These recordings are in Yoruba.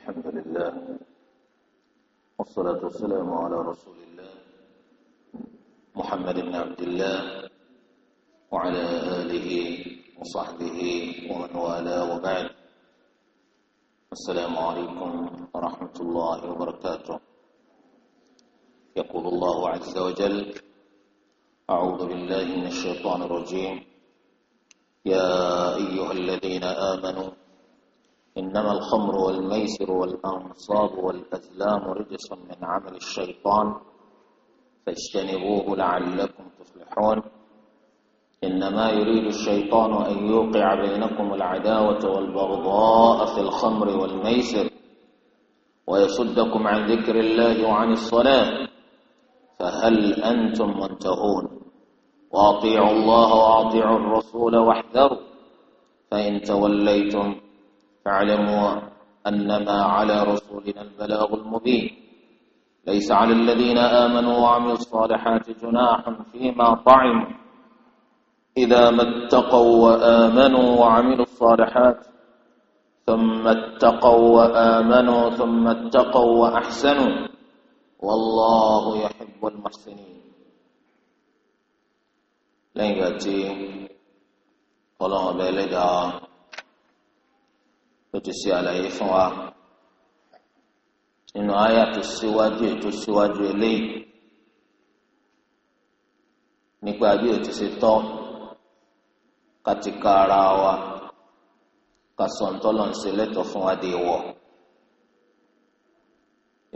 الحمد لله والصلاة والسلام على رسول الله محمد بن عبد الله وعلى آله وصحبه ومن والاه وبعد السلام عليكم ورحمة الله وبركاته يقول الله عز وجل أعوذ بالله من الشيطان الرجيم يا أيها الذين آمنوا إنما الخمر والميسر والأنصاب والأزلام رجس من عمل الشيطان فاجتنبوه لعلكم تفلحون إنما يريد الشيطان أن يوقع بينكم العداوة والبغضاء في الخمر والميسر ويصدكم عن ذكر الله وعن الصلاة فهل أنتم منتهون وأطيعوا الله وأطيعوا الرسول واحذروا فإن توليتم فاعلموا أنما على رسولنا البلاغ المبين ليس على الذين آمنوا وعملوا الصالحات جناح فيما طعموا إذا ما اتقوا وآمنوا وعملوا الصالحات ثم اتقوا وآمنوا ثم اتقوا وأحسنوا والله يحب المحسنين لن يأتي قلوا بلدها ló ti ṣe àlàyé fún wa nínú àyà tó síwájú ètò síwájú eléyìí nípa bí ó ti ṣe tọ́ ká ti ka ara wa ká sọ ntọ́lọ̀ ń ṣe lẹ́tọ̀ fún wa dé wọ̀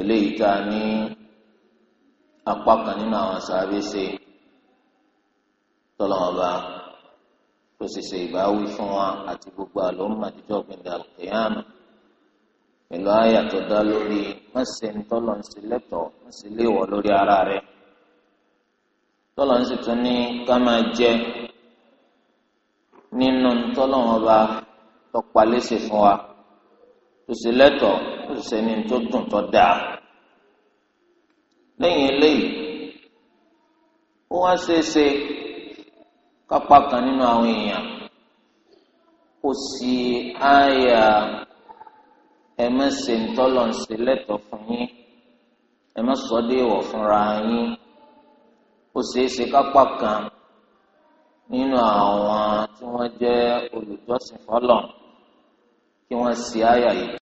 eléyìí tá a ní apá kan nínú àwọn sàábé ṣe tọ́lọ́mọba kó sì ṣe ìbáwí fún wa àti gbogbo àlọ́mọ àtijọ́ gbẹ̀ndẹ̀ àlùkìyàmù pẹ̀lú àyà tó dá lórí mọ̀sẹ̀ ńtọ́lọ̀ ńsẹ̀ lẹ́tọ̀ọ́ ńsẹ̀ léwọ̀ lórí ara rẹ̀ tọ́lọ̀ ńsẹ̀ tún ní ká máa jẹ nínú ńtọ́lọ̀ wọn bá tọpa léṣe fún wa tó sì lẹ́tọ̀ọ́ tó sì ṣẹ́ni tó dùn tó dáa lẹ́yìn eléyìí ó wá ṣeé ṣe kápá kan nínú àwọn èèyàn kò sí àyà ẹmẹsẹ ńtọlọǹsẹ lẹ́tọ̀ọ́ fún yín ẹmẹsọdẹ ìwọ fúnra yín ó ṣeé ṣe kápá kan nínú àwọn tí wọ́n jẹ́ olùjọ́sìn fọlọ kí wọ́n sì àyà yìí.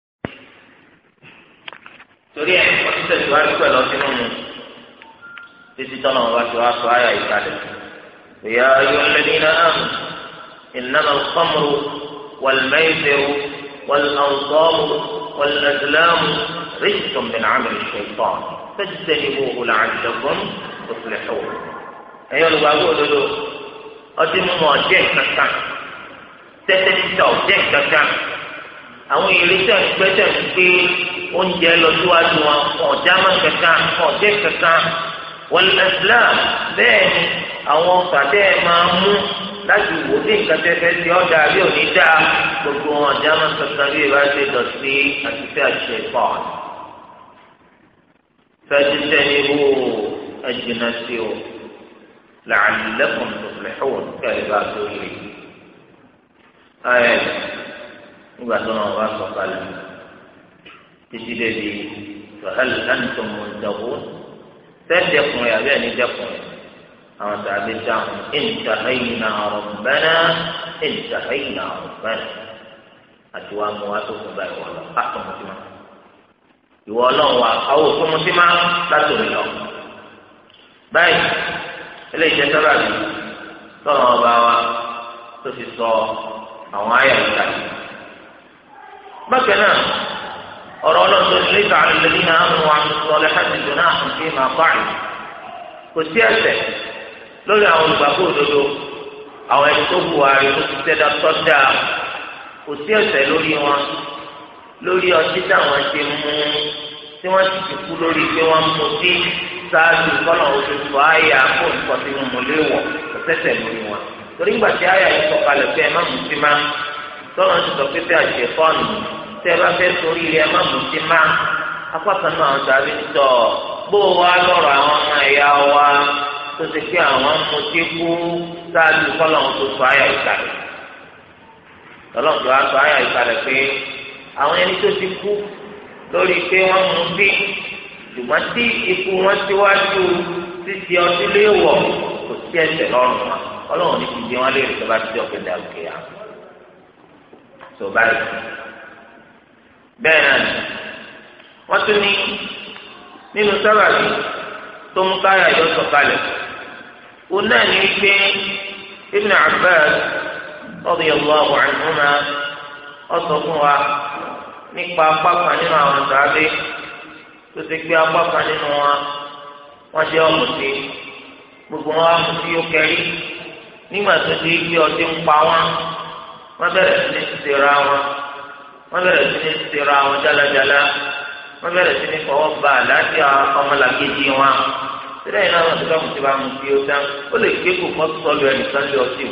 torí ẹ̀ wọ́n ti tẹ̀síwájú pẹ̀lú ọtí mímu títí tọ́lọ́mọba tí wàá sọ àyà yìí kalẹ̀ fún un. يا أيها الذين آمنوا إنما الخمر والميسر والأنصاب والأزلام رجس من عمل الشيطان فاجتنبوه لعلكم تصلحون أيها الأخوة دولو أتموا جهة كتان تتمتعوا جهة كتان àwọn ìrísẹ̀ ìgbẹ́sẹ̀ pé oúnjẹ lọ síwájú wọn ọ̀já mọ́ kankan ọ̀jẹ́ kankan wọ́n lẹ́sìlám bẹ́ẹ̀ ni àwọn ọkà tẹ́ ẹ máa mú láti wò ní nǹkan tẹ́ fẹ́ ti ọ̀dà àbí òní dá gbogbo wọn ọ̀dà máa sọ̀tàn bí ìbá ṣe dọ̀tí àti fẹ́ àṣẹ pọ̀. fẹ́ẹ́ tẹ́ ní wò ẹ̀jìnà sí o la'allakum tuflihun kẹ́lẹ́ bá tó yẹ. ayẹ nígbà tó náà wá sọ kalẹ̀ títí débi fahal antum muntahun sẹ́ẹ̀dẹ̀kùnrin àbí ẹ̀ní dẹ́kùnrin àwọn sàbí dáhùn ìntàhẹ́yìnà rabbana ìntàhẹ́yìnà rabbana àti wàá mú wa tó fún báyìí wọ́n lọ ká tó mú sí ma ìwọ ọlọ́run wa àwọn òkú mú sí ma látò mí lọ báyìí eléyìí jẹ́ sábà mi tọ́nà ọba wa tó fi sọ àwọn àyà ìta yìí bákan náà ọ̀rọ̀ ọlọ́run tó lè ta àlùfẹ́ nínú àwọn àmì sọ̀rọ̀ lẹ́hàtì tó náà fi máa báyìí kò sí ẹsẹ̀ lórí àwọn olùgbàgbọ́ òdodo àwọn ẹni tó hùwà rẹ̀ tó ti tẹ́ dọ́tọ́dà kò sí ẹ̀ṣẹ̀ lórí wọn lórí ọtí táwọn ti mú tí wọ́n ti ti kú lórí pé wọ́n mú sí sáájú kọ́nà oṣooṣù àyà fún nǹkan tí mo lè wọ̀ ọ̀sẹ̀sẹ̀ lórí wọn. torí ìgbà tí àyà yìí sọ̀kalẹ̀ pé ẹ má mú sí má tọ́lọ́ ti sọ pé bẹ́ẹ̀ fọ́ọ̀nù tẹ́ ẹ bá fẹ́ sórí ẹ má mú sí má apá kan náà tàbí tọ̀ bó o lọ́rọ̀ àwọn ọmọ ẹ̀yà wa tó ti pé àwọn mutí kú sáájú kọ́lọ́hún tó sọ ayà ìkàlẹ̀ lọ́lọ́hún tó wá sọ ayà ìkàlẹ̀ pé àwọn ẹni tó ti kú lórí pé wọ́n mú bí ṣùgbọ́n tí ikú wọn síwájú títí ọdún léèwọ̀ kò sí ẹsẹ̀ lọ́rùn wọn ọlọ́run ní ti di wọn léèrè tó bá ti di ọ̀pẹ̀ dàrúkẹ́ yà tó báyìí bẹ́ẹ̀ náà wọ́n tún ní nínú sábàbí tó mú káyà yọ sọ̀kalẹ̀ kù. òun náà ní pé Ibn Abbas radiyallahu anhuma ọ̀sọ̀ fún wa nípa apá kan nínú àwọn sàábé tó wa wọ́n ṣe ọ̀mùtí gbogbo wọn amùtí yóò kẹ́rí nígbà tó ti gbé ọtí ń pa wọn wọ́n bẹ̀rẹ̀ sí ní tìra wọn wọ́n bẹ̀rẹ̀ sí ní tìra wọn jálajàla sí ní fọwọ́ ba ọmọlàkejì wọn. sílẹ̀ yìí náà wọn ti bá mutí bá mutí ó dá ó lè gbé kó kọ́ sọ́lù ẹnìkan lé ọtí o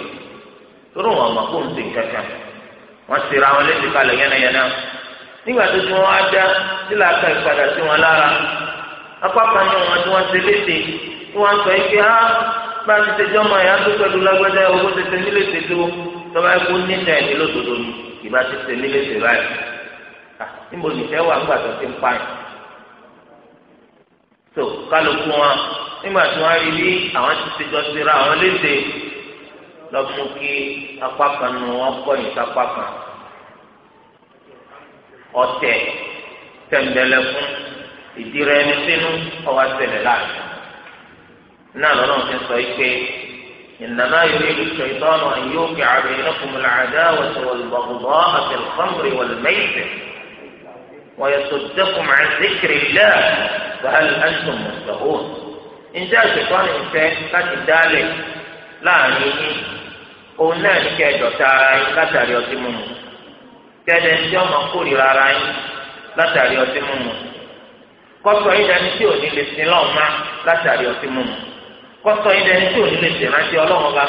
tóró wọn ọmọ kó ń sè kankan wọn ti ra wọn létí kalẹ̀ yánnayànna nígbà tó ti wọn á dá sílẹ̀ aka ìpadà sí wọn lára apá kan ní wọn tí wọn ṣe léde tí wọn sọ ike á bá ti ṣe jọmọ ẹ̀yà tó pẹ̀lú lágbẹ́dẹ́ owó ti ṣe mí léde tó tọ́ba ẹ̀kú níta ẹ̀ tó kálukú wọn nígbà tí wọn rí bí àwọn ti ti jọ síra àwọn léde lọ́mú kí apá kan nu wọn kọ̀yìn sápá kan ọ̀tẹ̀ tẹ̀m̀bẹ̀lẹ̀kún ìdíra ẹni sínú ọwọ́ àtẹlẹ̀ láàrin náà lọ́nà ti sọ yìí pé إنما يريد الشيطان أن يوقع بينكم العداوة والبغضاء في الخمر والميسر ويصدكم عن ذكر الله wàhálì ẹ̀sùn mọ̀tòwò ǹjẹ́ àṣetọ́ni ìfẹ́ láti dálẹ̀ láàrin yín òun náà ní kẹjọta ara yín látàrí ọtí mímu tẹ́lẹ̀ tí ọmọ kórìíra ara yín látàrí ọtí mímu kọ́sọ̀ yín dání tí ò ní lè sin tí ò ní lè sin rántí ọlọ́run bá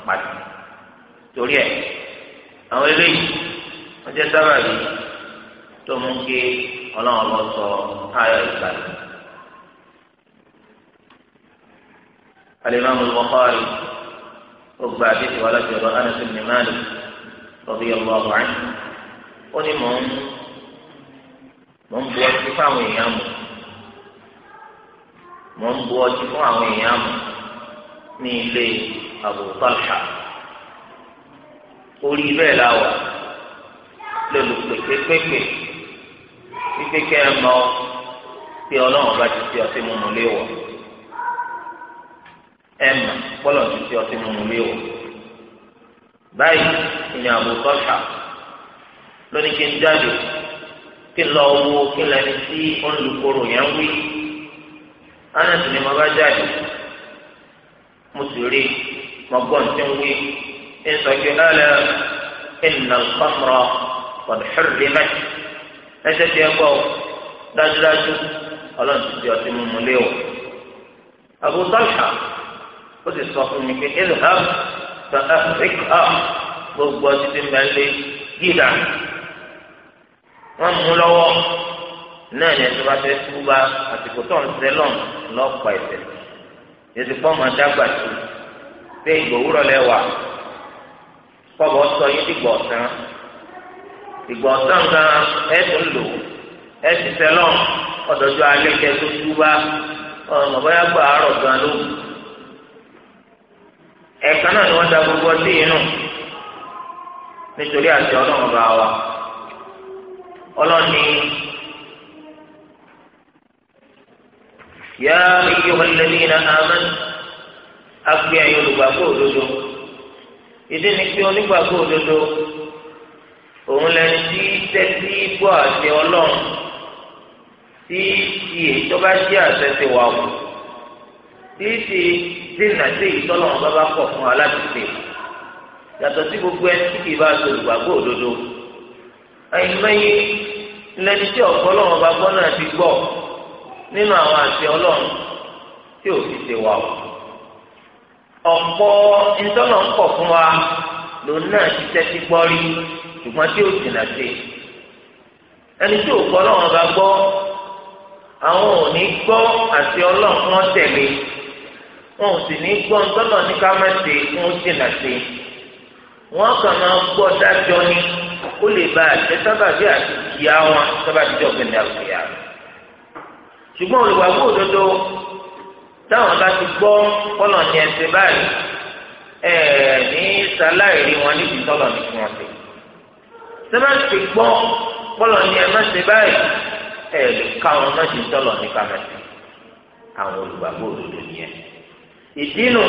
má látàrí torí ẹ̀ àwọn eléyìí wọ́n jẹ́ sábàbí tó mú kí ọlọ́run lọ sọ ayọ̀ ìgbàlè. الإمام البخاري رب حديث ولد أنس بن مالك رضي الله عنه وني مهم mọ̀n bu ọtí fún àwọn èèyàn mu mọ̀n bu ọtí fún àwọn èèyàn mu ní ilé Abu Talha orí bẹ́ẹ̀ la wà lọ́lùpẹ̀pẹ̀ pẹ̀pẹ̀ wípé kẹ́ ẹ mọ tí ọlọ́run bá ti ti ọtí mímu léwọ̀ ẹ mọ bọ́lọ̀ ti ti ọtí mímu léwọ̀ báyìí ìyẹn àbùtọ́ṣà lónìí kí n jáde kí n lọ wo kí n lẹni tí ó ń lu koro yẹn wí ánà sì ni mo bá jáde mo sì rí mo gbọ́ ní tí ń wí. ń sọ na ọ̀lẹ́ ìnà kọ́mọ̀rọ̀ kọ̀dùhùrì mẹ́tì lẹ́sẹ̀ tí ẹ gbọ́ dájúdájú ọlọ́run ti di ọtí mímu lé o. Abu Talha ó sì sọ fún mi pé ilham ta afrik am gbogbo ọtí ti mẹ́lẹ́ gíga wọ́n mú lọ́wọ́ kọ́bọ̀ sọ yín dìgbà ọ̀sán dìgbà ọ̀sán gan ẹ̀sùn lò ẹ̀sìn sẹ́lọ̀ ọ̀dọ̀jọ́ alẹ́ kẹ́ tó tú bá ọ̀nà bóyá gbọ́ àárọ̀ gan ló. ẹ̀ka náà ni wọ́n da gbogbo ọtí nítorí àti ọlọ́run bá wa ọlọ́ni. ìdí ni pé onígbàgbọ́ òdodo òun lẹni tí tẹ́tí gbọ́ àti ọlọ́run tí ti ètò bá ṣe àṣẹ ti wà wù tí ti dènà sí ìtọ́lọ́run bá bá pọ̀ fún aláàbìsẹ̀ yàtọ̀ sí gbogbo ẹni tí kì í bá aṣọ olùgbàgbọ́ òdodo àìmọye lẹni tí ọ̀pọ̀ ọlọ́run bá gbọ́ náà ti gbọ́ nínú àwọn àṣẹ ọlọ́run tí ò fi ṣe wà wù ọ̀pọ̀ ìtọ́nà ń pọ̀ fún wa lòun náà ti tẹ́tí gbọ́ rí ṣùgbọ́n tí ó jìnnà sí ẹni tí ò gbọ́ lọ́wọ́ bá gbọ́ àwọn ò ní gbọ́ àti ọlọ́run wọn tẹ̀lé wọn ò sì ní gbọ́ ńtọ́nà ní ká má ṣe wọn ó jìnnà sí wọn kàn máa gbọ́ dájọ́ ni ó lè ba àṣẹ sábàbí àti ìyá wọn sábàbí jọ̀gbìn ní àlùkìyà ṣùgbọ́n olùwàgbọ́ òdodo. táwọn bá ti gbọ́ kọ́nà ní ẹsẹ̀ báyìí ẹ̀ ní sáláìrí wọn níbi tọ́lọ̀ ní fún ọ̀sẹ̀ sẹ́mà ti gbọ́ kọ́nà ní ẹ̀mẹ́sẹ̀ báyìí ẹ̀ lè náà ti tọ́lọ̀ ní àwọn olùgbàgbọ́ òdodo nìyẹn ìdínú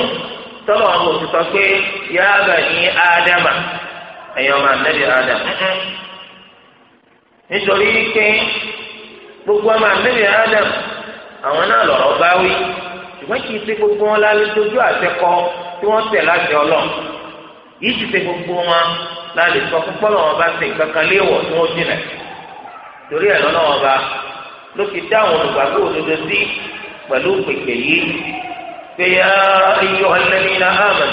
tọ́lọ̀ wọn kò sọ pé yáàbà ní ádámà ẹ̀yọ́ máa nẹ́bí ádámà nítorí gbogbo ọmọ àwọn náà báwí. ṣùgbọ́n kì í ṣe gbogbo wọn lálẹ́ dojú àtẹkọ tí wọ́n tẹ̀ láti ọlọ́ọ̀ yìí ti ṣe gbogbo wọn lálẹ́ sọ fún pọ́lọ́ ikpe bá ṣe nǹkan kan léèwọ̀ tí wọ́n jìnà torí ẹ̀ lọ́nà wọn bá ló fi dá àwọn olùgbàgbọ́ òdodo sí pẹ̀lú pèpè yìí pé ayọ̀ ọ̀lẹ́mìnà àmọ̀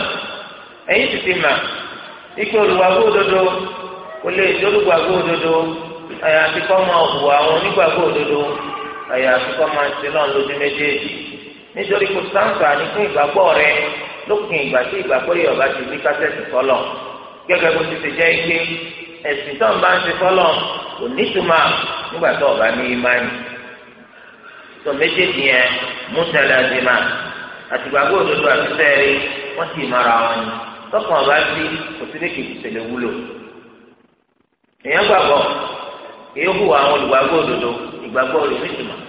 ẹ̀yìn ti ti mà ike olùgbàgbọ́ òdodo kò lè olùgbàgbọ́ òdodo àyàfi kọ́ máa àwọn onígbàgbọ́ òdodo àyàfi kọ́ máa ṣe nítorí kò sáǹsà ní fún ìgbàgbọ́ rẹ lópin ìgbà tí ìgbàgbọ́ yìí ọba ti rí kásẹ̀tì fọlọ̀ gẹ́gẹ́ bó ti ti jẹ́ ike ẹ̀sìn tó ń bá ń ṣe fọlọ̀ kò nítumọ̀ nígbà tó ọba ní imáni tó méjèèjì yẹn mútẹlẹ àdìmá àtìgbàgbọ́ òdodo àtúntẹ̀rí wọ́n sì mara wọn ni tọkàn ọba sí kò sí lékè ìṣẹ̀lẹ̀ wúlò èèyàn gbàgbọ́ èyí hùwà àwọn olùgbàgbọ́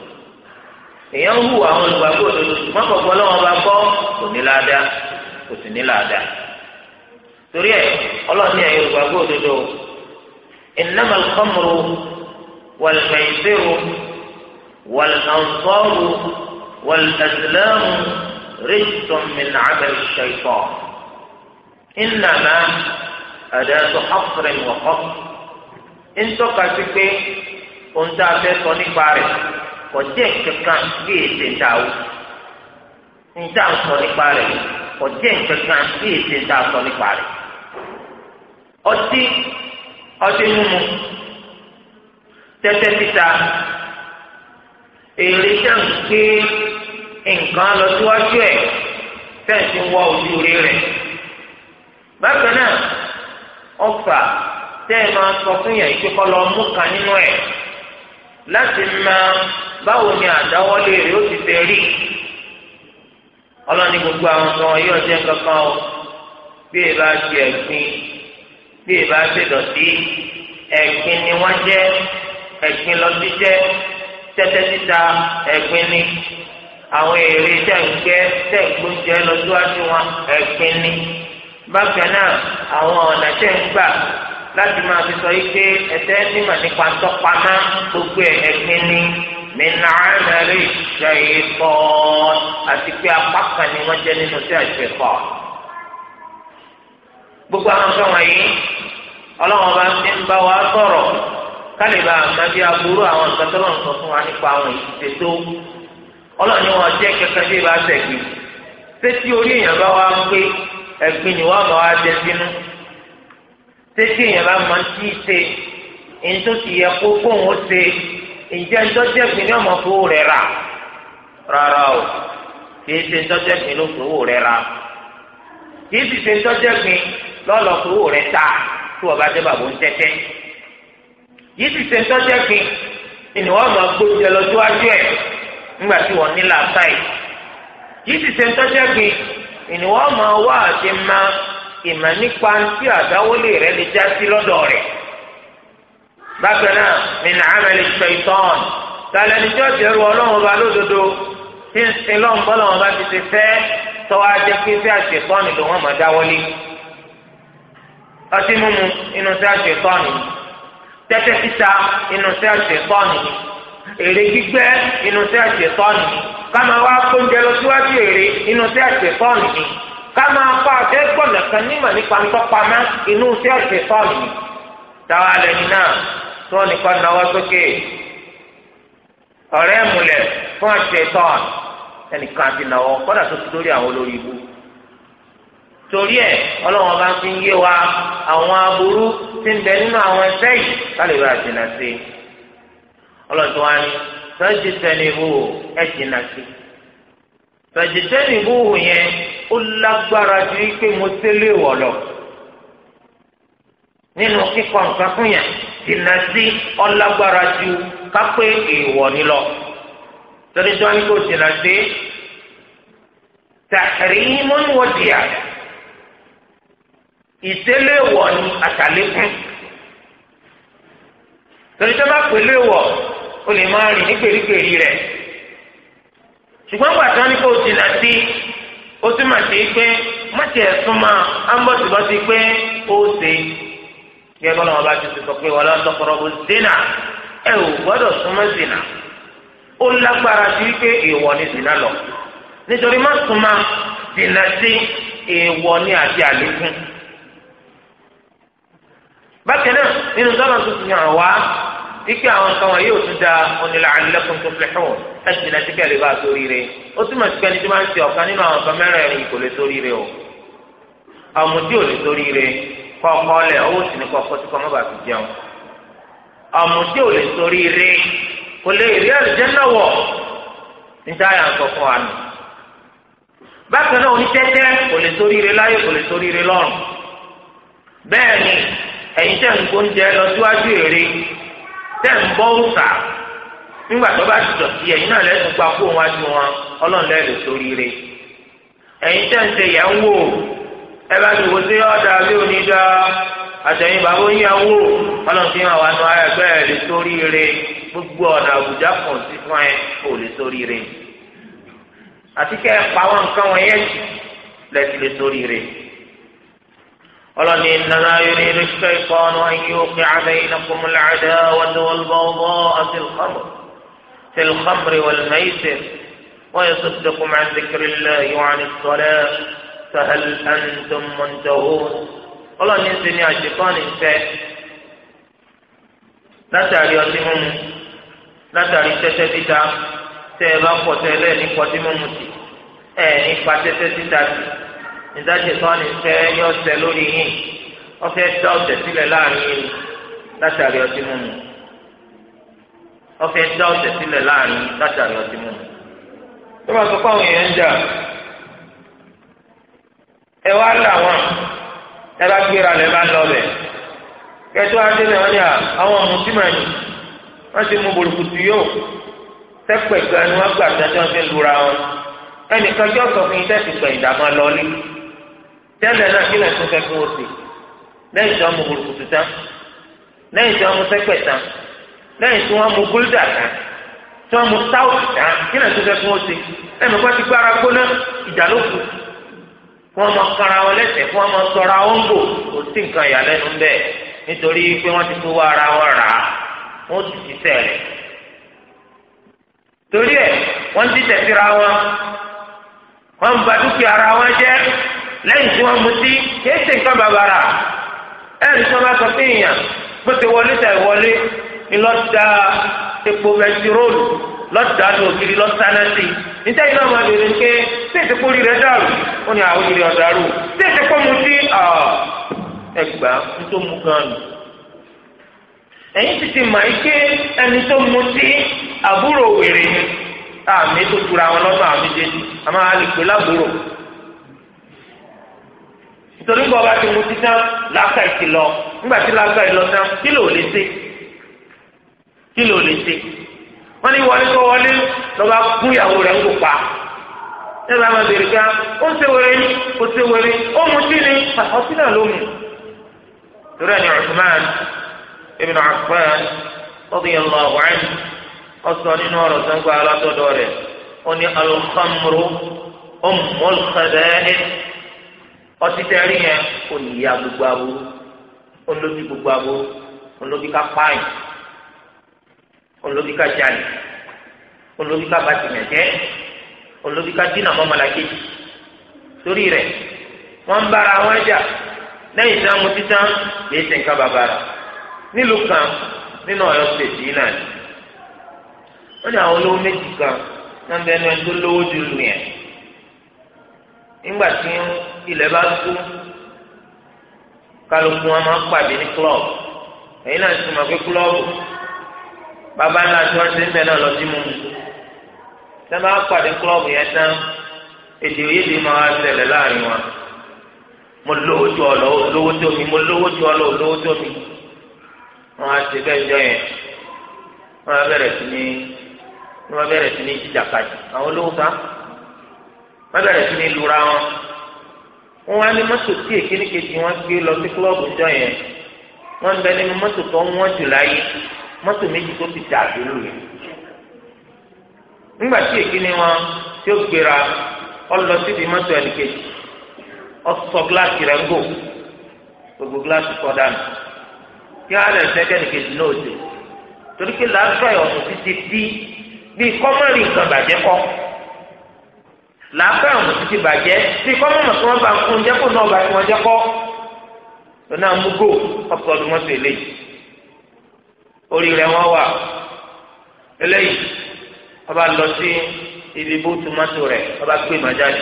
èèyàn ń hùwà àwọn olùgbàgbọ́ òdodo ṣùgbọ́n kọ̀ọ̀kan lọ́wọ́ bá gbọ́ kò ní láada kò sì ní láada torí ẹ ọlọ́run ní ẹ̀yin olùgbàgbọ́ òdodo innamal khamru wal maisiru wal ansaru wal azlamu rijsun min amali shaytan innama pé ohun tá a fẹ́ sọ nípa rẹ̀ kọjá nkankan bí èsè dàwó níta sọ nípa rẹ̀ kọjá nkankan bí èsè dà sọ nípa rẹ̀ ọtí ọtí mímu tẹ́tẹ́ títa èrè tẹ̀ ń gbé nǹkan lọ síwájú ẹ̀ fẹ́ǹsì wọ ojú rí rẹ̀ bákan náà ọfà tẹ́ ẹ máa sọ fún yẹn ìpínkọ́ lọ mú kan nínú ẹ̀ láti máa báwo ni àdáwọ́lé rẹ̀ ó ti fẹ́ rí ọlọ́ni gbogbo àwọn ọmọ yóò jẹ́ kankan o bí ẹ bá ti ẹ̀gbin bí ẹ bá ti dọ̀tí ẹ̀gbin ni wọ́n jẹ́ ẹ̀gbin lọ́tí jẹ́ tẹ́tẹ́ títa ẹ̀gbin ni àwọn èrè tẹ̀gbẹ́ tẹ̀gbóúnjẹ lọ́síwájú wọn ẹ̀gbin ni bákan náà àwọn ọ̀nà tẹ̀ ń gbà láti máa fi sọ yìí pé ẹ̀tẹ́ nímọ̀ nípa tọ́pamọ́ gbogbo ẹ̀gbin ni. min amali shaytan àti pé apá kan ni wọ́n jẹ́ nínú sí àṣepọ̀. gbogbo àwọn nǹkan wọ̀nyí ọlọ́wọ́n bá ti ń bá wa sọ̀rọ̀ kálíbà àmàbí aburú àwọn nǹkan fún wa nípa àwọn ìṣiṣẹ́ tó ọlọ́ọ̀ni wọn jẹ́ kẹkẹ bí ibà sẹ̀gbìn tẹ́tí orí èèyàn bá wá pé ni wọ́n bá jẹ sínú tẹ́tí èèyàn bá ǹjẹ́ ńdọ́jẹ́pin ní ọmọ fowó rẹ̀ rà rárá o kìí ṣe ńdọ́jẹ́pin ló fowó rẹ̀ rà kìí sì ṣe ńdọ́jẹ́pin lọ́lọ́ fowó rẹ̀ ta tí wọ́n bá dé bàbá ń tẹ́tẹ́ kìí sì ṣe ńdọ́jẹ́pin ni wọ́n máa gbóúnjẹ lọ síwájú ẹ̀ nígbà tí wọ́n ní làákàyè kìí sì ṣe ńdọ́jẹ́pin ni wọ́n máa wá àti máa ìmọ̀ nípa tí àdáwọlé rẹ̀ lè já sí lọ́dọ̀ rẹ̀ bákan náà min amali shaitan tàlẹ́ ní tí ó ti rú ọlọ́run ọba lódodo tí ń sin lọ́n bọ́lọ̀ wọn bá ti ti fẹ́ tọ́wọ́ ajẹ́ pé sí àṣetọ́ni ló wọ́n mọ̀ dáwọ́lé ọtí mímu inú sí àṣetọ́ni tẹ́tẹ́ títa inú sí àṣetọ́ni èrè gbígbẹ́ inú sí àṣetọ́ni káma wá kóúnjẹ lọ síwájú èrè inú sí àṣetọ́ni káma kó àtẹ́gbọ̀nà kan nímọ̀ nípa ńtọ́pamọ́ inú sí àṣetọ́ni táwa lẹ́ni náà. tí wọ́n nìkan náwó sókè ọ̀rẹ́ múlẹ̀ fún ẹnìkan àti náwó kọ́dà tó ti lórí àwọn olórí ibú torí ẹ ọlọ́wọ́n bá fi ń wa àwọn aburú ń bẹ nínú àwọn yìí kálí sí i ọlọ́dún sí i yẹn ó lágbára ju mo tẹ́lẹ̀ wọ̀ lọ nínú ṣìnà sí ọlágbára ju kápẹ́ èèwọ̀ ni lọ torí tí wọ́n ní kò ṣìnà sí tahrimun wa ziyada ìtẹ́lẹ̀wọ̀ ni àtàlékún torí tí wọ́n bá pèlè wọ̀ o lè máa rìn ní gbèrígbèrí rẹ̀ ṣùgbọ́n gbàtàn ní kò ṣìnà sí ó sì máa ṣe pé má tiẹ̀ súnmọ́ ambọ̀tìbọ́tì pé ṣe kí ẹ bọ́lá wọn bá ti ti sọ pé wọn lọ tọkọrọ bó zina ẹ ò gbọ́dọ̀ súnmọ́ zina ó lágbára sí wípé èèwọ̀ ni zina lọ nítorí má súnmọ́ zina sí èèwọ̀ ni àti àlékún bákan náà nínú sọ́nà tó ti hàn wá ike àwọn nǹkan wọn yóò tún da onílà alẹ́kùn tó fi hàn ẹ̀sìn ti kẹ́lẹ́ bá a sórí rẹ̀ ó túmọ̀ sí pé tí wọ́n ń ọ̀kan nínú àwọn nǹkan mẹ́rẹ̀ẹ̀rin kò sórí rẹ̀ o àmùdí ò lè sórí rẹ̀ kọ́kọ́ lẹ̀ owó sì ní fi jẹun ọ̀mùtí o le sórí rí kò lè rí àlùjànnà wọ̀ níta yà ń sọ wa nù bákan náà o kò le sórí rí láyé kò lè sórí rí lọ́rùn ń lọ síwájú èrè tẹ̀ ń bọ́ òòsà nígbà tó bá ti dọ̀tí náà kó wọn ń ń wò ó. ẹ bá ti wò sí ọ̀dà bí òní dá àtẹ̀yìn bàbá oníyàwó ọlọ́run fi hàn wá nu ara ẹgbẹ́ ẹ̀ lè sórí ire gbogbo ọ̀nà àbújá kan sí fún ẹ kò lè sórí ire àti kẹ́ ẹ pa àwọn nǹkan wọn yẹn jù lẹ́sí lè sórí ire. ọlọ́ni nàrà yorì rìṣẹ́ ìkọ́nù ayé òkè àbẹ́yìn kùmùlẹ̀ àdá wàdí wàlbọ̀wọ̀ àti lùkàmù ti lùkàmù rẹ̀ wàlmẹ́yìsẹ̀ wọ́n yẹ fahal antum muntahun ọlọ́ọ̀ni ń sin ní àṣetọ́ni fẹ́ látàrí لا mímu látàrí tẹ́tẹ́ títa tẹ́ ẹ bá pọ̀ tẹ́ lẹ́ẹ̀ ní pọtí mímu sí ẹ̀ nípa tẹ́tẹ́ títa sí ìdáṣetọ́ni fẹ́ yọ ọ̀sẹ̀ lórí yìí ọ̀fẹ́ dá ọ̀sẹ̀ sílẹ̀ láàrin yìí látàrí ọtí mímu ọ̀fẹ́ dá ọ̀sẹ̀ sílẹ̀ láàrin látàrí ọtí mímu tó bá sọ fáwọn èèyàn ń jà ẹ wá là wọn ẹ bá gbéra lẹ bá lọ bẹ kẹtọ adé wọn ni àwọn mùsùlùmí ni wọn ti mú burúkutu yóò sẹpẹ gan ni wọn gbà tí wọn ti lura wọn ẹnìkan jọ sọ fún yín tẹsí pẹ ìdààmú lọlé tẹ́lẹ̀ náà kí lẹsùn fẹ kí wọn sì lẹ́yìn tí wọn mú burúkutu tán lẹ́yìn tí wọn mú sẹpẹ tán lẹ́yìn tí wọn mú gúldà tán tí wọn mú táwùtì tán kí lẹsùn fẹ kí wọn sì ẹnìkan ti gbára gbóná ìjà fún ọmọ kanra wọn lẹ́sẹ̀ fún ọmọ sọra wọn ń bò kò sí nǹkan ìyàlẹ́nu bẹ́ẹ̀ nítorí pé wọ́n ti fowó ara wọn rà á wọ́n ti ti tẹ̀lé torí ẹ̀ wọ́n ti tẹ̀síra wọn wọ́n ń ba dúkìá ara wọn jẹ́ lẹ́yìn tí wọ́n mutí kìí ṣe nǹkan bàbàrà ẹ̀rí tí wọ́n bá sọ pé èèyàn bó ti wọlé tẹ̀ wọlé ni lọ́ọ̀dà epo bẹntiróòlù lọ́ọ̀dà lòkìrì lọ́ọ̀sánásì níta ìlú ọmọdé ni pé ètò kórì rẹ̀ dàrú ó ní àwọn olè ọ̀dàrú tí ètò kọ́ mu sí ah, ẹgbàá ń tó mu gan nù. ẹ̀yin ti ti mọ̀ ike ẹni tó mu sí àbúrò wèrè ni àmì tó tura wọn lọ́dọ̀ àmì jẹjì àmọ́ àlè pé lábúrò nítorí bọ́ bá ti mu ti tán làákà ìtì lọ nígbà tí làákà ìlọ tán kí ló lè ṣe kí ló lè ṣe wọ́n ní wọlé tó wọlé lọ́ba kún ìyàwó rẹ̀ ń kó ẹ̀rọ àwọn bèrè a ah, ó ṣe wẹ̀rẹ̀ ní ó ṣe wẹ̀rẹ̀ ó mu tí ni ah, ọtí náà ló mu. torí ẹni Uthman ibn nínú ọ̀rọ̀ alátọ́dọ̀ rẹ̀ ó ní gbogbo gbogbo ká ká olóbi ká dínà mọ́ malakeji torí rẹ̀ wọ́n ń bára wọn jà lẹ́yìn tí wọ́n mu títán na ṣe nǹkan bàbá rà nílùú kan nínú ọ̀yọ́ na náà ni wọ́n ní àwọn olówó méjì kan náà ń bẹnu ẹni tó lówó ju lù yẹn nígbà tí ilẹ̀ bá tú kálukú wọn máa club náà ti club bàbá tí wọ́n ti sẹ́mi á pàdé kílọ̀bù yẹn tán èdè òyìnbí máa ṣẹlẹ̀ láàrin wa mo lówó ju ọ̀lọ́ olówó tó mi mo lówó ju ọ̀lọ́ olówó tó mi wọ́n á ṣe bẹ́ẹ̀ jọ yẹn wọ́n á bẹ̀rẹ̀ sí ní wọ́n á bẹ̀rẹ̀ sí ní jìjàkadì àwọn olówó ká wọ́n bẹ̀rẹ̀ sí ní lura wọn wọ́n á ní mọ́tò tí èkéde kejì wọ́n gbé lọ sí kílọ̀bù jọ yẹn wọ́n bẹ nínú mọ́tò tó wọ́n jù láyé mọ́tò méjì tó ti dà lólu yẹn ńgbà tí èkíní wọn tí ó gbéra ọlọ síbi mọ́tò ẹnìkejì ọsọ gíláàsì rẹ̀ ń gò gbogbo gíláàsì kọ dànù kí á lè fẹ́ kẹ́nìkejì náà dé torí pé làákàyè ọ̀sùn títí bí bí kọ́mọ́rì nǹkan bàjẹ́ kọ́ làákàyè ọ̀sùn títí bàjẹ́ bí kọ́mọ́rì tí wọ́n bá fún un jẹ́kọ̀ọ́ náà bá fún wọn jẹ́kọ́ lọ́nà àmúgò ọ̀sọ̀ ọdún mọ́tò eléyìí orí rẹ̀ wọ́n wà eléyìí ọba lọ sí ibi bó tomato rẹ̀ ọba gbé màjáde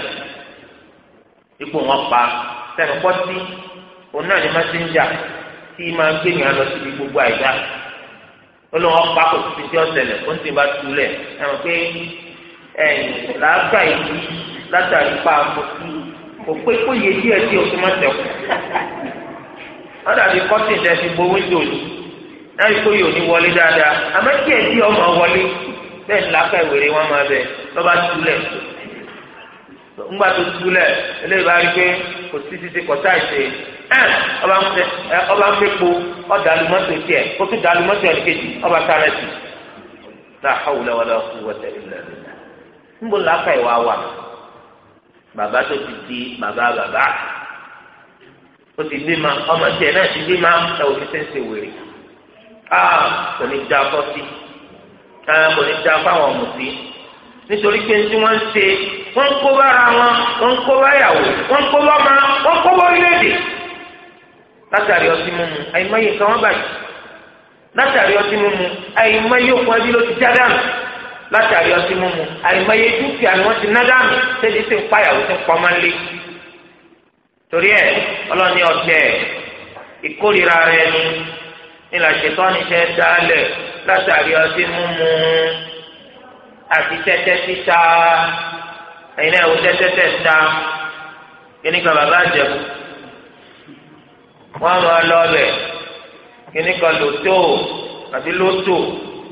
ipò wọn pa sẹ́nu pọ́tí òun náà ni mẹsẹ̀njà tí máa gbé yàn lọ síbi gbogbo àyíká olùwọ́n pa kò sí tí ọ̀sẹ̀lẹ̀ ó ń tì bá túlẹ̀ ẹ̀rọ pé ẹ̀yìn làágbà yìí látàrí pa àpótí kò pé kó yẹ díẹ̀ tí o tún má tẹ̀kù wọ́n dàbí kọ́tì tẹ̀ fi bo wíńdò yìí náà yìí kó yòó ní wọlé dáadáa àmọ́ díẹ̀ díẹ̀ ọmọ wọlé bẹ́ẹ̀ ńlá ká ìwéré wọn máa bẹ lọ́ba túlẹ̀ ńgbà tó túlẹ̀ eléyìí bá rí pé kò sí títí kò sáì ṣe ọba ń pépò ọ̀dàlùmọ́tò tiẹ̀ ó tún dàlùmọ́tò ẹ̀ kejì ọba sáré sí la hawla wala quwwata illa billah nbọ làákà ìwà wà bàbá tó ti di bàbá bàbá ó ti bí ma ọmọ tiẹ̀ náà ti bí ma ẹ̀ wò ṣe ń ṣe wèrè ah kò ní já bọ́ sí táwọn kò ní dá fáwọn mùsí nítorí pé tí wọ́n ń ṣe wọ́n ń kó bára wọn wọ́n ń kó báyàwó wọ́n ń kó bọ́mọ wọ́n ń kó bórílẹ̀-èdè látàrí ọtí mímu àìmọye kan wọ́n bàjẹ́ látàrí ọtí mímu àìmọye òkun ẹbí ló ti já dànù látàrí ọtí mímu àìmọye dúkìá ni wọ́n ti ná dànù tẹ́lẹ̀ tí ń pàyàwó tí ń pọ́n máa ń lé torí ẹ ọlọ́ni ọ̀tẹ̀ ìkórìíra rẹ ni ìlà ṣètọ́ ni ṣe látàrí ọtí mímu àti tẹ́tẹ́ títa ẹ̀yin náà wò tẹ́tẹ́ tẹ̀ta kíní kan bàbá àjẹkù wọ́n máa lọ ọbẹ̀ kíní kan lòtó àti lótò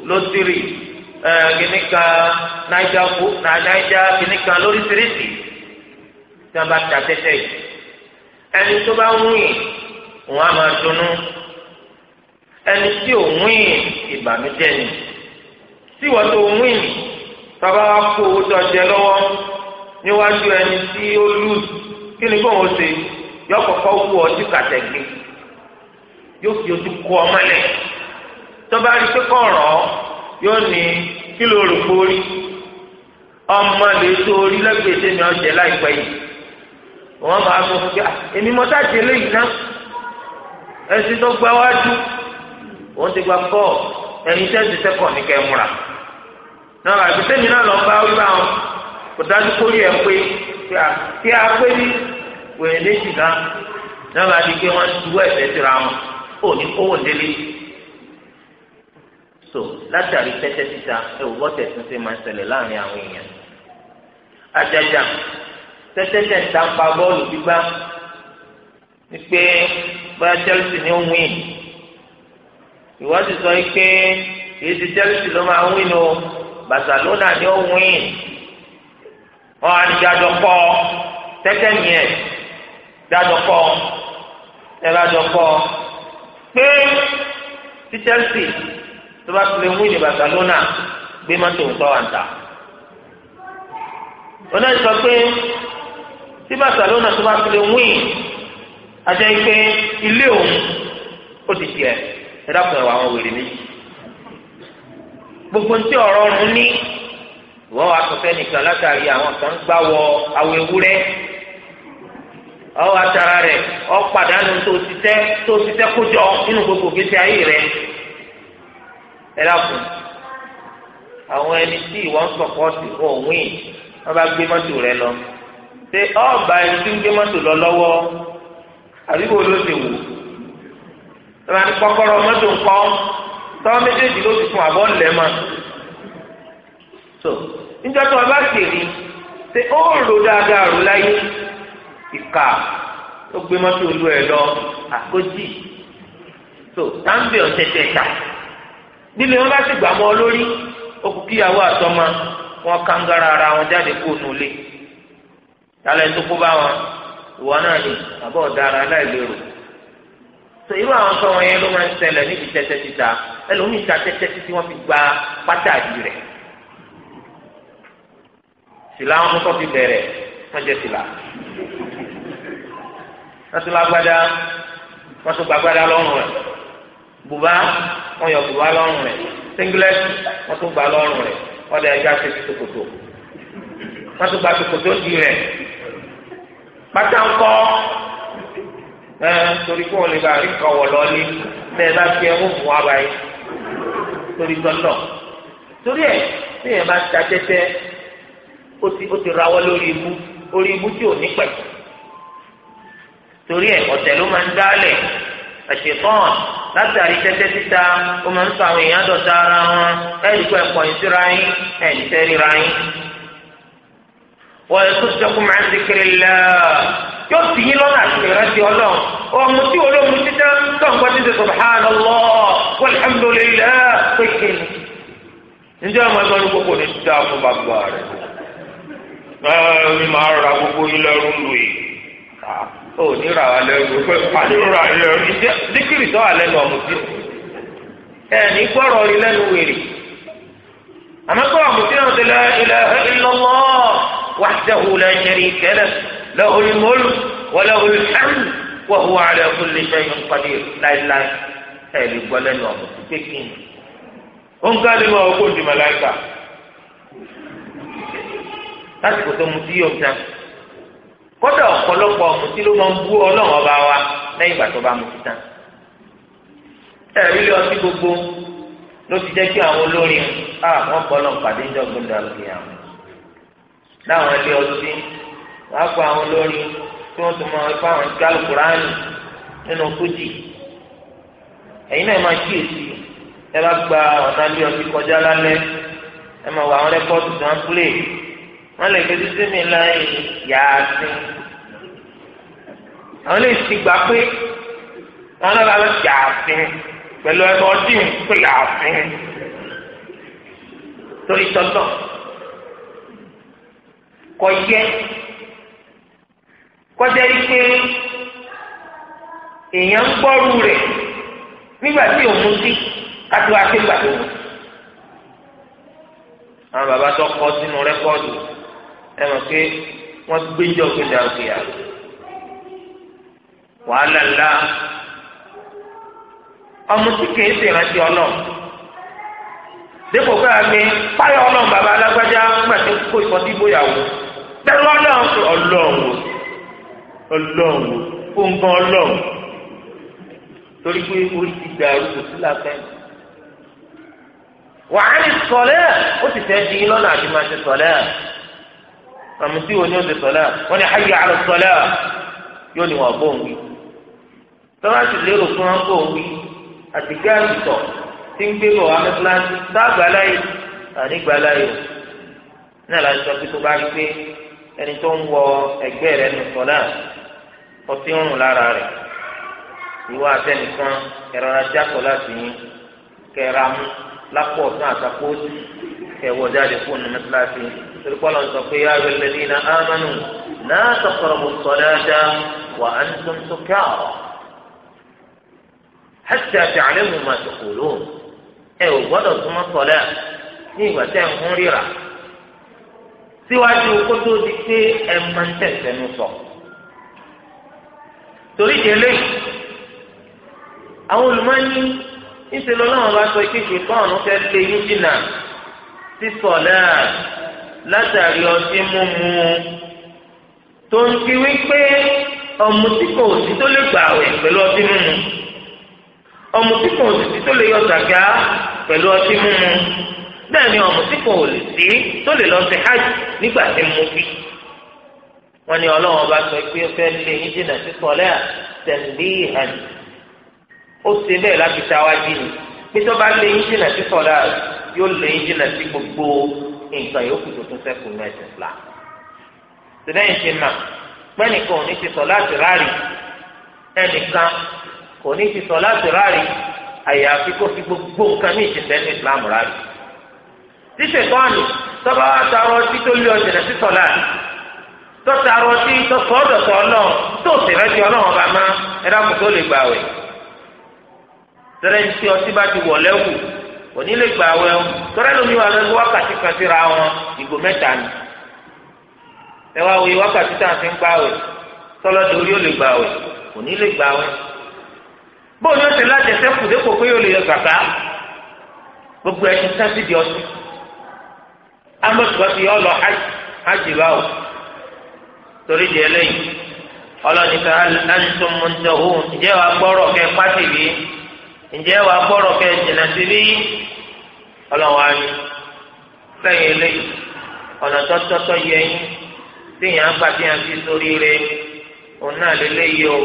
lótìrì kíní kan náíjà kú náíjà kíní kan lóríṣiríṣi tí wọ́n bá ta tẹ́tẹ́ yìí ẹni tó bá wúyìn wọ́n á máa dunnú. ẹni tí ò wín ìbànújẹ́ ni tí wọ́n tó wín bàbá wa kó owó tó jẹ lọ́wọ́ níwájú ẹni tí ó kí ni ṣe yọ kọ́kọ́ wú ọtí kàtẹ́gbé yóò fi ojú kó ọmọ lẹ̀ tọ́ba rí pé kọ̀ọ̀rọ̀ yóò ní kí ló rò kórí ọmọ lè tó orí lẹ́gbẹ̀ẹ́sẹ̀ mi ọ̀jẹ̀ láìpẹ́ yìí máa fún náà tó gbáwájú. òun ti gba kọ́ ẹ̀yin tẹ́sí sẹ́kọ̀ ní kẹ́ múra náà àti sẹ́mi náà lọ bá wí bá wọn kò dájú kó rí ẹ pé kí a pé ní wèrè léjì náà náà bá di pé wọ́n ti wọ́ ẹ̀fẹ́ síra wọn ò ní kówó délé so látàrí tẹ́tẹ́ títa ẹ ò gbọ́ tẹ̀sán sí máa ń ṣẹlẹ̀ láàrin àwọn èèyàn ajaja tẹ́tẹ́ tẹ̀ ń ta pa bọ́ọ̀lù gbígbá wípé bá Chelsea ní ó win ìwádìí sọ pé kì í ti Chelsea ló máa win o Barcelona ni ó win wọn á ní dájọ kọ tẹ́tẹ́ yẹn dájọ kọ ẹ bá jọ kọ pé tí Chelsea tó bá ti lè win Barcelona gbé mọ́tò ń tọ́ wa ń ta ọ̀nà sọ pé tí Barcelona tó bá ti lè win ajẹ́ pé ilé òun ó ti tiẹ̀ ẹ dákun ẹwà àwọn wèrè méjì gbogbo ntí ọ̀rọ̀ ọ̀run ní ìwọ wa sọ fẹ nìkan látàrí àwọn kan gbá wọ awọ ewúrẹ́ ọwọ atara rẹ ọpadànù tó sitẹ tó sitẹ kójọ nínú gbogbo gbèsè ayé rẹ ẹ dákun àwọn ẹni tí ìwọ ń sọkọ sí fún òwìn wọn bá gbé mọ́tò rẹ lọ ṣé ọba ẹni tí ń gbé mọ́tò lọ lọ́wọ́ àbí wo ló ti wù. tọ́ba ní kọ́kọ́rọ́ mọ́tò ńkọ́ tọ́wọ́ méjèèjì ló ti fún àbọ̀ lẹ́ ma so níjọ́ tó o bá sì rí ṣe ó rò dáadáa rò láyé ìka ó gbé so táǹbì nílé wọn bá sì gbà mọ́ ọ lórí ara wọn jáde kó nulẹ̀ tó kó bá wọn ìwọ náà ni àbọ̀ sọ irú àwọn sọ wọn yẹn ló máa ń ṣẹlẹ̀ níbi tẹ́tẹ́ títa ẹlòmíì ta tẹ́tẹ́ títí wọ́n fi gba pátàdì rẹ̀ sìlá wọn mú tọ́fi bẹ̀rẹ̀ wọ́n jẹ́ sìlá wọ́n tún lágbádá wọ́n tún gbàgbádá lọ́rùn rẹ̀ bùbá wọ́n yọ bùbá lọ́rùn rẹ̀ singlet wọ́n tún gbà lọ́rùn rẹ̀ wọ́n dẹ̀ ẹja ṣe ṣòkòtò wọ́n tún gbà ṣòkòtò di rẹ̀ pátá ńkọ́ ẹ torí kó o lè bá rí kọwọ lọlé tẹ ẹ bá fi ẹwọ mú wa báyìí torí tọlọ torí ẹ tí ẹ bá ta tẹ́tẹ́ ó ti ó ti rawọ́ lórí ibú orí ibú tí ò ní pẹ torí ẹ ọ̀tẹ̀ ló máa ń dálẹ̀ àṣetán látàrí tẹ́tẹ́ títa ó máa ń sọ àwọn èèyàn dọ̀tá ara wọn ẹ̀yìn pẹ̀ pọ̀yìn síra yín ẹ̀yìn yín. wọ́n ẹ̀ tó sẹ́kù máa ń dìkìrì lẹ́ẹ̀ yóò sì yín lọ́nà àti ìrántí ọlọ́run ọmọ tí olóhùn títà tó ń gbọ́ títà subhanallah walhamdulillah pékin njẹ́ ọmọ ẹgbẹ́ ní gbogbo ní títà fún bàbá rẹ̀ bẹ́ẹ̀ ni màá ra gbogbo yín lẹ́rú lù yìí ó ní ra wa lẹ́rú pé pàdé ra lẹ́rú ìjẹ́ díkìrì tó wà lẹ́nu ọmọ tí ẹ̀ ní gbọ́rọ̀ rí lẹ́nu wèrè àmọ́ kọ́ ọmọ tí wọ́n ti la ilaha illallah له الملك وله الحمد وهو على كل شيء قدير لا ẹ lè gbọ́ lẹ́nu ọmọ pípé kí ni. ó ń gáàlì wọn kó di màláìka lásìkò tó mu sí yóò tán kódà ọ̀pọ̀lọpọ̀ ọ̀mùtí ló máa ń bú ọlọ́run ọba wa lẹ́yìn ìgbà tó bá mu sí tán. ẹ̀rí lọ sí gbogbo ló ti jẹ́ kí àwọn olórin àwọn ah, ọ̀pọ̀lọpọ̀ ń jọ gbọ́dọ̀ àlùkìyàwó láwọn ẹgbẹ́ ọtí wàá gba àwọn olórin tí wọ́n tún máa bá àwọn ìgbàlù kúránì nínú kùdì ẹ̀yin náà máa kíyèsí ẹ bá gba ọ̀nà ilé ọtí kọjá lálẹ́ ẹ máa wọ àwọn rẹ́kọ́ọ̀tù tí wọ́n ń plé wọ́n lè fetí sí mi láì yàásín àwọn lè ti gbà pé wọ́n lọ́ba lọ yàásín pẹ̀lú ẹ̀rọ ọtí ń pè torí tọ́tọ̀ kọ yẹ kọjá ike èèyàn ń gbọ́rù rẹ̀ nígbà tí òun mutí kátó akégbà tó wù. àwọn bàbá tó kọ sínú rẹ́kọ́ọ̀dù ẹ mọ̀ pé wọ́n gbé jọ pé dàrúkì yà wàhálà ńlá ọmọ tí kìí ṣe ìrántí ọlọ́run dépò pé àgbẹ̀ páyọ̀ ọlọ́run bàbá alágbájá gbàtẹ́ kó ìfọ́sí bóyá wò tẹ́lọ́ ọlọ́run wò sí ọlọ́run kó ń gan ọlọ́run torí pé orí ti dàrú kò sí làákẹ́ wàhálì sọlẹ́ ó ti fẹ́ di lọ́nà àti máa ṣe sọlẹ́ àmì tí wọn ní oṣù sọlẹ́ wọn ni ayé àlọ sọlẹ́ yóò ní wọn bóun wí tọ́lá sì lérò fún wọn bóun wí àti gáàsì tọ̀ tí ń gbé bọ̀ amẹ́tíláńtì sáàgbà láyé ànígbà láyé o náà láti sọ pé tó bá rí pé ẹni tó ń wọ ẹgbẹ́ rẹ̀ nù sọlẹ́ ọtí ń rùn lára rẹ̀ ìwọ àtẹnìkan ẹ̀rọ ajáko láti yín kẹra mú lápò ọ̀tún àtàkóòtù kẹwọ jáde fóònù mẹsàlásì torí pọlọ ń sọ pé yá ayọ lẹni iná ámánù náà sọkọrọ bò sọ dáadáa wà á ń tó ń tó ká ọ. hàtà tàlẹ́ mu máa tòkò lóhùn ẹ ò gbọ́dọ̀ súnmọ́ sọlẹ́ ní ìgbà tẹ́ ń hún ríra síwájú kótó di pé ẹ máa ń tẹ̀sẹ̀ nù sọ̀rọ̀ torí ìdílé àwọn olùmọ̀ọ́yìn níṣẹ́ lọ́lọ́wọ́n bá sọ pé ṣèpọ́n fẹ́ lé yín jìnnà sísọ náà látàrí ọtí mímu tó ń ti wípé ọmọ tí kò sí tó lè gbà wẹ̀ pẹ̀lú ọtí mímu ọmọ tí kò sí tó lè yọ sàgá pẹ̀lú ọtí mímu bẹ́ẹ̀ ni ọmọ tí kò sí tó lè lọ sí hajj nígbà tí mo fi wọ́n ní ọlọ́wọ́n bá sọ pé ó fẹ́ lé yín jìnnà sí sọlẹ́ à tẹ̀lé hàn ó ṣe bẹ́ẹ̀ láti táwa jì ní pé tó bá lé yín jìnnà sí sọlẹ́ à yóò lé yín jìnnà sí gbogbo nǹkan yòókù tó tún sẹ́kù ní ẹ̀sìn fúlà. sìlẹ́yìn ti mà pẹ́nìkan ò ní ti sọ láti ráàlì ẹnìkan kò ní ti sọ láti ráàlì àyàfi kó fi gbogbo nǹkan ní ìṣẹ̀lẹ̀ ní Islam ráàlì. tíṣe tọ́ọ̀nù tọ́ba wa ta ọtí tó lé ọ̀sẹ̀ tọ́tarọ sí tọ́sọ́dọ̀tọ̀ ọlọ́run tó sì rántí ọlọ́run bá má ẹ̀dá kò tó lè gbà wẹ̀. tẹ́rẹ́ntì ọtí bá ti wọ̀ lẹ́wù kò ní lè gbà wẹ̀ o tọ́rẹ́ lómi wà lọ́dún wákàtí kan síra wọn ìgò mẹ́ta ni. ẹ wá wo wákàtí tá à ń fi gbà wẹ̀ tọ́lọ́dọ̀ orí ò lè gbà wẹ̀ kò ní lè gbà wẹ̀. bó o ó ti láti ẹsẹ̀ kù dépò pé yóò lè yọ kàkà gbogbo ẹ̀ ti torí di eléyìí ọlọ́ni ká antum muntahun ǹjẹ́ wàá gbọ́rọ̀ kẹ́ pátì bí ǹjẹ́ wàá gbọ́rọ̀ kẹ́ jìnnà sí bí ọlọ́wọ́ ayé lẹ́yìn eléyìí ọ̀nà tọ́tọ́tọ́ yẹ yín tí yàn án bá tí yàn fi sórí rẹ òun náà lélẹ́yìí o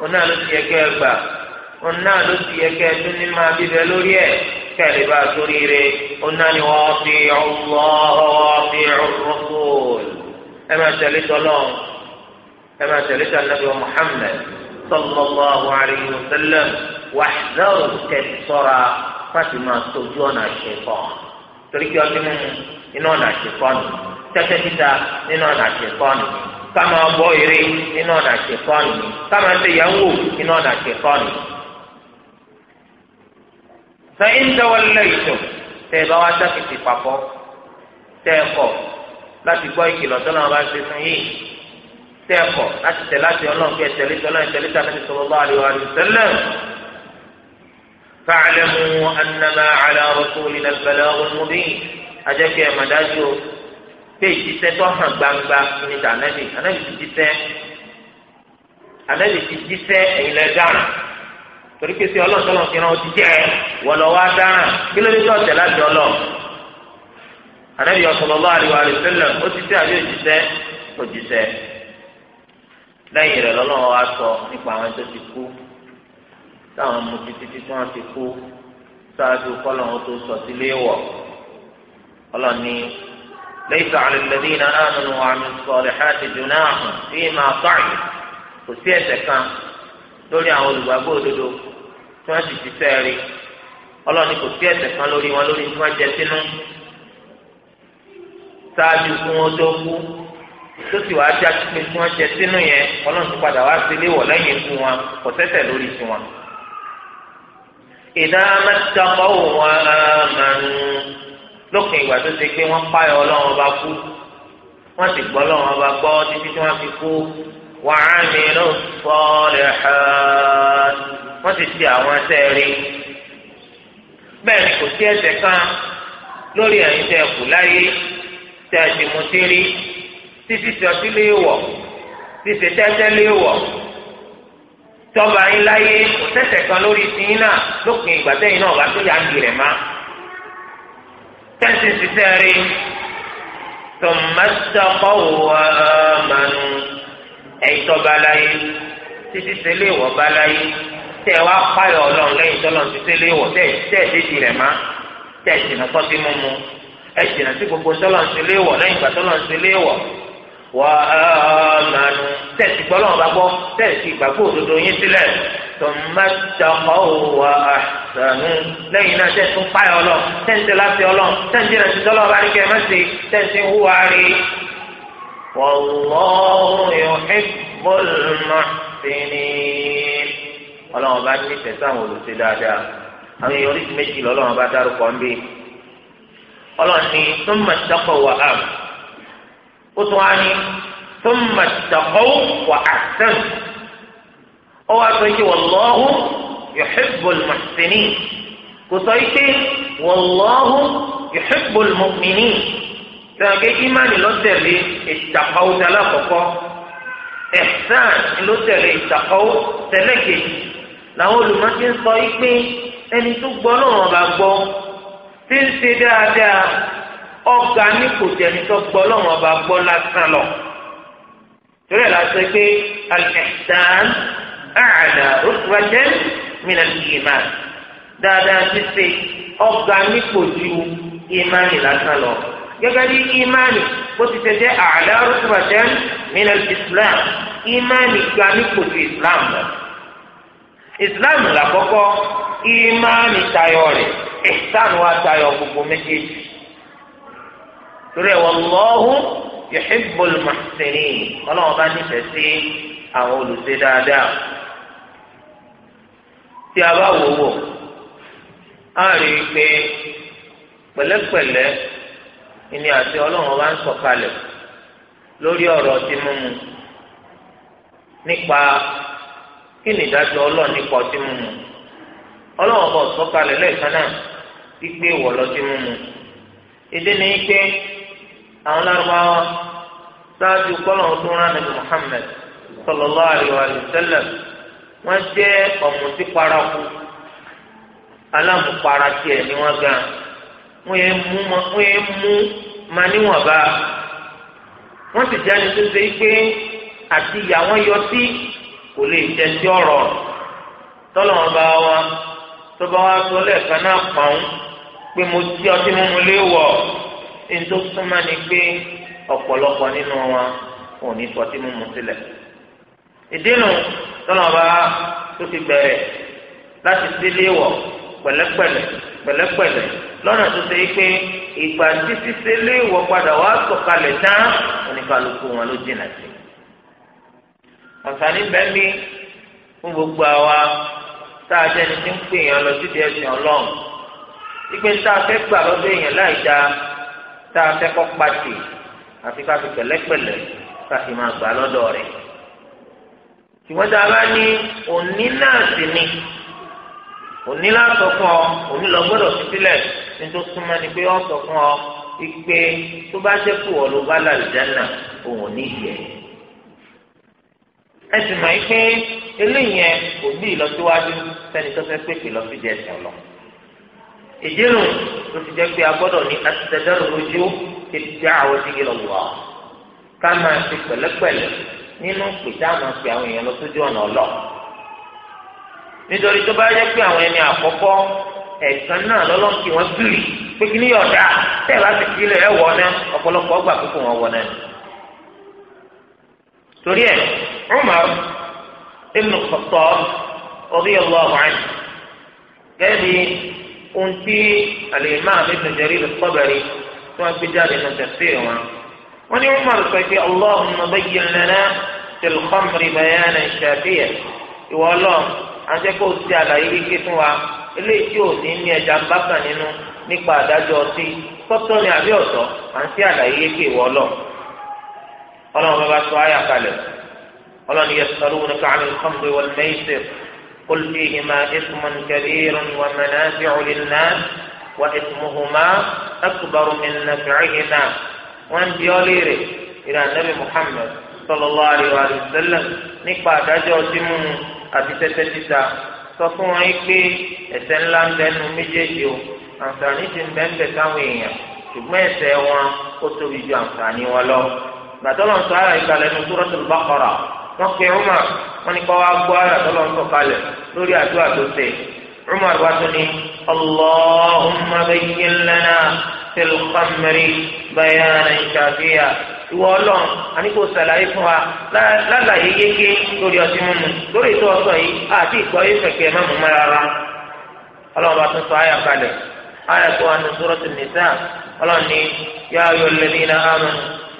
òun náà ló ti yẹ kẹ́ ẹ gbà òun náà ló ti yẹ kẹ́ ẹ tún ní máa bíbẹ lórí ẹ̀ kẹ́ ẹ lè bá a sórí rẹ òun náà ni wọ́n fi ọ̀wọ́ ẹ máa tẹ̀lé tọ́lọ́run ẹ máa tẹ̀lé tànàbí wa Muhammad sallallahu alayhi wa sallam wàhálà kẹ̀sì sọ́ra fásitì máa tójú ọ̀nà àṣepọ̀ torí kí ọtí mímu nínú ọ̀nà àṣepọ̀ nù tẹ́tẹ́ títa nínú ọ̀nà àṣepọ̀ nù káma bọ́ eré nínú ọ̀nà àṣepọ̀ nù káma ṣe yahoo nínú ọ̀nà àṣepọ̀ nù. sẹ́yìn tẹ́wọ́ lẹ́yìn tẹ́ ẹ bá wá sáfìsì papọ̀ tẹ́ ẹ kọ̀ láti gbọ́ ìkìlọ̀ tọ́lọ́ bá ṣe fún yìí tẹ́ ẹ̀kọ́ láti tẹ̀ láti ọlọ́run pé ẹ̀tẹ̀lé tọ́lọ́ ẹ̀tẹ̀lé tàbí sallallahu alaihi wa sallam. fa'lamu annama ala rasulina al-balaghul mubin ajẹ́kẹ́ ẹ̀mọ̀dájú pé ìjíṣẹ́ tó hàn gbangba ní tànẹ́bì ànẹ́bì ti jíṣẹ́ ànẹ́bì ti jíṣẹ́ ẹ̀yin lẹ́ dáràn torí pé sí ọlọ́run tọ́lọ́ fi ràn ó anabi sallallahu alaihi wa sallam ó ti tẹ àbí òjíṣẹ́ òjíṣẹ́ lẹ́yìn rẹ̀ lọ́lọ́run wa sọ nípa àwọn tó ti kú táwọn mu títí tí wọ́n ti kú sáájú kọ́lọ́run tó sọ sílé wọ̀ ọlọ́ni laysa 'ala alladhina amanu wa 'amilu salihati junahun fima ta'im kò sí ẹ̀ṣẹ̀ kan lórí àwọn olùgbàgbọ́ òdodo tí wọ́n ti ti sẹ́ẹ̀rí ọlọ́ni kò sí ẹ̀ṣẹ̀ kan lórí wọn lórí tí wọ́n jẹ sínú ṣáájú fún wọn tó kú tó sì wá já pé tí wọ́n jẹ sínú yẹn ọlọ́run padà wá sílé wọ̀ lẹ́yìn fún wọn kò tẹ́tẹ̀ lórí tiwọn. ìdá mẹ́tàkọ́ wọn máa lókun ìgbà tó ṣe pé wọ́n páyọ̀ ọlọ́run ọba kú wọ́n sì gbọ́ ọlọ́run ọba gbọ́ títí tí wọ́n fi kú wàá mi ló sọ̀rọ̀ wọ́n ti ti àwọn sẹ́ẹ̀rì bẹ́ẹ̀ ni kò sí ẹ̀ṣẹ̀ kan lórí ẹ̀yin tẹ́ kù láyé tí a sì mú sí rí títí tí ọtí lè wọ̀ títí tẹ́tẹ́ lè wọ̀ tọ́ba yín láyé kò tẹ̀sẹ̀ kan lórí tiyín náà lópin ìgbà tẹ́yìn náà bá tó yà ń di rẹ̀ má. tẹ́sí ṣiṣẹ́ rí tòmátọ́kọ́ wọ ọmọnù ẹ̀yìn tọ́ba láyé títí tẹ́lẹ̀ wọ̀ bá láyé tẹ́ wá pààyọ̀ ọlọ́run lẹ́yìn tọ́lọ́run títí tẹ́lẹ̀ wọ̀ tẹ́ẹ̀ tẹ́ẹ̀ tẹ́ẹ̀ di rẹ̀ má tẹ́ẹ̀ sì nà kọ́ ẹ jìnnà sí gbogbo tọ́lọ̀ ń ṣe léwọ̀ lẹ́yìn ìgbà tọ́lọ̀ ń ṣe léwọ̀ wà á mànú tẹ̀sí gbọ́ lọ́wọ́ bá gbọ́ tẹ̀sí ìgbàgbọ́ òdodo yín sílẹ̀ tòmátàkọ́ wà á sànú lẹ́yìn náà tẹ̀sí ń páyọ̀ ọlọ́ tẹ̀sí láti ọlọ́ tẹ̀sí náà ti tọ́lọ́ bá rí kẹ́ mẹ́sì tẹ̀sí ń hùwà rí wàlláhu yuhibbul muhsinin ọlọ́wọ́n bá ní tẹ̀sí àwọn olùsè dáadáa àwọn èèyàn oríṣi méjì lọ́lọ́wọ́n bá dárúkọ ń bíi ọlọ́ni tó ń mọ̀tàkọ̀ wà á ó tún á ní tó ń mọ̀tàkọ̀ wà á sẹ́n ó wá sọ pé wàlọ́hù yòóhìbò mọ̀sìnì kò sọ pé wàlọ́hù yòóhìbò mọ̀mìnì sọ̀rọ̀ pé ìmánì ló tẹ̀lé ìtàkọ̀wò tẹ̀lé àkọ́kọ́ ẹ̀sán ló tẹ̀lé ìtàkọ̀wò tẹ̀lé kejì làwọn olùmọ̀tí ń sọ pé ẹni tó gbọ́ náà bá gbọ́ tí ń ṣe dáadáa ọ̀gá ní kò jẹ́ni tó gbọ́ lọ́wọ́n ọba gbọ́ lásán lọ. torí ẹ̀ la sọ pé al-ihsan a'la rutbatan min al-iman dáadáa ti ṣe ọ̀gá ní kò ju ìmánì lásán lọ. gẹ́gẹ́ bí ìmánì bó ti ṣe jẹ́ a'la rutbatan min al-islam ìmánì ní kò ju islam lọ. islam làkọ́kọ́ ìmánì tayọ rẹ̀. ihsan wa tayọ gbogbo méjèèjì torí ẹ̀ wallahu yuhibbul muhsinin ọlọ́wọ́n bá nífẹ̀ẹ́ sí àwọn olùṣe dáadáa a bá wò wò á rí i pé pẹ̀lẹ́pẹ̀lẹ́ ìní àti ọlọ́run bá ń sọ̀kalẹ̀ lórí ọ̀rọ̀ ọlọ́wọ́n bọ̀ sọ́kalẹ̀ lẹ́ẹ̀kan náà pípé wọ̀ lọ́tí mímu ìdí ni pé àwọn lárúbáwá sáájú kọ́lọ́hún tó rán nàbì Muhammad sallallahu alaihi wa sallam wọ́n jẹ́ ọ̀mùtí paraku alámùpara tiẹ̀ ni wọ́n gan wọ́n yẹ mú ma níwọ̀nba wọ́n sì jáde tó ṣe pé àti ìyá wọn yọ sí kò lè jẹ sí ọ̀rọ̀ tọ́lọ́wọ́n bá wa tó wa wá sọ lẹ́ẹ̀kan náà pọ̀n pé mo ti ọtí mímu léèwọ̀ ẹni tó súnmọ́ ni pé ọ̀pọ̀lọpọ̀ nínú wọn ò ní fọtí mímu sílẹ̀ ìdínú tọ́lọ́ba tó ti bẹ̀rẹ̀ láti sí léèwọ̀ pẹ̀lẹ́pẹ̀lẹ́ pẹ̀lẹ́pẹ̀lẹ́ lọ́nà tó ṣe pé ìgbà títí ṣe léèwọ̀ padà wá sọ̀kalẹ̀ tán oníkàlùkù wọn ló jìnà sí ọ̀sán níbẹ̀ mi fún gbogbo àwa tá a jẹ́ ni tí ń pè yàn lọ síbi ẹ̀sìn ọlọ́run ìpè tá a fẹ́ gbà lọ́dọ̀ èèyàn láì dá tá a fẹ́ kọ́ pàṣẹ àfi ká fi pẹ̀lẹ́pẹ̀lẹ́ ká sì máa gbà lọ́dọ̀ rẹ̀ ṣùgbọ́n tá a bá ní òní náà sì ni òní láàtọ̀ fún ọ òní lọ gbọ́dọ̀ fi sílẹ̀ nítorí súnmọ́ ni pé ọ̀ sọ fún ọ ìpè tó bá jẹ́ kó wọ́n ló bá lálẹ́ dáná òun ò ní ìyẹn ẹsùn máa ń pé eléyìí kò ní ìlọsíwájú sẹ́ni tó fẹ́ pèpè lọ sí jẹ ẹsẹ̀ lọ. ìdí nù tó ti jẹ́ pé a gbọ́dọ̀ ní àtẹ̀dẹ́rù lójú ti dá àwọn ìdíje lọ wọ̀ ká máa fi pẹ̀lẹ́pẹ̀lẹ́ nínú pèsè àwọn pè àwọn èèyàn lọ sójú ọ̀nà ọlọ́ nítorí tó bá yẹ pé àwọn ẹni àkọ́kọ́ ẹ̀sán náà lọ́lọ́kì wọn bìrì pé kí ní ọ̀dà tẹ̀ láti kílẹ̀ ẹ̀ náà ọ̀pọ̀lọpọ̀ ọgbà pípọ̀ wọn wọ̀ náà torí ẹ̀ Umar ibn Khattab radiyallahu anhu gẹ́gẹ́ ohun tí al-Imam ibn Jarir al-Tabari tí wọ́n gbé jáde nínú tafsir wọn. wọ́n ní Umar sọ pé Allahumma bayyin lana fil khamri bayanan shafiyan ìwọ ọlọ́run àti kó o ti àlàyé wíké fún wa eléyìí ò ní ní ẹja ń bá kàn nínú nípa àdájọ́ ọtí tọ́tọ́ ni àbí ọ̀tọ̀ à ń ti àlàyé wíké ìwọ ọlọ́run bá sọ ayà kalẹ̀ ọlọ́run yẹ sọ̀rọ̀ wọn káàmì kọ́mbé wọn mẹ́sẹ̀ قل فيهما إثم كبير ومنافع للناس وإثمهما أكبر من نفعهما وأن يوليري إلى النبي محمد صلى الله عليه وآله وسلم نقبع دجو سمو أبي تتتتا sọfún wọn yìí pé ẹ̀ṣẹ̀ ńlá ń bẹnu méjèèjì o àǹfààní ti ń bẹ ń bẹ èèyàn ṣùgbọ́n ẹ̀ṣẹ̀ wọn ó tóbi ju àǹfààní wọn lọ gbàtọ́lọ̀ ń sọ ara yìí kalẹ̀ ní Suratul Baqara wọ́n pe Umar wọ́n ní kọ́ wa gbọ́ ara tọ́lọ̀ ń sọ kalẹ̀ lórí àdúrà tó ṣe Umar wa tó ní Allahumma bayyin lana fil khamri bayanan shafiya ìwọ Ọlọ́run àníkò sàlàyé fún wa lálàyé yéké lórí ọtí mímu lórí ètò ọsọ yìí àti ìgbọ́ yìí fẹ̀kẹ́ má mú mẹ́ra rárá Ọlọ́run bá tún sọ ayà Nisa Ọlọ́run ní yā ayyuhalladhīna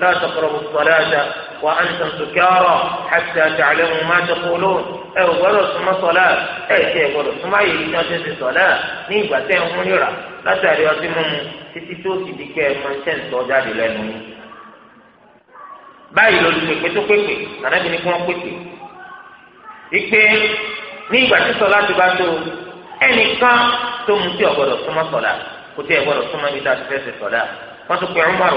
لا تقربوا الصلاة وأنتم سكارى حتى تعلموا ما تقولون ẹ ò gbọ́dọ̀ súnmọ́ sọlá ẹ ṣe gbọ́dọ̀ súnmọ́ àyè yìí náà ṣẹṣẹ sọlá ní ìgbà tẹ ń mú nira látàrí ọtí mímu títí tó ti di kẹ ẹ máa ṣe ń tọ́ jáde lẹ́nu yín. báyìí lolùpèpè tó pèpè nànàbí ni kí wọ́n pèpè. ìpè ní ìgbà tí sọlá ti bá tó ẹnìkan tó mú tí ò gbọ́dọ̀ súnmọ́ sọlá kò tí ẹ gbọ́dọ̀ súnmọ́ ibi tá a ti fẹ́ ṣe sọlá. wọ́n sọ pé Umar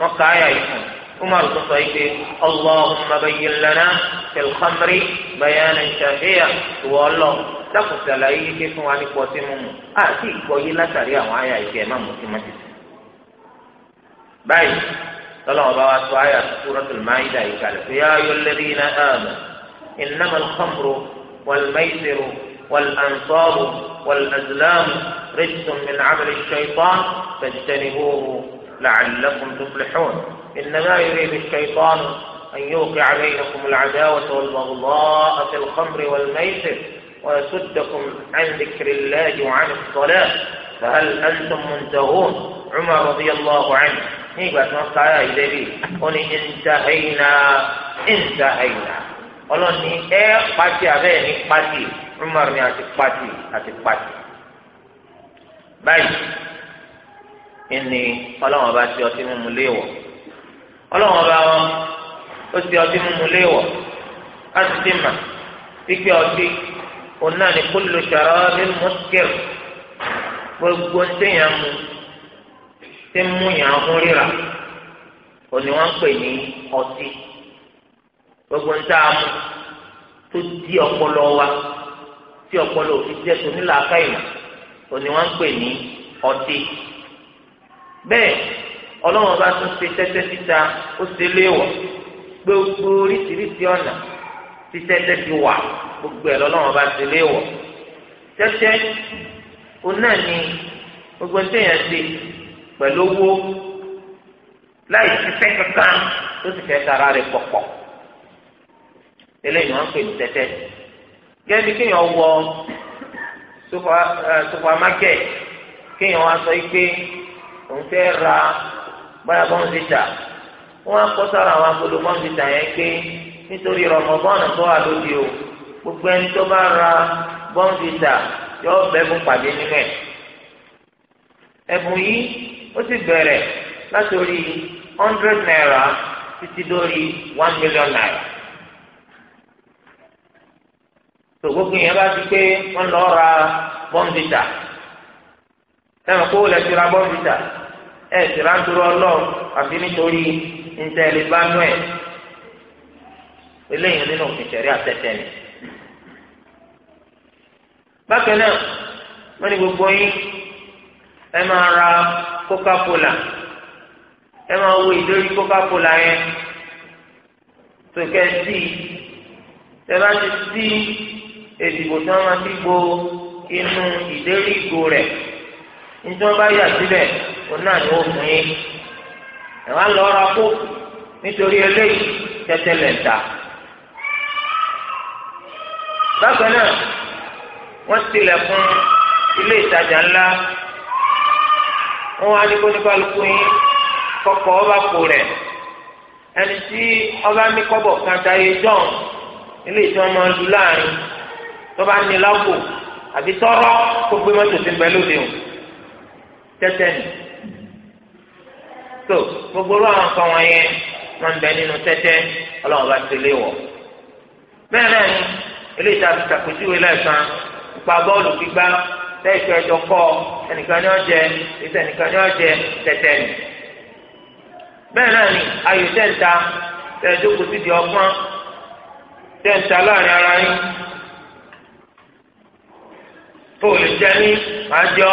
wọ́n kà á yà yìí fún Umar tó sọ yìí pé Allahumma bayyin lana fil khamri bayanan shafiya ìwọ ọlọ́ dákun sàlàyé yìí pé fún wa ní pọtí mímu àti ìgbọ́yé látàrí àwọn àyà ìkẹ́ ẹ̀ má mú sí mọ́tì. báyìí tọ́lọ́wọ́ bá wa sọ àyà Suratul Maida yìí kalẹ̀ pé yā ayyuhal ladhīna āmanū innamal khamru wal maysiru wal ansābu wal azlāmu rijsun min 'amali ash-shaytān fajtanibūhu لعلكم تفلحون إنما يريد الشيطان أن يوقع بينكم العداوة والبغضاء في الخمر والميسر ويصدكم عن ذكر الله وعن الصلاة فهل أنتم منتهون عمر رضي الله عنه nígbà بس wọn káyà yìí قولي انتهينا انتهينا قولوا ntaheyina ọlọ́ni ẹ pati abẹ́ ní pati Umar ní àti باي ìní ọlọ́wọ́n bá ti ọtí mímu léèwọ̀ ọlọ́wọ́n bá wọn ó ti ọtí mímu léèwọ̀ á ti ti mà pípẹ́ ọtí òun náà ní kullu sharabin muskir gbogbo téèyàn mu tí ń mú yàn án ríra òun ni wọ́n ń pè ní ọtí gbogbo ń tá tó di ọpọlọ wa tí ọpọlọ òfin jẹ́ tó nílò akáyìmọ̀ òun ni wọ́n ń pè ní ọtí bẹ́ẹ̀ ọlọ́wọ́n bá tún ṣe tẹ́tẹ́ títa ó ṣe léèwọ̀ gbogbo oríṣiríṣi ọ̀nà tí tẹ́tẹ́ ti wà gbogbo ẹ̀ lọ́wọ́n bá ṣe léèwọ̀ tẹ́tẹ́ òun náà ni gbogbo téèyàn ṣe pẹ̀lú owó láì ṣiṣẹ́ kankan tó sì fẹ́ tara rẹ̀ pọ̀pọ̀ eléyìí wọ́n ń pè ní tẹ́tẹ́ gẹ́gẹ́ bí kéèyàn wọ supermarket eh, kéèyàn wá sọ yìí pé. òun fẹ́ ra báyà bọ́ǹsìtà wọ́n á kọ́ sára àwọn agolo bọ́ǹsìtà yẹn pé nítorí rọmọbọ́ọ̀nù tó wà lóde o gbogbo ẹni tó bá ra bọ́ǹsìtà yọ bẹ́ẹ̀bùn pàdé nínú ẹ̀bùn yìí ó sì bẹ̀rẹ̀ hundred naira títí dórí one million gbogbo yẹn bá ti pé wọ́n lọ ra bọ́ǹsìtà. sẹ́wọ̀n kó lẹ́ tira bọ́ǹbìtà ẹ̀ tira ń turu ọlọ́ọ̀ àfi nítorí ntẹ̀lẹ́ bá nú ẹ̀ eléyìí nínú ìṣẹ̀rí àtẹ̀tẹ̀ ni. bákan náà wọ́n ní gbogbo yín ẹ máa ra coca-cola ẹ máa wo ìdórí coca-cola yẹn tòkẹ́ sí tẹ́ bá ti sí èdìbò tí wọ́n máa fi gbo inú ìdérí ìgò rẹ̀ níjọ́ bá yà síbẹ̀ òun náà ni ó fún yín ẹ̀ wá lọ ra kó nítorí eléyìí tẹ́tẹ́lẹ̀ ta. bákan náà wọ́n tilẹ̀ fún ilé ìtajà ńlá wọ́n wá ní kóníkálukú yín kọ́kọ́ ọba kò rẹ̀ ẹni tí ọba ní kọ́bọ̀ kan táyé john ilé ìtàn máa ń lu láàrin tó bá ní lágbo àbí tọ́rọ́ kó gbé mọ́tò sí ń bẹ òun tẹ́tẹ́ nì tó gbogbo ọlọ́run nǹkan wọn yẹn wọn ń bẹ nínú tẹ́tẹ́ ọlọ́run bá ti lé wọ̀ bẹ́ẹ̀ náà ni eléyìí tá a ti ṣàpèjúwe lẹ́ẹ̀kan ipa bọ́ọ̀lù gbígbá tẹ́ẹ̀kì ẹjọ́ kọ́ ẹnìkan ní ọ̀jẹ̀ ìṣe ẹnìkan ní ọ̀jẹ̀ tẹ́tẹ́ nì bẹ́ẹ̀ náà ni ayò tẹ́ǹta tẹ́ẹ̀dókòó ti di ọgbọ́n tẹ́ǹta láàrin ara yín tó lè ní àjọ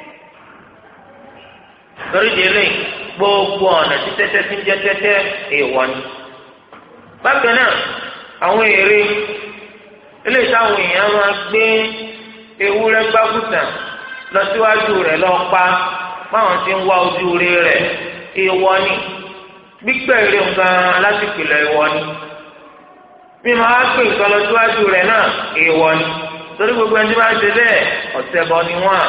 torí délé gbogbo ọ̀nà tí tẹ́tẹ́ ti ń jẹ́ tẹ́tẹ́ èèwọ̀ ni. bákan náà àwọn èrè eléyìí táwọn èèyàn máa gbé ewúrẹ́ gbágùtàn lọ síwájú rẹ̀ lọ pa báwọn ti ń wá ojú rẹ̀ rẹ̀ èèwọ̀ ni gbígbẹ́ èrè nǹkan alásìkò lọ èèwọ̀ ni mímọ ápè nǹkan lọ síwájú rẹ̀ náà èèwọ̀ ni torí gbogbo ẹni tí wọ́n ti bẹ́ẹ̀ ọ̀sẹ̀ bọ ni wọ́n à.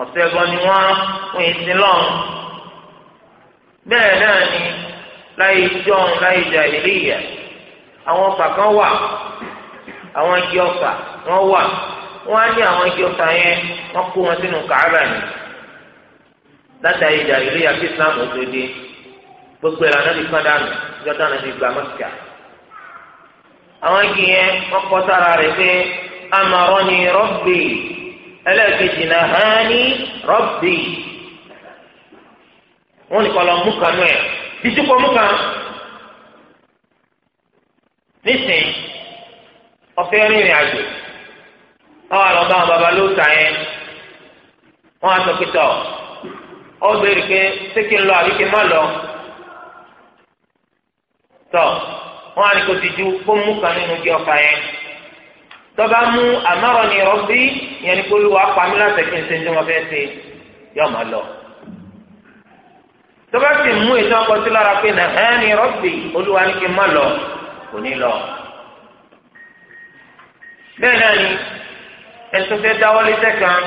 ọ̀sẹ̀ bọ́ ni wọ́n ń sin lọ́n bẹ́ẹ̀ náà ni láyé jọ́n láyé jàhílíyà àwọn ọ̀fà kan wà àwọn igi ọ̀fà wọ́n wà wọ́n á ní àwọn igi ọ̀fà yẹn wọ́n kó wọn sínú kàárà ni látàrí jàhílíyà kí Islam ó tó dé gbogbo ìlànà ti kán dànù ìjọba náà ti gbà mọ́tìkà àwọn igi yẹn wọ́n kọ́ sára rẹ̀ pé rọ́bì. ẹlẹ́ẹ̀kejì náà hàn ní rọ́bì wọn ní kọlọ mú kan nù ẹ títí kọ mú kan nísìnyí ọ̀fẹ́ rìnrìn àjò ọwọ́ àlọ́ bá wọn baba ló ta yẹn wọn á sọ pé ọ béèrè pé ṣé kí àbí tọ́ba mú àmọ́rọ̀ ní rọ́bí yẹn ní polówó apamí láti kí n ṣe ń dín wọn ṣe yọ ọmọ lọ. tọ́ba sì mú ètò ọkọ̀ sí lára pé nà ẹ́ ní rọ́bí olúwa ní kí n má lọ kò ní lọ. bẹ́ẹ̀ náà ni ẹ̀sùn fẹ́ dáwọ́lé sẹ́kàn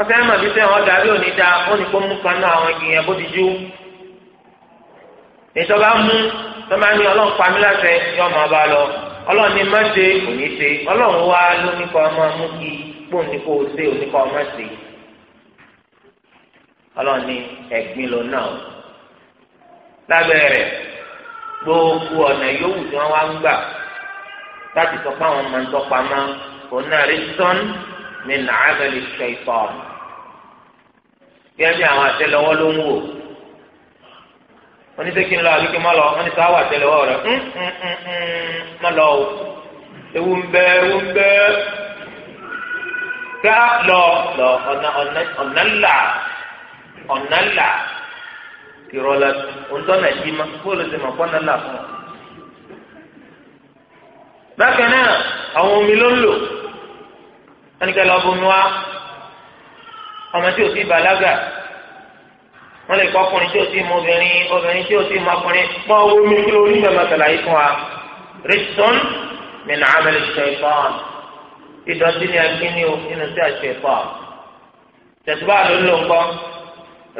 ọ̀sẹ̀ ẹ̀ màbí sẹ́yìn ọ̀dà bí òní da ó ní kó mú kan náà àwọn igi yẹn bó ti jú. ètò mú tọ́ba ní ọlọ́run pamí láti yọ ọmọ ọba lọ ọlọ́run ní má ṣe kò ní ṣe ọlọ́run wá lóníkọ́ ọmọ mú kí pò ní kó o ṣe oníkọ́ ọmọ ṣe ọlọ́run ní ẹ̀gbin ló náà lábẹ́ gbogbo ọ̀nà yòówù tí wọ́n wá ń gbà láti sọ àwọn máa ń tọ́pa náà rí sọ́n mi nàá mẹ́lẹ̀ ṣe ìtọ́ bí ẹni àwọn àtẹlẹwọ́ ló ń wò wọ́n ní sẹ́kì ń lọ àbíkí má lọ wọ́n ní sáwà tẹ́lẹ̀ wọ́ rẹ̀ má lọ o ewu ń bẹ ewu ń bẹ ká lọ lọ ọ̀nà ọ̀nà ńlá ọ̀nà ńlá ìrọ̀lẹ́ ọ̀ńdọ́nà yìí má bóòlù ti mọ̀ fọ́nà ńlá fún ọ. bákan náà àwọn omi ló ń lò ẹnikẹ́ni ọ̀bùnmi wa ọmọ tí ò sí bàlágà wọ́n lè kọ́ ọkùnrin tí ó ti mọ obìnrin obìnrin tí ó ti mọ ọkùnrin mọ owó mi kí ló ní bẹ̀rẹ̀ mọ̀tàlá yìí fún wa rìsítọ́n mi nà ámẹ́lẹ̀ ṣẹ̀fọ́n ìdọ̀tí ni akíní o inú sí àṣẹfọ́n tẹ̀síwá ló ń lò ń kọ́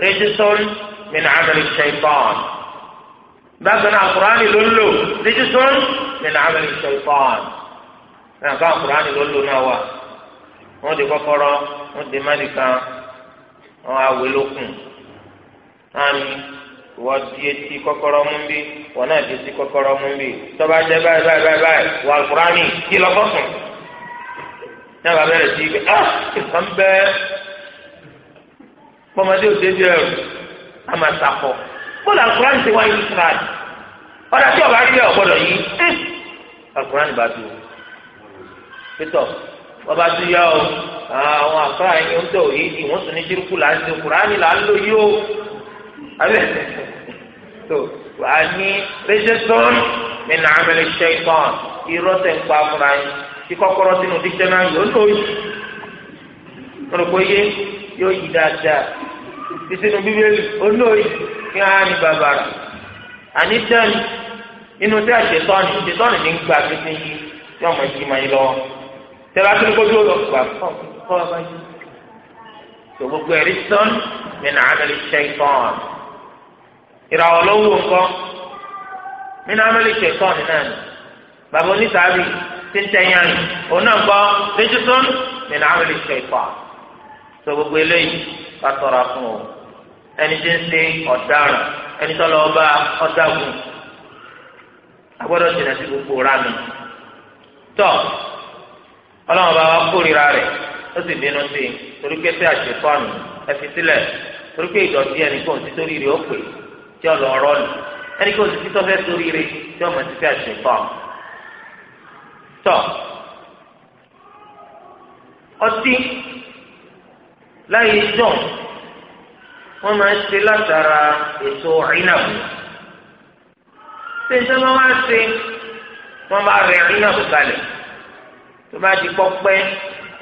rìsítọ́n mi nà ámẹ́lẹ̀ ṣẹ̀fọ́n bákan náà kùránì ló ń lò rìsítọ́n mi nà ámẹ́lẹ̀ ṣẹ̀fọ́n náà bá kùránì ló ń lò náà wà wọ́n di kọ́kọ́rọ́ wọ́n di mẹ́ríkà wọ́n awé lókun àmì wọ́n di etí kọ́kọ́rọ́ mú bí wọ́n náà di etí kọ́kọ́rọ́ mú bí tọ́ba jẹ́ báyìí báyìí báyìí báyìí wà lùkùránì kí lọ́kọ́ sùn. náà bàbá rẹ̀ sí ibi ah nǹkan bẹ́ẹ̀ pọ́mọdé òde jẹ́ ẹ̀rù á máa sàkọ́ bọ́ọ̀lù àlùkùránì ti wáyé lùkùránì ọ̀dà tí ọba rí ẹ̀ ọ̀gbọ́dọ̀ yìí àlùkùránì eh, bá dùn. pétọ̀ ọba tó yá o àwọn àkàrà ẹni ń tẹ̀ òye ìwọ̀n sùn ní ṣírùkù là ń ṣe kùránì là ń lò yìí o àbí tó wàá ní rẹsẹsọn ní nàámẹlẹ ṣẹtọn irọ́ tẹ ń pa fúnra yín tí kọ́kọ́rọ́ sínú dictionary yóò lò yìí wọn kò yé yóò yí dáadáa tí sínú bíbélì ó lò yìí kí á ní bàbàrà àní dání nínú tí a ṣètọ́ni ṣètọ́ni ní gbà títí yìí tí ọmọ yìí máa yí lọ́wọ́ tẹ́lá tó ní kó dúró lọ gbà kọ́ kọ́ ọ bá yí. tó gbogbo ẹ̀rí sọ́n mi nàá ìràwọ̀ ló wù nǹkan nínú amẹ́lì ṣẹ̀tọ́ nínú bàbá oníṣàbí ti ń tẹ̀yàn rìn òun náà gbọ́ lẹ́jọ́sọ́n nínú amẹ́lì ṣẹ̀tọ́ sọ gbogbo eléyìí ká tọrọ fún o ẹni tí ń ṣe ọ̀daràn ẹni tó lọ bá ọ̀dàgùn agbọ́dọ̀ jìnnà sí gbogbo ránù tọ́ ọlọ́run bá wa kórìíra rẹ̀ ó sì bínú sí i torí pé sí àṣetọ́nù ẹ fi sílẹ̀ torí pé ìdọ̀tí ẹnì kan ti torí rẹ̀ ó pè é tí ó lọ rọ́ọ̀lù ẹni kí oṣù títọ́ fẹ́ sórí rẹ tí ọmọ ti fẹ́ àṣẹ tọ́ tọ́ ọtí láyé jọ̀n wọ́n máa ń ṣe látara èso ìnáwó ṣé ṣé wọ́n máa ń ṣe wọ́n bá rẹ̀ ìnáwó kalẹ̀ tó bá di pọ́pẹ́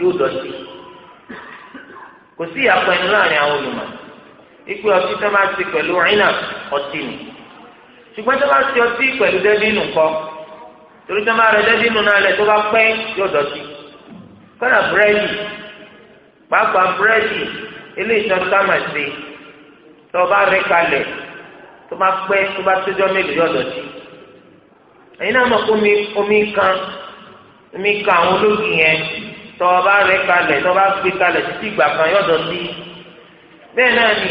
yóò dọ̀tí kò sí ìyàpọ̀ ẹni láàrin àwọn olùmọ̀ọ́ ikú ọtí tó máa ṣe pẹ̀lú ìnà ọtí nù ṣùgbọ́n tó máa ṣe ọtí pẹ̀lú dẹ́bínù kọ́ torí tó máa rẹ dẹ́bínù náà lẹ̀ tó bá pẹ́ yóò dọ̀tí kọ́nà búrẹ́dì pàápàá búrẹ́dì eléyìí tó ká máa ṣe tó bá rẹ kalẹ̀ tó bá pẹ́ tó bá tójọ́ mélòó yóò dọ̀tí ẹ̀yin náà mọ̀ omi omi kan omi kan àwọn olóògì yẹn tó bá rẹ kalẹ̀ tó bá gbé kalẹ̀ títí ìgbà kan yóò dọ̀tí bẹ́ẹ̀ náà ni.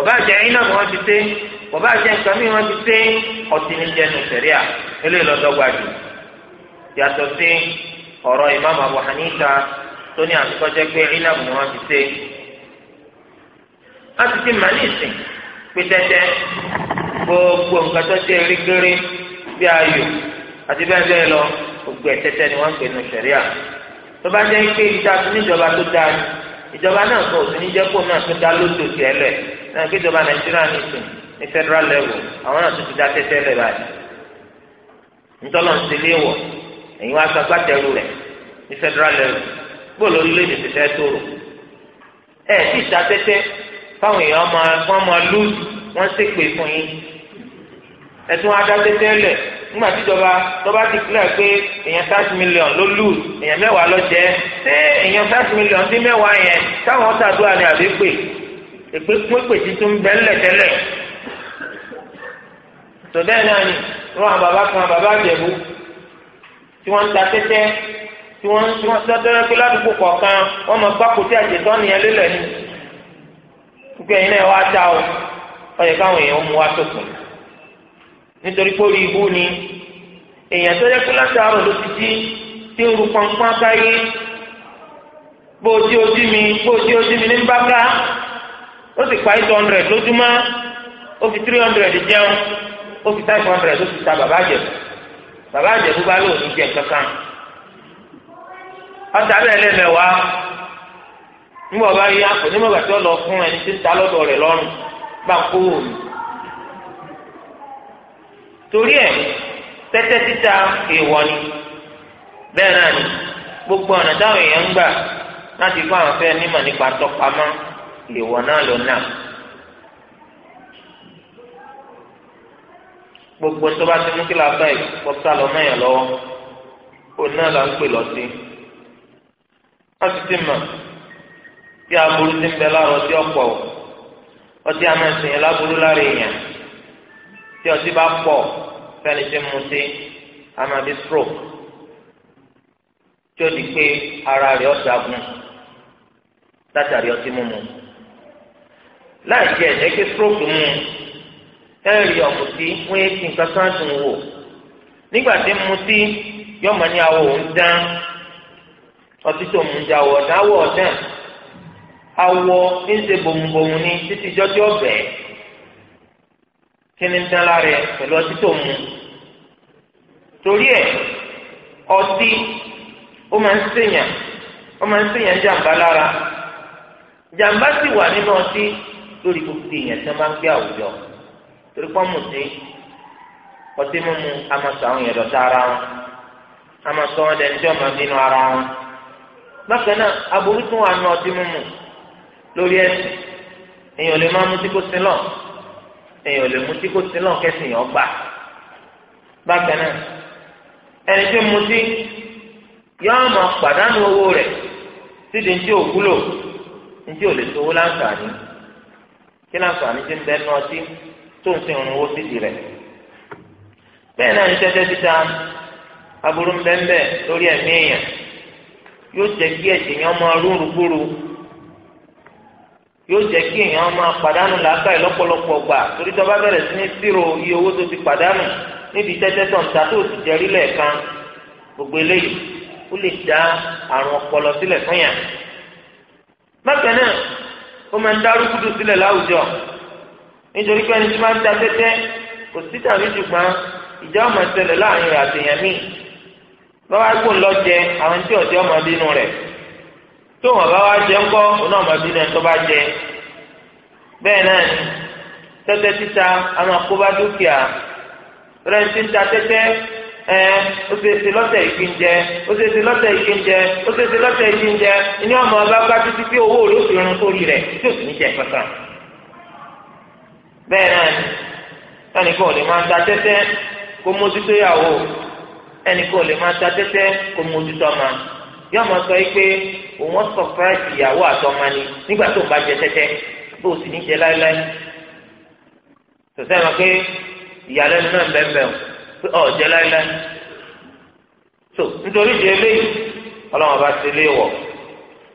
bàbá àjẹ iná ni wọ́n ti dé bàbá àjẹ nǹkan mi wọ́n ti dé ọtí ní jẹnu sí ìmáàmù Abu Hanifa tó ní àtúkọ́jẹ́ pé iná ni wọ́n ti dé láti ti mà ní ìsìn gbogbo nǹkan tó dé rígírí bí ayò àti bẹ́ẹ̀ bẹ́ẹ̀ lọ gbogbo ìjọba náà kò sí ní jẹ́ kó náà tún dá lóṣù tiẹ̀ lẹ̀ náà kí ìjọba nàìjíríà ní ìsìn ní federal level àwọn náà tún ti dá tẹ́tẹ́ lẹ̀ báyìí ntọ́lọ̀ ń tilé wọ̀ èyí wá sọ gbàtẹ́rù rẹ̀ ní federal level bóòlù orílẹ̀-èdè ti fẹ́ tó rò ẹ̀ tí ìta tẹ́tẹ́ fáwọn èèyàn máa wọ́n máa lùzù wọ́n ṣépè fún yín ẹ̀tún adá tẹ́tẹ́ lẹ̀ nígbà tí ìjọba tọ́ba ti kílẹ̀ pé èèyàn thirty million ló lù èèyàn mẹ́wàá lọ jẹ́ ṣé èèyàn thirty million dín mẹ́wàá yẹn táwọn ṣàdúrà ni àbí pè èpè pépè títún bẹ́ẹ̀lẹ̀ tẹ́lẹ̀ tòdẹ́ náà ni wọ́n àwọn bàbá kan bàbá àjẹ̀bú tí wọ́n ń ta tẹ́tẹ́ tí wọ́n tí wọ́n sọ́dọ́rẹ́ pé ládùúgbò kọ̀ọ̀kan wọ́n mọ pákòtí àjẹtọ́ nìyẹn lélẹ̀ ni gbogbo ẹ̀yin náà wá ta o ọ̀yẹ̀ káwọn èèyàn mú wa tó kùn nítorí pé orí ibú ni èèyàn tó yẹ kó látàárọ̀ ló ti di tí ń ru pọnpọ́n báyé bó ojú ojú mi bó ojú ojú mi ní ń bá ká ó sì pa eight hundred lójúmọ́ ó fi three hundred jẹun ó fi five hundred ó fi ta bàbá àjẹbù bàbá àjẹbù bá lóun ní jẹ kankan ọ̀tá bẹ́ẹ̀ lẹ́mẹ̀wàá nígbà bá yá onímọ̀ bàtí ọ lọ fún ẹni tí ń ta lọ́dọ̀ rẹ̀ lọ́rùn bá ń kó òòlù torí ẹ̀ tẹ́tẹ́ títa èèwọ̀ ni bẹ́ẹ̀ náà ni gbogbo ọ̀nà táwọn èèyàn ń gbà láti kó àwọn fẹ́ nímọ̀ nípa tọpamọ́ èèwọ̀ náà ló nà. gbogbo tó bá ti mú kí lásán yìí kó sá lọ mẹ́yàn lọ́wọ́ òun náà là ń pè lọ sí. wọ́n ti ti mọ̀ bí aburú ti ń bẹ láàrọ̀ ọtí ọ̀pọ̀ ọtí amẹ́sìn yẹn láburú lára èèyàn tí ọtí bá pọ̀ fẹ́ni tí ń mutí a máa bí stroke tí ó di pé ara rẹ̀ ọ̀ṣàgùn látàrí ọtí mímu láì jẹ́ ẹ̀jẹ̀ pé stroke mú ẹ̀rì ọ̀mùtí wọ́n ti nǹkan kan dùn wò nígbà tí ń mutí yọmọ ní awọ òun dán ọtí tó mú jà wọ̀ náwọ̀ ọ̀dàn awọ ń ṣe bòmùbòmù ní títí jọjọ́ bẹ́ẹ̀ kí ni ń dán lára ẹ pẹ̀lú ọtí tó mu torí ẹ ọtí ó máa ń ṣèyàn ó máa ń ṣèyàn jàǹbá lára jàǹbá sì wà nínú ọtí lórí gbogbo èèyàn tí wọ́n bá ń gbé àwùjọ torí pọ́n mú sí ọtí mímu amasọ àwọn èèyàn lọ́tà ara wọn amasọ wọn dẹni tí wọ́n máa bínú ara wọn bákan náà aburú tún wà nínú ọtí mímu lórí ẹsẹ̀ èèyàn lè máa mú sí kó sin lọ́ọ̀ èèyàn lè mutí kó sí lọ́n kẹ́sìn yàn gbà bákan náà ẹni tí mutí yọ́n mọ̀ pàdánù owó rẹ̀ sídìí ní tí ò wúlò ní tí ò lè sowó láǹfààní kí láǹfààní ti ń bẹ́ ní ọtí tó ń sin òun owó sídìí rẹ̀ bẹ́ẹ̀ náà ní tẹ́tẹ́ títa aburú ń bẹ́ẹ̀ bẹ́ẹ̀ lórí ẹ̀mí èèyàn yóò jẹ́ kí ẹ̀jẹ̀ yẹn máa rúrú gbúrú yóò jẹ́ kí èèyàn máa pàdánù làákàyè lọ́pọ̀lọpọ̀ gbà torí tó bá bẹ̀rẹ̀ sí ní sírò iye owó tó ti pàdánù níbi tẹ́tẹ́ tó ń ta tó ti jẹ́rí lẹ́ẹ̀kan gbogbo eléyìí ó lè dá àrùn ọpọlọ sílẹ̀ fún yàn. bákan náà ó máa ń dá sílẹ̀ láwùjọ nítorí pé ẹni tí máa ń ta tẹ́tẹ́ kò sí tàbí ṣùgbọ́n ìjà ọmọ ìṣẹ̀lẹ̀ láàrin rẹ̀ àtẹ̀yàn míì lọ́wọ́ tó wọn bá wá jẹ ńkọ́ oná ọmọbìnrin náà tó bá jẹ bẹ́ẹ̀ náà tẹ́tẹ́ títa a máa kó bá dúkìá rẹńtì ta tẹ́tẹ́ ẹ ó ṣe ṣe lọ́tẹ̀ ìkí ń jẹ ó ṣe ṣe lọ́tẹ̀ ìkí ń jẹ ó ṣe ṣe lọ́tẹ̀ ìkí ń jẹ ní ọmọ ọba bá títí tí owó rẹ̀ ó rún sórí rẹ̀ tí ò sì ní jẹ kankan bẹ́ẹ̀ náà ẹnì kan ò lè máa ta tẹ́tẹ́ kó mójútó yàwó ẹnì kan ò lè máa ta tẹ́tẹ́ kó mójútó ọmọ yóò máa sọ pé òun sọpráìsì ìyàwó àtọmọni nígbà tó ń bá jẹ tẹ́tẹ́ bó o sì ní jẹ láéláé tòsẹ́ ma pé ìyàlẹ́nu náà bẹ́ẹ̀ pé ọ̀ jẹ láéláé tó nítorí jẹ eléyìí ọlọ́run bá ti lé wọ̀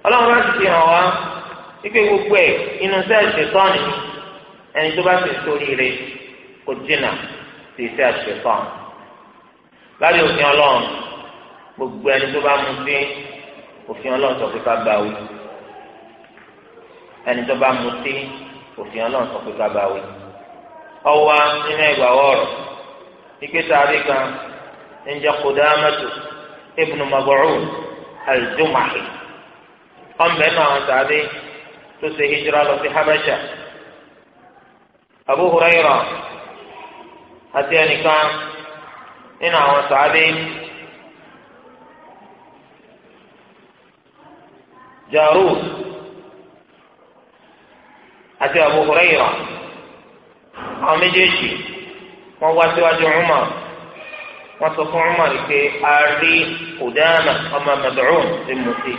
ọlọ́run bá ti fi hàn wá wípé gbogbo ẹ̀ inú sẹ́ẹ̀sì tọ́ni ẹni tó bá ti sórí rẹ̀ kò jìnnà sí sẹ́ẹ̀sì tọ́ni lábẹ́ òfin ọlọ́run gbogbo ẹni tó bá mu sí òfin ọlọ́run sọ pé ká bá wí ẹni tó bá mu sí òfin ọlọ́run sọ pé ká bá wí. ọwọ́ nínú ìgbà wọ̀rọ̀ ike sáré kan ń jẹ́ Qudamatu ibn Maz'un al-Jumahi ọ̀nbẹ náà wọn sáré tó ṣe hijira lọ sí Habasha Abu Hurairah àti ẹnìkan nínú àwọn sáré. Jarud àti أبو Hurayra àwọn méjèèjì wọ́n wá síwájú Umar wọ́n sọ fún أما مدعون a rí Kudama ọmọ Mad'un ti mú sí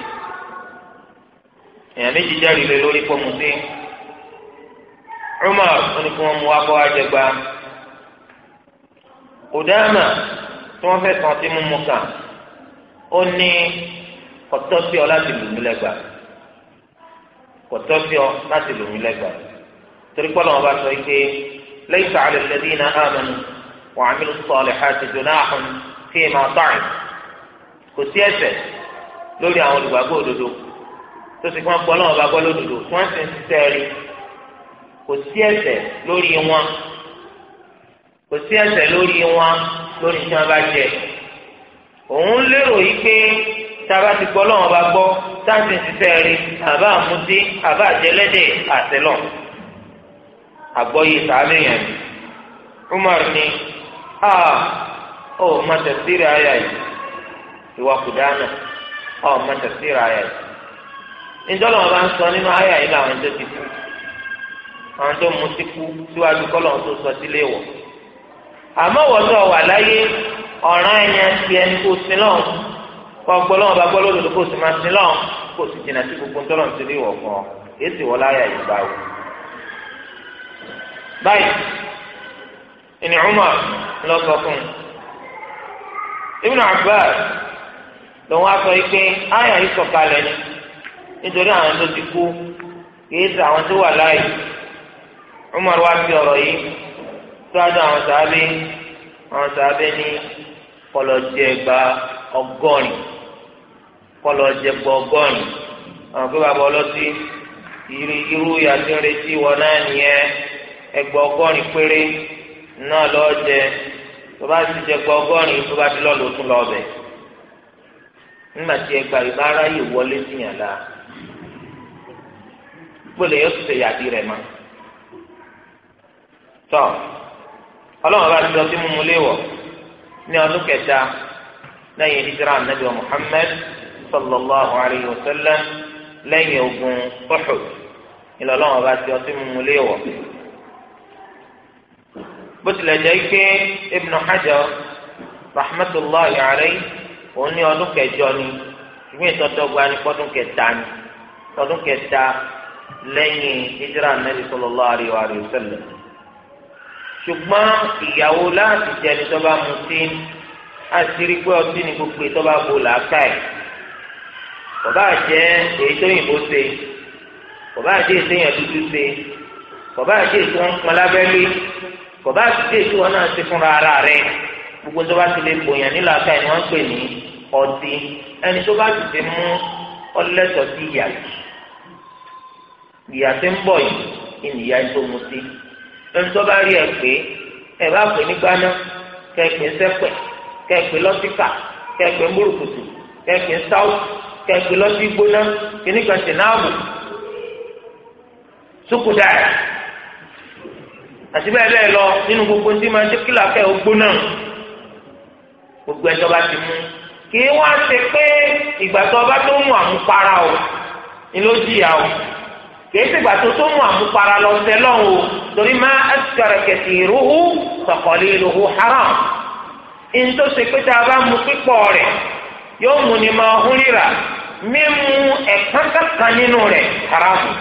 èèyàn méjì jáde lé lórí pọ̀ mú sí Umar wọ́n ní wá bọ́ àjẹgbá Kudama tí wọ́n fẹ́ sàn ti mú mu ó ní kọtọ sí ọ láti lù mí lẹ́gba kọtọ sí ọ láti lù mí lẹ́gba torí pọlọ wọn bá sọ yìí pé laysa 'ala alladhina amanu wa 'amilu s-salihati junahun fima ta'im kò sí ẹ̀ṣẹ̀ lórí àwọn olùgbàgbọ́ òdodo tó sì fún pọlọ wọn bá gbọ́ lódodo tí wọn sì ń ṣiṣẹ́ rí kò sí ẹ̀ṣẹ̀ lórí wọn kò sí ẹ̀ṣẹ̀ lórí wọn lórí tí wọn bá jẹ òun lérò yìí pé tába ti gbọ́ lọ́wọ́ bá gbọ́ táǹtì ṣiṣẹ́ rí àbá àmúdí àbá àjẹlẹ́dẹ̀ àtẹlọ́ àgbọ́yé sàánú yẹn Umar ni a ó má tẹ̀síìrì ayà yìí ìwà kùdánà ó má tẹ̀síìrì ayà yìí níjọ́lọ́ wọn bá ń sọ nínú ayà yìí làwọn tó ti kú àwọn tó mú sí kú tó sọ sílé wọ̀ àmọ́ wọ́n tó wà láyé ọ̀ràn ẹ̀yàn ti ẹni kọ́ gbọ́lọ́wọ́ bá gbọ́ lódodo sì máa sin lọ́wọ́ kó sì jìnnà sí gbogbo ńtọ́lọ́ ti rí wọ̀ èsì wọ́n láyà ìgbà o. báyìí Umar lọ sọ fún un Ibn lòun á sọ yìí pé yìí sọ̀kalẹ̀ ni nítorí àwọn tó ti kú kìí sọ àwọn tó wà ọ̀rọ̀ yìí àwọn àwọn kọlọ jẹ gbọ ọgọ́rùn àwọn pé bàbá ọlọ́tí irú yàtí ń retí wọn náà nìyẹn ẹgbọ ọgọ́rùn péré náà lọ jẹ tó bá ti jẹ gbọ ọgọ́rùn tó bá ti lọ lò tún lọ bẹ nígbà tí ẹgbà yìí bá ráyè wọlé tìyàn la yóò tún yàtí rẹ̀ mọ́ tọ́ ọlọ́run bá ti lọ sí mímú léwọ̀ ní ọdún kẹta lẹ́yìn hijrah nabi Muhammad sallallahu alayhi wa sallam lẹ́yìn ogun Uhud ìlọlọ́wọ́n bá ti ọtí mímu léèwọ̀. bó tilẹ̀ jẹ́ pé Ibn Hajar rahmatullahi alayhi òun ní ọdún kẹjọ ni ìwé ìtọ́jọ́gba ni pọ́dún kẹta ni pọ́dún kẹta lẹ́yìn hijra anabi sallallahu alayhi wa sallam. ṣùgbọ́n ìyàwó láti jẹ́ ẹni tó bá mutí àti rí pé ọtí ni gbogbo ìtọ́ bá bo làákàyè bàbá àjẹ èyí tó yìnbó ṣe bàbá àjẹ èyí tó yàn dúdú ṣe bàbá àjẹ èyí tó ń pọn lábẹ́lé bàbá àjẹ èyí tó wọn náà ṣe fúnra ara rẹ gbogbo tó bá ti lè bòyàn nílò aka ẹni wọn pè ní ọtí ẹni tó bá ti ti mú ọlẹ́tọ̀ sí ìyá yìí ìyá tí ń bọ̀ yìí kí ni ìyá tó mu sí ẹni tó bá rí ẹ pé ẹ bá pè ní gbaná kẹ pè sẹpẹ kẹ pè lọtíkà kẹ pè múrùkùtù kẹ pè sáwùtù. kẹgbẹ lọsí gbóná kìnnì kan sì náà bù sókòdà àti bẹ́ẹ̀ bẹ́ẹ̀ lọ nínú gbogbo tí máa ṣe kílà kẹ́ gbogbo ẹjọ́ bá ti mú kì í ṣe pé ìgbà tó ọba tó mú àmupara o ni ló jìyà o kì í tó tó mú àmupara lọ sẹ́ lọ́hùn o torí má haram a bá pípọ̀ rẹ̀ yóò mú ni mímu ẹ̀kan kankan nínú rẹ̀ haramu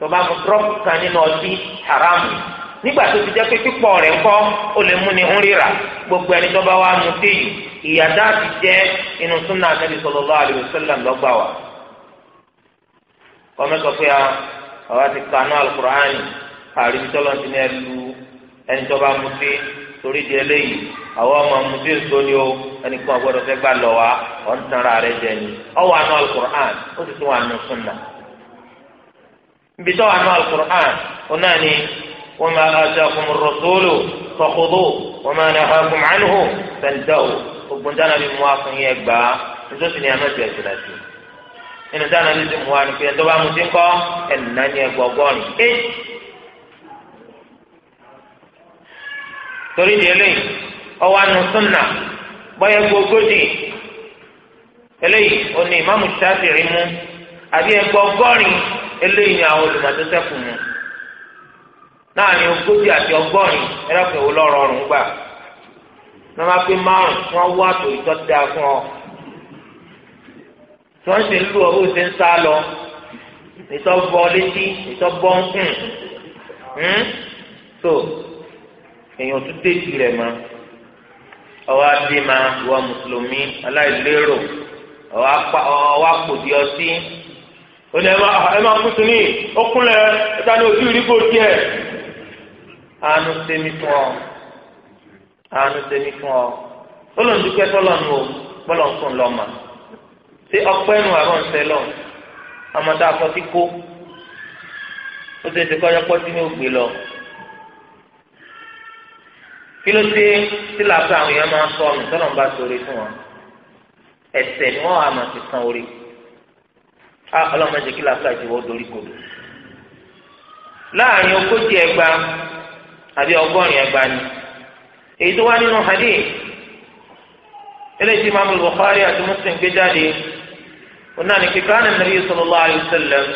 tó bá mu drọ́pù kan nínú ọtí haramu nígbà tó ti jẹ́ pé pípọ̀ rẹ̀ kọ́ ó lè mú ni ríra gbogbo ẹni jẹ́ inú súnà lọ́gbà wa kọ́mẹ́tọ̀ pé àwa ti kanú Al-Qur'ani àríwítọ́lọ́ ti ní ẹlú ẹni torí di eléyìí àwọn ọmọ mùtí ń sóni o ẹnìkan gbọ́dọ̀ fẹ́ gbà lọ wa ọ ń tanra rẹ jẹ ni ọ wà nù alukur'an ó sì tún wà nù sunna ibi tó wà nù alukur'an ó náà ni wọn máa ọjọ kùmù rọsóòlù fọkùdù wọn máa nà hàkùmù ànúhù fẹǹdàwò ogun dáná bí mu àfún yẹn gbà á nítorí ni àná jẹ ìṣẹ̀lẹ̀ nínú dáná bí mu wà ní pé ẹjọba mùtí kọ ẹnìnà ni ẹgbọgbọ ni. torí di eléyìí ọwọ́ anu sunna bọ́yẹ gbogójì eléyìí oní ìmáàmù Ṣáfi'í mú àbí ẹgbẹ́ ọgọ́rin eléyìí ni àwọn olùmọ̀tòsẹ́kù mú láàrin ogójì àti ọgọ́rin ẹlẹ́kùn ìwò lọ́rọ̀ ọ̀rùn gbà ní wọ́n pé márùn wọ́n wá àtò ìtọ́ da fún ọ tí wọ́n sì ń lu ọ̀hún ṣe ń sá lọ ìtọ́ bọ́ létí ìtọ́ bọ́ ń kùn hmm? èèyàn tún déjì rẹ̀ mọ́ ọwọ́ abímá ìwọ mùsùlùmí aláìlérò ọwọ́ àpòdì ọtí ó ní ẹ máa kú sínú ọkùnrin ẹ ta ni òtún ìrìgbò díẹ̀ àánú sẹ́mi fún ọ àánú sẹ́mi fún ọ olóńdúkẹ́ tọ́lọ́nù o bọ́lọ̀ǹkùn lọ́mà ṣé ọpẹ́ nù àrùn ṣẹlọ̀ ọmọdé afọ́tí kó ó ṣe é ṣe kọ́ ọyọ́pọ́tí ní ògbé lọ kí ló dé tí làbá àwọn èèyàn máa sọ ọ̀nà tọ́nà ń bá sórí fún wọn ẹsẹ̀ ni wọ́n àmọ̀ ti san orí a ọlọ́mọ jẹ́ kí làbá ti wọ́n dorí kodò láàrin ogójì ẹgba àbí ọgọ́rin ẹgba ni èyí tó wá nínú hadith eléyìí tí maamu Bukhari àti Muslim gbé jáde wọn náà kíkọ́ àná nàbí sallallahu alayhi wa sallam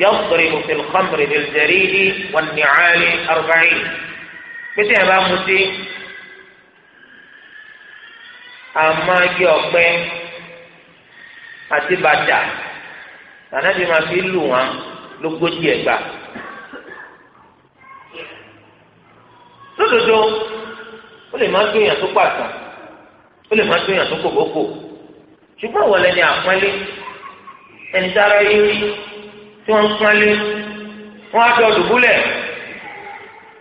yọ̀ọ́ sọ̀rọ̀ ìmùsùlùmí khamri bil jaridi wan ni'ali pété yẹn bá mutí àmọ́ igi ọ̀pẹ àti bàtà tànàbí máa fi lù wọn lógójì ẹgbà lódodo ó lè má dóyàn tó pàtàn ó lè má dóyàn tó kòkókò ṣùgbọ́n wọlé ni àpọ́nlé ẹni tára yín tí wọ́n ń pọ́nlé wọ́n á dọ̀ dùbúlẹ̀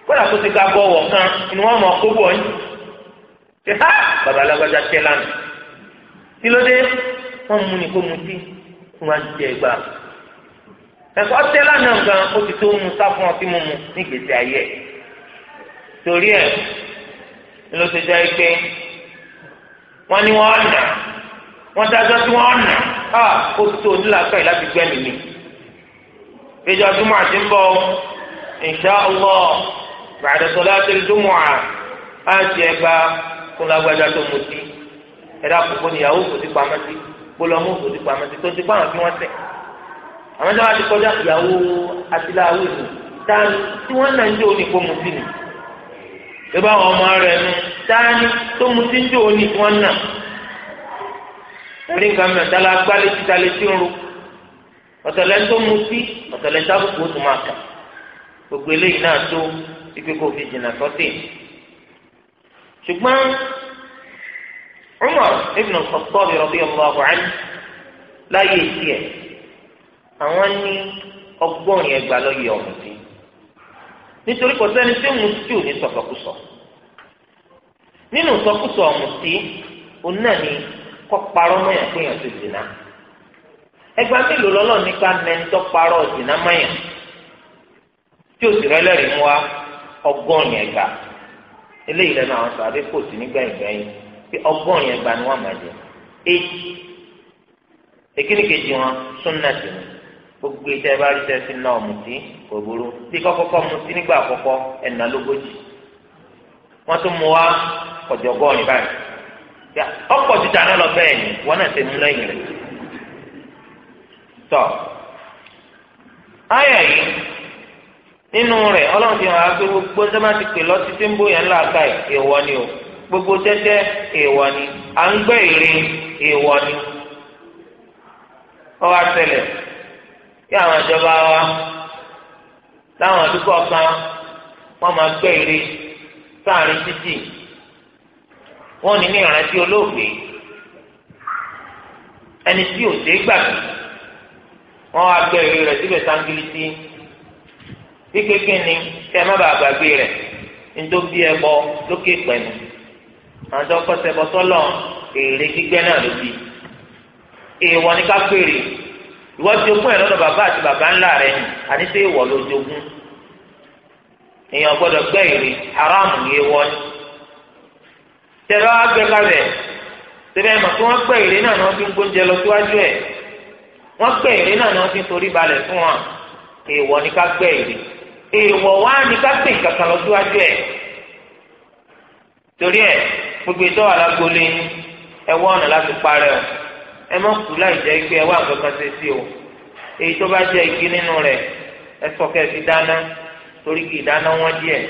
kódà kó ti ga bọ̀wọ̀ kan ni wọ́n mọ̀ kó bọ̀ yín ṣe ha bàbá alágbájá tẹ́ lánàá kí ló dé wọ́n mú ni kó mu tí wọ́n á jẹ gbà ẹ̀kọ́ tẹ́ lánàá gan ó ti tó mu sá fún ọ tí mo mu ní gbèsè ayé torí ẹ̀ ni ló ti jẹ́ pé wọ́n ní wọ́n nà wọ́n dájọ́ tí wọ́n nà á ó ti tó onílàáfẹ́ láti gbẹ́mìí mi ìjọ ọdún màá ń bọ̀ insha Allah bàdé sọlá ti dùnmọ à á ti ẹ gba fún lágbájá tó mu sí ẹdá kókó níyàwó kò ti pamọ́ sí gbólọmú kò ti pamọ́ sí tó ti pamọ́ sí wọn tẹ àwọn ẹjọ́ wa ti kọjá ìyàwó atiláwó ìlú tani tí wọn náà ń jó ní kó mu sí ni ìbá àwọn ọmọ rẹ̀ nu tani tó mu sí ń jó ní kí wọn náà orí nǹkan mẹ́rin tá la gbá létí tá ń ro ọ̀tọ̀lẹ́ tó mu sí ọ̀tọ̀lẹ́ tá kókó tó máa kà gbogbo eléyìí náà tó. ipe kò fi jìnnà sọ́tì. ṣùgbọ́n Umar ibn al-Khattab radiyallahu anhu láyé tiẹ̀ àwọn ní ọgbọ́n ẹgbàá lọ yẹ ọ̀hún sí nítorí kò sẹ́ni tí òun tí ò ní sọ̀kọ̀kùsọ nínú sọ̀kùsọ ọ̀hún sí òun náà ni kọ́ parọ́ mọ́yàn pé èèyàn ti zìnà ẹgbàá mélòó lọ́lọ́ nípa mayan. parọ́ zìnà tí ọgọ́rin ẹgbà eléyìí lẹ́nu àwọn sàbẹ̀ kò sí nígbẹ̀yìngbẹ̀yìn pé ọgọ́rin ẹgbà ni wọ́n máa jẹ eighty èkíní kejì wọn súnà sí ni gbogbo iṣẹ́ bá rí sẹ́sì náà mutí kò burú bí kọ́kọ́kọ́ mutí nígbà àkọ́kọ́ ẹ̀nà lógójì wọ́n tún mú wa kọjọ ọgọ́rin báyìí ọkọ̀ ti dáná lọ bẹ́ẹ̀ ni wọ́n náà ti mú lẹ́yìn rẹ̀ tọ́ ayẹyẹ nínú rẹ̀ ọlọ́run ti hàn á pé gbogbo sábà ti pè lọ títí ń bóyá ńlá àká ẹ̀ èèwọ̀ ni o gbogbo tẹ́tẹ́ èèwọ̀ ni à ń gbẹ́ ère èèwọ̀ ni. ọwọ́ àtẹlẹ̀ kí àwọn ìjọba wa láwọn àdúgbò kan wọ́n máa gbẹ́ ère sáàrin títì wọ́n ní ní ìrántí olóògbé ẹni tí ò sí gbàgbé wọ́n wá gbẹ́ ère rẹ̀ síbẹ̀ sáńgìlì sí kíkẹ́ ni kẹ́ ẹ má bàa gbàgbé rẹ̀ nítorí ẹbọ lókè pẹ̀lú àwọn tó kọ́sẹ̀ bọ́ sọ́lọ̀ èrè gbígbẹ́ náà ló bí èèwọ̀ ni ká pèrè ìwọ jogún ẹ̀ lọ́dọ̀ bàbá àti bàbá ńlá rẹ̀ àní sí ìwọ ló jogún èèyàn gbọ́dọ̀ gbẹ́ èrè haramu ni èèwọ̀ ni tẹ̀lé wá gbẹ kalẹ̀ tẹ̀lé ẹ̀ mọ̀ pé wọ́n gbẹ́ èrè náà ni wọ́n fi ń gbóúnjẹ lọ síwájú ẹ̀ wọ́n gbẹ́ èrè náà ni wọ́n fi ń torí balẹ̀ fún wọn èèwọ̀ ni ká gbẹ́ èrè èèwọ̀ wá ní ká pè kankan lọ síwájú ẹ̀ torí ẹ̀ gbogbo ìtọ́ alágbólé ẹ wá ọ̀nà láti parẹ́ o ẹ má kú láì jẹ́ pé ẹ wá kankan ṣe sí o èyí tó bá jẹ́ igi nínú rẹ̀ ẹ sọ kẹ́ ẹ fi dáná torí kì í dáná wọ́n díẹ̀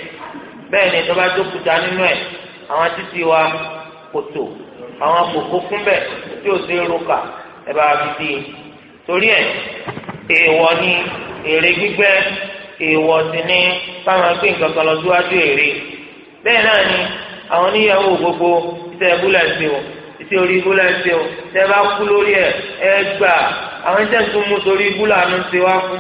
bẹ́ẹ̀ ni tó bá jókòtà nínú ẹ̀ àwọn títí wa kòtò àwọn kòkó kúnbẹ̀ tí ò sí roka ẹ bá fi di torí ẹ̀ èèwọ̀ ni èrè gbígbẹ́ èèwọ̀ sì ni káwọn gbé nǹkan kan lọ síwájú èrè bẹ́ẹ̀ náà ni àwọn oníyàwó gbogbo iṣẹ́ ìbúlẹ̀ sí o iṣẹ́ orí ìbúlẹ̀ sí o tẹ́ bá kú lórí ẹ̀ ẹ gbà àwọn iṣẹ́ tó mú torí ìbúlẹ̀ àánú ti wá fún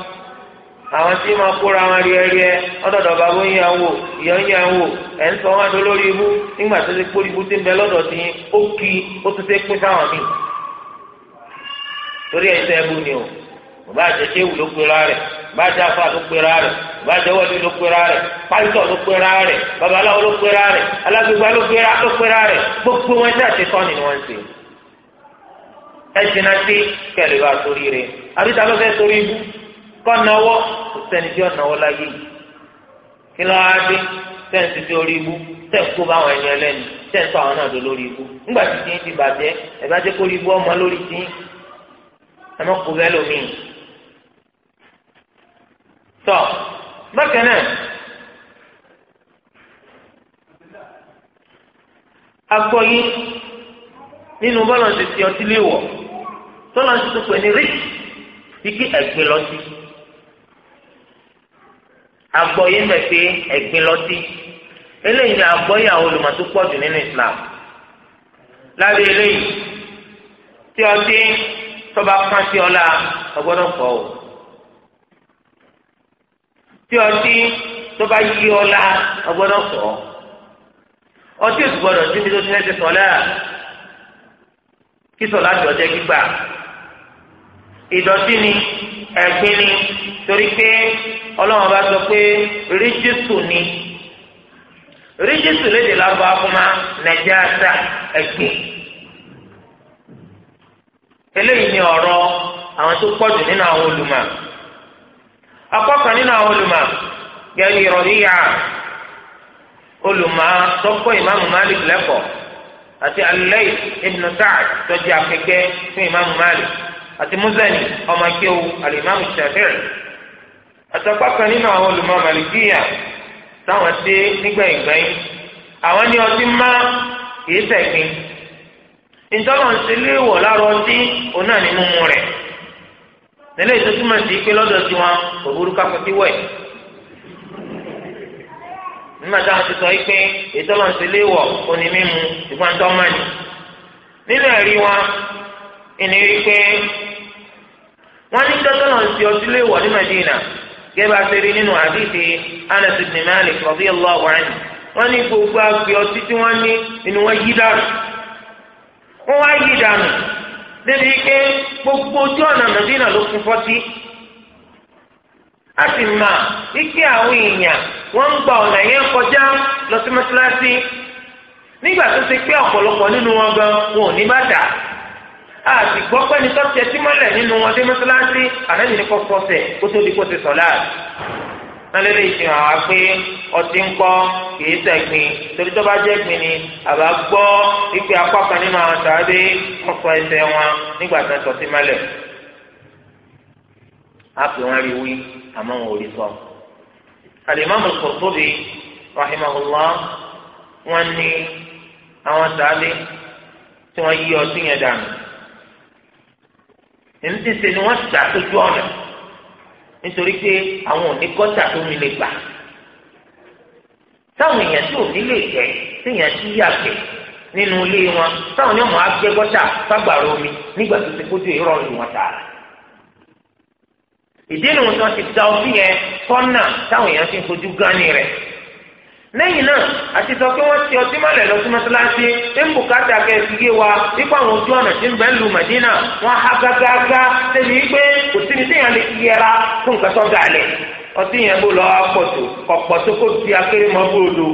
àwọn tí máa kóra wọn rí ẹrí ẹ ọdọdọ bàbá oníyàwó ìyá oníyàwó ẹ ń sọ wọn àdó lórí ibú nígbà tó ti kórìí ibú tí ń bẹ lọ́dọ̀ sí yín ó kí ó tún ṣe pín sáwọn míì torí ẹ ń sẹ ẹbú ni o bàbá àtẹ̀tẹ̀ wù bàjẹ́ afa ló pera rẹ bàjẹ́ wọ́ọ̀dì ló pera rẹ pásítọ̀ ló pera rẹ babaláwo ló pera rẹ alágbègbè ló pera ló pera rẹ̀ gbogbo wọn ṣe ni wọ́n ń ṣe. kẹlẹ bá rẹ àbíta ló fẹ́ ibú tí ó láyé bá ẹni ẹlẹ́ni àwọn náà dó lórí ibú ńgbà tí tí ń ti bàjẹ́ ẹ̀ bá jẹ́ kó ibú ọmọ lórí tí ẹ tọ́ bákan náà agbọ́ yín nínú bọ́lọ̀ ti ti ọtí lé wọ̀ tọ́lọ̀ ti tó pè ní rí igi ẹ̀gbin lọ́tí agbọ́ yín bẹ̀ pé ẹ̀gbin lọ́tí eléyìí ni agbọ́ yín àwọn olùmọ̀ tó pọ̀ jù nínú Islam lábẹ́ eléyìí tí ọtí tọ́ba pọ́n sí ọ la ọgbọ́dọ̀ fọ́ o. tí ọtí tó bá yí ọ la ọgbọ́dọ̀ sọ ọtí òsì gbọ́dọ̀ síbi tó ti fẹsẹ sọlẹ kí sọlá jọ jẹ gbígbà ìdọ̀tí ni ẹ̀gbin ni torí pé Ọlọ́run bá sọ pé rígísù ni rígísù lédè lábọ akọmọ nàìjíríà eléyìí akọ́kàn nínú àwọn olùmọ̀ gẹ̀ẹ́lì ìrọ̀líyà olùmọ̀ tọ́kọ́ ìmáàmù Malik lẹ́kọ̀ọ́ àti alẹ́ ibn Sa'd tọ́jú akẹgbẹ́ fún ìmáàmù Malik àti Muzani ọmọ kéwu alimami Shafi'i àti akọ́kàn nínú àwọn olùmọ̀ Malikiya táwọn dé nígbẹ̀yìngbẹ̀yìn àwọn ní ọtí má kìí sẹ̀gbìn ìjọba ń ṣe léèwọ̀ lára ọtí òun náà ní rẹ̀ tẹ́lẹ̀ tó túmọ̀ sí pé lọ́dọ̀ tí wọn kò burú kakọ sí nígbà táwọn ti sọ pé ètò ọlọ́run ti lé wọ̀ òní mímu ìgbọ́n tó mọ̀ ní. nínú ẹ̀rí wọn ìní rí pé wọ́n ní tọ́tọ́ náà ti ọtí lé wọ̀ ní Madina gẹ́gbà ṣe rí nínú Anas ibn Malik wọ́n ní gbogbo débi ike gbogbo ojú ọ̀nà Mẹdínà ló kún fọ́tí a sì mà ike àwọn èèyàn wọ́n ń gba ọ̀nà yẹn kọjá lọ sí mọ́tíláṣí nígbà tó ṣe pé ọ̀pọ̀lọpọ̀ nínú wọn gan wọn ò ní bàtà a sì gbọ́ pé ní sọ́ọ̀tì ẹtí mọ́lẹ̀ nínú wọn dé mọ́tíláṣí àná nálẹ́ lè fi hàn wá pé ọtí ń kọ́ kìí sẹ̀gbìn torí tó bá jẹ́ gbìn ni àbá gbọ́ ipe apá kan nínú àwọn sàábé ọkọ̀ ẹsẹ̀ wọn nígbà tó ń sọ sí mọ́lẹ̀. á pè wọ́n rí wí àmọ́ wọn ò rí sọ. Al-Imam Al-Qurtubi rahimahullah wọ́n ní àwọn sàábé tí wọ́n yí ọtí yẹn dànù. èmi ti sè ni wọ́n ti dà sójú ọ̀nà nítorí pé àwọn òní gọ́tà tó mi lè gbà táwọn èèyàn tí òní lè jẹ téèyàn tí yàgbẹ́ nínú ilé wọn táwọn yóò mọ agbẹ gọ́tà fagbàrọ omi nígbà tó ti kójú ìrọ̀rùn wọn tààrà ìdí nu tí wọn ti da omi yẹn kọ́nà táwọn èèyàn ti ń fojú gánni rẹ̀ lẹ́yìn náà àti sọ wọ́n ti ọtí mọ́lẹ̀ lọ sí mọ́sálásí ńbùkátà kẹsìgé wa wípé àwọn ojú ọ̀nà tí ń bẹ́ẹ̀ lu Mẹ̀dínà wọ́n há gágágá débi pé kò sí ní téèyàn lè yẹra fún nǹkan tó ga lẹ̀ ọtí yẹn bó lọ pọ̀tò ọ̀pọ̀tò kò di akéré mọ́ bóòlù.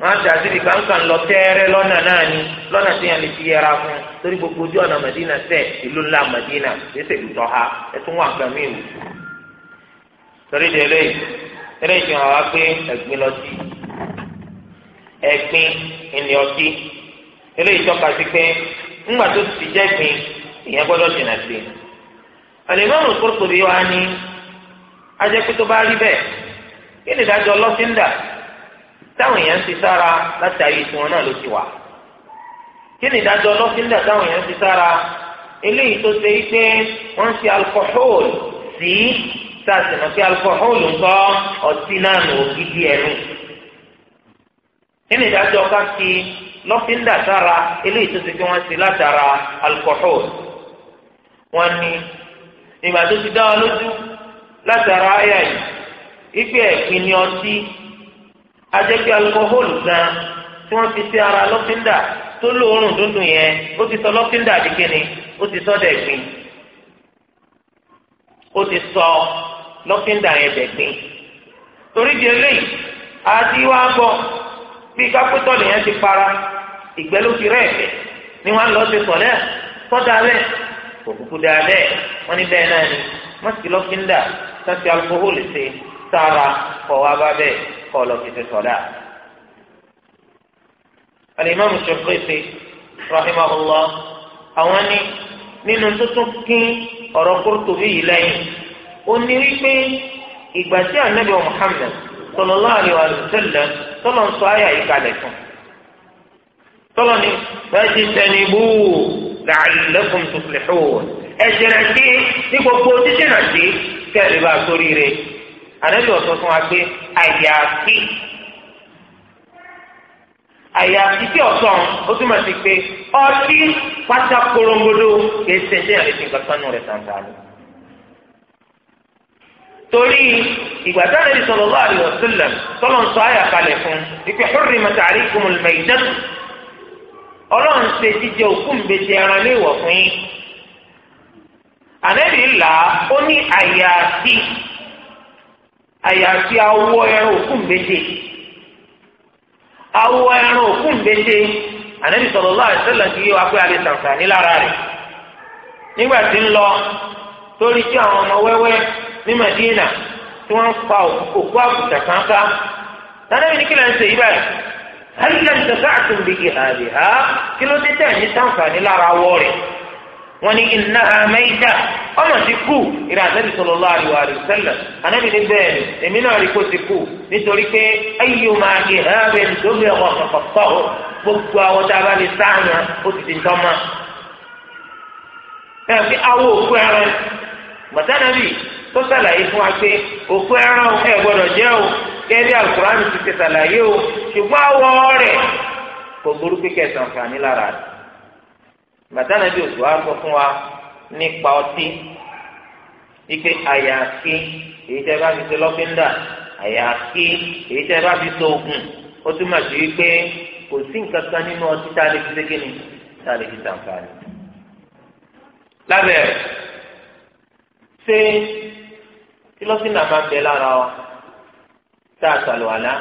wọ́n á dàsí di kankan lọ tẹ́ẹ́rẹ́ lọ́nà náà ni lọ́nà téèyàn lè yẹra fún torí gbogbo ojú ọ̀nà tẹ́lẹ̀ ìfi hàn wá pé ẹ̀gbin lọ́tí ẹ̀gbin ìní ọtí eléyìí tọ́ka sí pé ńgbà tó ti jẹ́ gbin ìyẹn gbọ́dọ̀ jìnà sí i. àlèmọ́nù kòtòbí wa ni ajẹ́pẹ́ tó bá rí bẹ́ẹ̀ kí ni ìdájọ́ lọ́síńdà táwọn èèyàn ti sára láti ayé tiwọn náà ló ti wà. kí ni ìdájọ́ lọ́síńdà táwọn èèyàn ti sára eléyìí tó ṣe é pé wọ́n ń ṣe alkohol sí i. sàṣìmọ̀ pé alukóhólù ńkọ́ ọtí náà nù ògidì ẹ̀rù. nínú ìdájọ́ ká fi lọ́fíńdà sára eléyìí tó ti fi wọ́n ti látara alukóhólù. wọ́n ní ìgbà tó ti dá lójú látara ayà yìí ipe ni ọtí gan tí wọ́n fi ara lọ́fíńdà tó lóorùn dúndùn yẹn sọ lọ́fíńdà ó sọ ó lọ́fíńdà yẹn bẹ̀gbìn torí di eléyìí àti wá bọ̀ bí kápẹ́tọ̀ lèyàn ti para ìgbẹ́ ló fi rẹ̀ ẹ̀fẹ̀ ni wọ́n á lọ ṣe sọ̀lẹ́ tọ́da bẹ́ẹ̀ kò kúkú da bẹ́ẹ̀ wọ́n ní bẹ́ẹ̀ náà ni wọ́n sì lọ́fíńdà sọ́sì alukóhólì ṣe sára kọ̀ wá bá bẹ́ẹ̀ kọ́ lọ fi ṣe sọ̀lá. alimam Shafi'i rahimahullah àwọn ni nínú tuntun kín ọ̀rọ̀ Qurtubi yìí lẹ́yìn òní wípé ìgbà tí anabi muhammed sallallahu alaihi wa sallam tọlọ ń sọ àyà yìí kalẹ̀ fún tọlọ ní bẹ́ẹ̀ni sẹni bú la'allakum tuflihun ẹ jẹrẹ sí ní gbogbo títí náà sí kẹrì bá sórí rẹ̀ anabi ọsọ fún wa pé àyàfi àyàfi tí ọsàn ó túmọ̀ sí pé ọtí pátákó rongodo kì í ṣe ṣe àlejò nǹkan sánú rẹ̀ tàǹtàǹtà. torí ìgbà táwọn ẹbí sallallahu alaihi wasallam tọ́lọ̀ ń sọ àyà kalẹ̀ fún ìpè hurrimat alaykumul maitatu ọlọ́run ṣe jíjẹ òkú ńbẹ̀tì ẹran lè wọ̀ fún yín. ànẹ́bí ńlá ó ní àyàfi àyàfi awọ ẹran òkú ńbẹ̀tì awọ ẹran òkú ńbẹ̀tì ànẹ́bí sallallahu alaihi wasallam ti yé wa pé alẹ́ sàǹfààní lára rẹ̀ ní Madina tí wọ́n pa òkú àgùntàn kan ká tànàbí ní kí lóun ṣe yí ha kí ló dé tẹ̀ ní sàǹfààní lára wọ́ rẹ̀ wọ́n iná amẹ́yíjà ọmọ ti kú ìrìn àtẹ́bí sallallahu alaihi wa sallam ànábì ní bẹ́ẹ̀ ni èmi náà rí kó ti kú nítorí pé ayyuma ìhàbẹ̀ ìdóbẹ̀ gbogbo àwọn tá a bá lè ó ti di fi awo òkú nàbì tó sàlàyé fún wa pé òkú ẹran ẹ gbọ́dọ̀ jẹ o kẹbi alukurani ti ti sàlàyé o ṣùgbọ́n àwọ̀ rẹ̀ kò burú pé kẹsàn-án fani lára rẹ̀ bàtàna bí òṣùwà sọ fún wa nípa ọtí ike àyàfi èyí tẹ bá fi ṣe lọ́fíńdà àyàfi èyí tẹ bá fi ṣe oògùn ó túmọ̀ sí wípé kò sí nǹkan kan nínú ọtí tá a lè fi ṣe kíni tá a lè fi ṣàǹfààní. lábẹ́ ṣé tí lọ́fíńdà máa ń bẹ lára wa tá a sàlùwàlá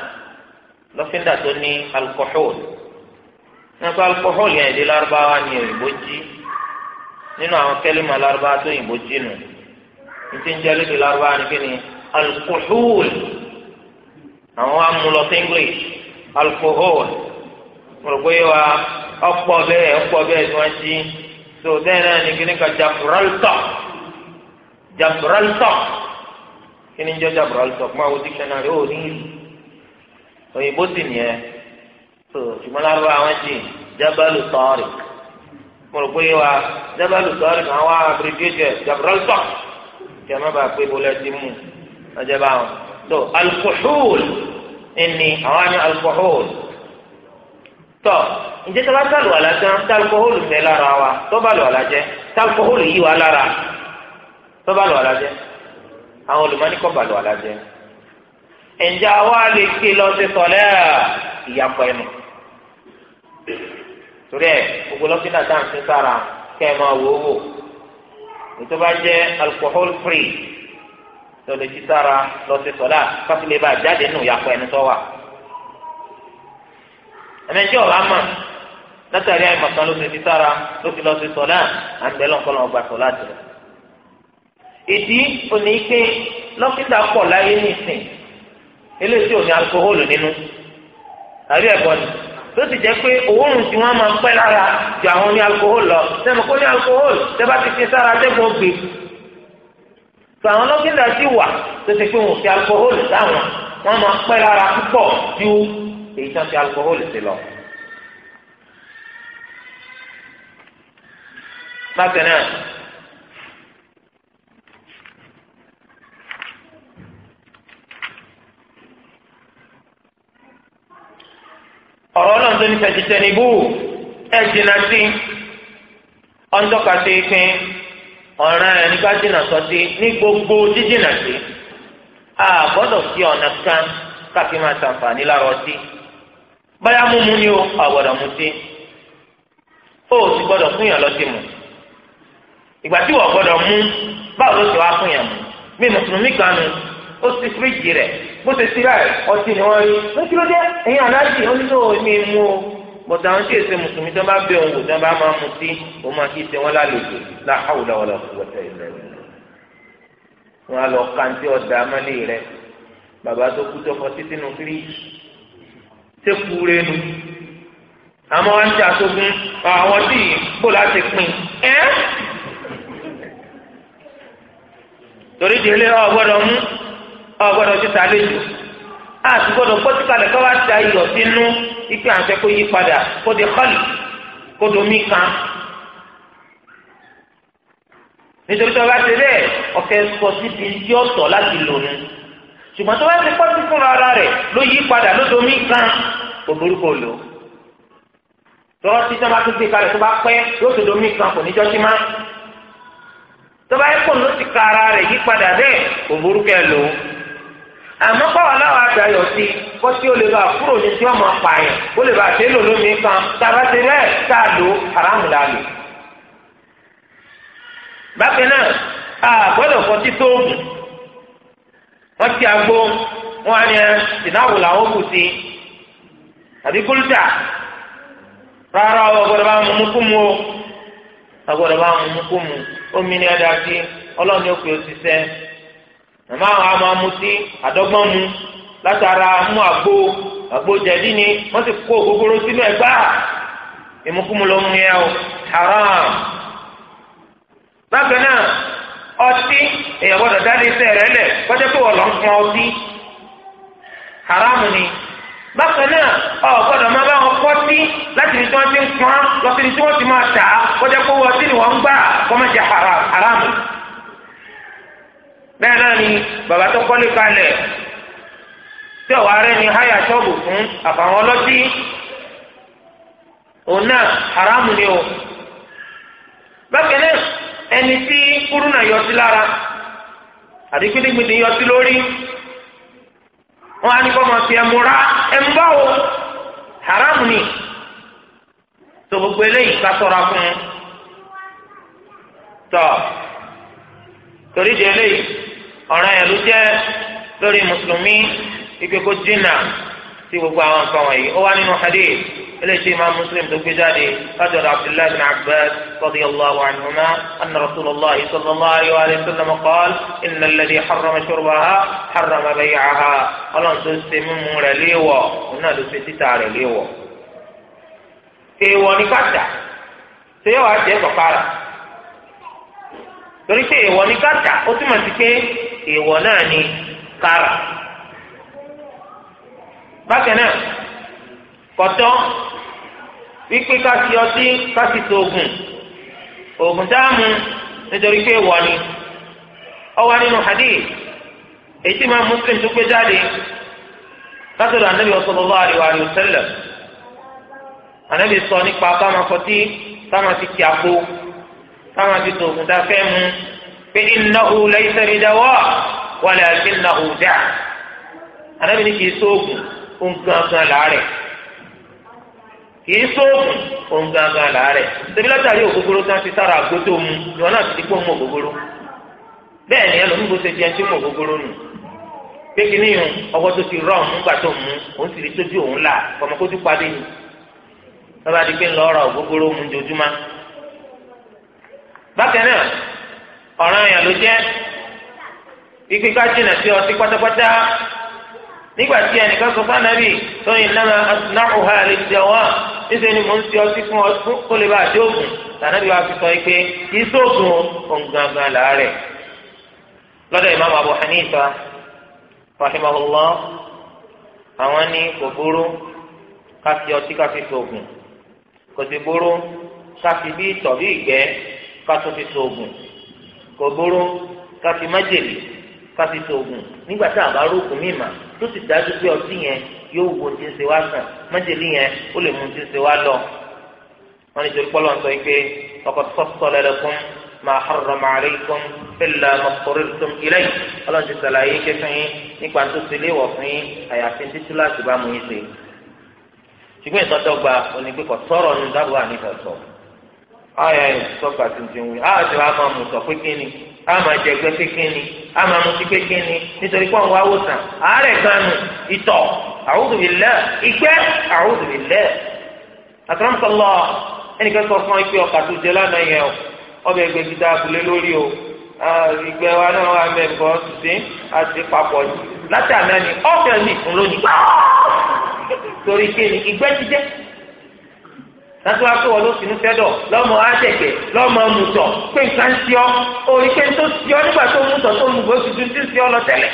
lọ́fíńdà tó ní alkohol nípa alkohol yẹn èdè lárúbáwá ni òyìnbó jí nínú àwọn kẹ́límà lárúbáwá tó òyìnbó jí nù ìdí ń jẹ́ lédè lárúbáwá ni kí ni alkohol àwọn wa mú lọ sí English alkohol mo rò pé wa ọ̀pọ̀ bẹ́ẹ̀ ọ̀pọ̀ bẹ́ẹ̀ ni wọ́n jí so bẹ́ẹ̀ náà ni kí ni ka Gibraltar Gibraltar. Kini oh, oh, ni jọjá bùrọ̀lù sọ fún àwọn dictionary ó ní ìlú òyìnbó sì nìyẹn tó ṣùgbọ́n lárúbá àwọn jì jábàlù tọ́ọ̀rì mo rò pé wa jábàlù tọ́ọ̀rì náà wà abbreviated jabrọ̀lù tọ́ kí a má bàa pé bọ́lá ti mú ọjọ́ bá wọn tó alkohol ẹni àwọn àmì alkohol tọ́ ǹjẹ́ tí a bá sàlù wà lásán tí alkohol ń bẹ lára wa tó bá lù wà lájẹ́ tí alkohol yí wa lára tó bá lù wà lájẹ́ àwọn olùmọ́nìkọ́ bàlù àlàjẹ́ ǹjẹ́ àwa lè ké lọ sí sọ̀lẹ́ ìyàpọ̀ ẹnu torí ẹ gbogbo lọ́sídà tá à ń sin sára kẹ́ ẹ máa wò ó wò nítorí bá jẹ́ alcohol free lọ́lẹ̀ jí sára lọ sí sọ̀lá káfílẹ̀ bá jáde nù ìyàpọ̀ ẹnu tó wà ẹ̀mẹ́jẹ́ ọ̀la mọ̀ látàrí àìmọ̀kan ló ti ti sára ló ti lọ sí sọ̀lá àgbẹ̀lọ́kọ́ lọ́wọ́ sọ̀lá jùlọ ìdí òní pé dókítà pọ̀ láyé nìsín eléyìí tí ò ní alukóhólù nínú àbí ẹ̀kọ́ ni tó ti jẹ́ pé òórùn tí wọ́n máa ń pẹ́ lára ju àwọn ní alukóhólù lọ sẹ́nu kó ní alukóhólù tẹ́ bá ti fi sára dẹ́gbọ̀n gbé tó àwọn dókítà sì wà tó ti pé wọn fi alukóhólù sáwọn wọ́n máa ń pẹ́ lára púpọ̀ ju èyí tó ń fi alukóhólù sí lọ. bákan náà. ọ̀rọ̀ náà tó ní fẹ̀jìtẹ̀ ní bú ẹ̀ jìnnà sí ọ̀ńtọ́ka sí pín ọ̀ràn ẹ̀ nípa jìnnà sọ́tí ní gbogbo jíjìnnà sí a gbọ́dọ̀ sí ọ̀nà kan káfí máa ṣàǹfààní lára ọtí báyà múmu ni o àgbọ̀dọ̀ mutí ó sì gbọ́dọ̀ fún yàn lọ́tí mu ìgbà tí wọ́n gbọ́dọ̀ mú báwo ló ti wá fún yàn mú mi mùsùlùmí kan ó ti fíríjì rẹ̀ bó ṣe ti báyìí ọtí ni wọ́n rí ní kí ló dé ẹ̀yin aláàjì ó nílò ní mú o bọ̀dà àwọn tí èsè mùsùlùmí tó bá bẹ òun kò tó bá máa mú sí ó máa kí ṣe wọn lálejò láhàwùlà wàlà kúwàtà ilẹ̀ wọn á lọ kàǹtí ọ̀dà amálé rẹ bàbá tó kú tó fọ títí nu fíríjì sékù rẹ nu àmọ́ wọn ti àtògùn àwọn tí kò láti pin ẹ́ torí délé ọ̀ gbọ́dọ̀ mú ọ gbọ́dọ̀ ti sàlejò a ti gbọ́dọ̀ gbọ́ síkàlẹ̀ kọ́ wá ti ayọ̀ sínú ipe àfẹ́ kó yí padà kó di xọ́lì kó domi kan nítorí tó bá ti bẹ́ẹ̀ ọ̀kẹ́ sọ síbi tí ó tọ̀ láti lò ní ṣùgbọ́n tó bá ti pọ́ sí fúnra ara rẹ̀ ló yí padà ló domi kan kò burúkú lò tọ́lá tí sábà tó gbé kalẹ̀ tó bá pẹ́ yóò tó domi kan kò ní jọ́sí má tọ́ba ẹ̀kọ́ ló ti ka ara rẹ̀ yí padà bẹ́ẹ̀ kò burúkú lò àmọ́ pọ̀ wọn láwọn àgbáyọ̀ sí kó tí ó lè bá kúrò ní tí wọ́n máa pààyàn ó lè bá ṣe é lò lómi kan tàbá ti bẹ́ẹ̀ tá a lò haramu la lò. bákan náà a fọ tító wọ́n ti àgbo wọn á ìnáwó làwọn kù sí àbí kúlùtà rárá o gbọ́dọ̀ bá mú mú kú mu o gbọ́dọ̀ bá mú mú kú mu omi ni ẹ dá sí ọlọ́ọ̀ni ó pè ó ti sẹ́ màmá àwọn àmọ́ amutí àdọ́gbọ́n mu látara mú àgbo àgbo jẹ̀dí ni wọ́n ti kó gbogbooro sínú ẹ̀gbá ìmúkúmu ló ń yẹ o haram. bákan náà ọtí èèyàn gbọ́dọ̀ dáadé iṣẹ́ rẹ̀ lẹ̀ kọjá pé wọ́n lọ ń pọn ọtí haram ni bákan náà ọ gbọ́dọ̀ máa bá wọn kọ sí láti ibi tí wọ́n ti ń pọn lọ sí ibi tí wọ́n ti máa tà kọjá pé wọ́n ti ní wọ́n ń gbà kọ́mọ̀jẹ̀ haram. bẹ́ẹ̀ náà ni bàbá tó kọ́lé kalẹ̀ tí ọ̀wá rẹ̀ ni háyà ṣọ́ọ̀bù fún àfàwọn ọlọ́tí òun náà haramu ni o bákan náà ẹni tí kúrúnà yọ sí lára àti gbìdìgbìdì yọ sí lórí wọn á ní kó máa fi ẹmu ni tó gbogbo eléyìí ká torí jẹ lé ọ̀ràn yẹn ló jẹ́ lórí mùsùlùmí ibi kó jìnnà sí gbogbo àwọn nǹkan wọ̀nyí ó wá nínú hadith eléyìí tí imaamu mùsùlùmí tó gbé jáde kájọ látọ̀dọ̀ abdullahi bin abbas radiyallahu anhuma anna rasulallah sallallahu alayhi wa sallam qaal inna alladhi harrama shurbaha harrama bay'aha ọlọ́run tó ṣe mímu rẹ̀ léèwọ̀ òun náà ló ṣe títà rẹ̀ léèwọ̀. èèwọ̀ ní pàtà ṣé yóò wá jẹ́ kọ̀kárà. torí pé èèwọ̀ ní káta ó túmọ̀ sí pé èèwọ̀ náà ni kára bákan náà kọ̀tọ́ wípé ká sí ọtí ká sì tó oògùn oògùn tá a mú nítorí pé èèwọ̀ ni ó wà nínú hadith èyí tí máa Muslim tó gbé jáde látọ̀dọ̀ anabi sallallahu alaihi wa sallam anabi sọ nípa ká máa kọtí ti kí àpò táwọn fi tó òkúta fẹ́ mu pé innahu laysa bi dawa walakinahu da' ànábi ní kì í sóògùn ó ń gángan làárẹ̀ kì í sóògùn ó ń gángan làárẹ̀ tẹ̀bí látàrí ògógóró tán ti sára àgbótó mu ìwọ náà ti di pé ó mú ògógóró bẹ́ẹ̀ ni ẹlòmíì bó ṣe di ẹni tí ògógóró nù pé kìíní yìí ọwọ́ tó ti rọ̀ ọ̀hún gbà tó mú òun sì rí tójú òun là ọmọ padì ní bàbá di pé ńlọ ọ̀rọ̀ ògógóró mu ojoojúmọ́ bákan náà ọ̀ràn yẹn ló jẹ́ ikú ká jìnnà sí ọtí pátápátá nígbà tí ẹnìkan sọ fún anabi tó yin náà asnáhùhà àlejòwà níṣẹ́ ni mò ń ti ọtí fún ọtún kó lè bá a dóògùn tànàbí wa fi sọ yìí pé kì í sóògùn òǹgangan làárẹ̀ lọ́dọ̀ ìmáàmù Abu Hanifa rahimahullah àwọn ní kò burú ká fi ọtí ká fi sóògùn kò sì burú ká fi bí tọ̀ ìgbẹ́ kátó fi so oògùn kò gbóró káfi májèlé káfi so oògùn nígbà tá a bá rógùn míì mà tó sì dájú pé ọtí yẹn yóò wo ti ń ṣe wá sàn májèlé yẹn ó lè mú ti ń ṣe wá lọ wọn ní torí pọlọ ń sọ pé ọkọ sọsọ lẹlẹkùn máa harram alaykum illa mọkùrìtùm ilẹ Ọlọ́run ti sàlàyé kẹfẹ yín nípa tó ti léwọ fún yín àyàfi títí láti bá mú yín ṣe ṣùgbọ́n ìtọ́jọ́ gba onígbẹ́kọ̀ sọ̀rọ̀ ní dábòbá nípa ọ̀yà ìsọ̀kà tuntun wí àjọ àmọ̀ mùtọ̀ pékínni àmọ̀ àjẹgbẹ́ pékínni àmọ̀ mùtí pékínni nítorí pé àwọn awòsàn àárẹ̀ ganu ìtọ̀ ìgbẹ́ sọ fún ọkà tó jẹ yẹn o ọbẹ̀ ẹgbẹ́ gidi abúlé lórí o ìgbẹ́ wa náà wà mẹ́kọ̀ọ́ sí àti papọ̀ yìí látàná ni ọ̀fẹ́ mi fún lónìí torí ìgbẹ́ ti jẹ́ tàtúwà pé wọn ló sì ń fẹ́dọ̀ lọ́mọ àjẹ̀kẹ̀ lọ́mọ mùtọ̀ pé nǹkan sí ọ orí pé tó sí ọ nígbà tó mùtọ̀ tó mùgbó tuntun ti sí ọ lọ tẹ́lẹ̀.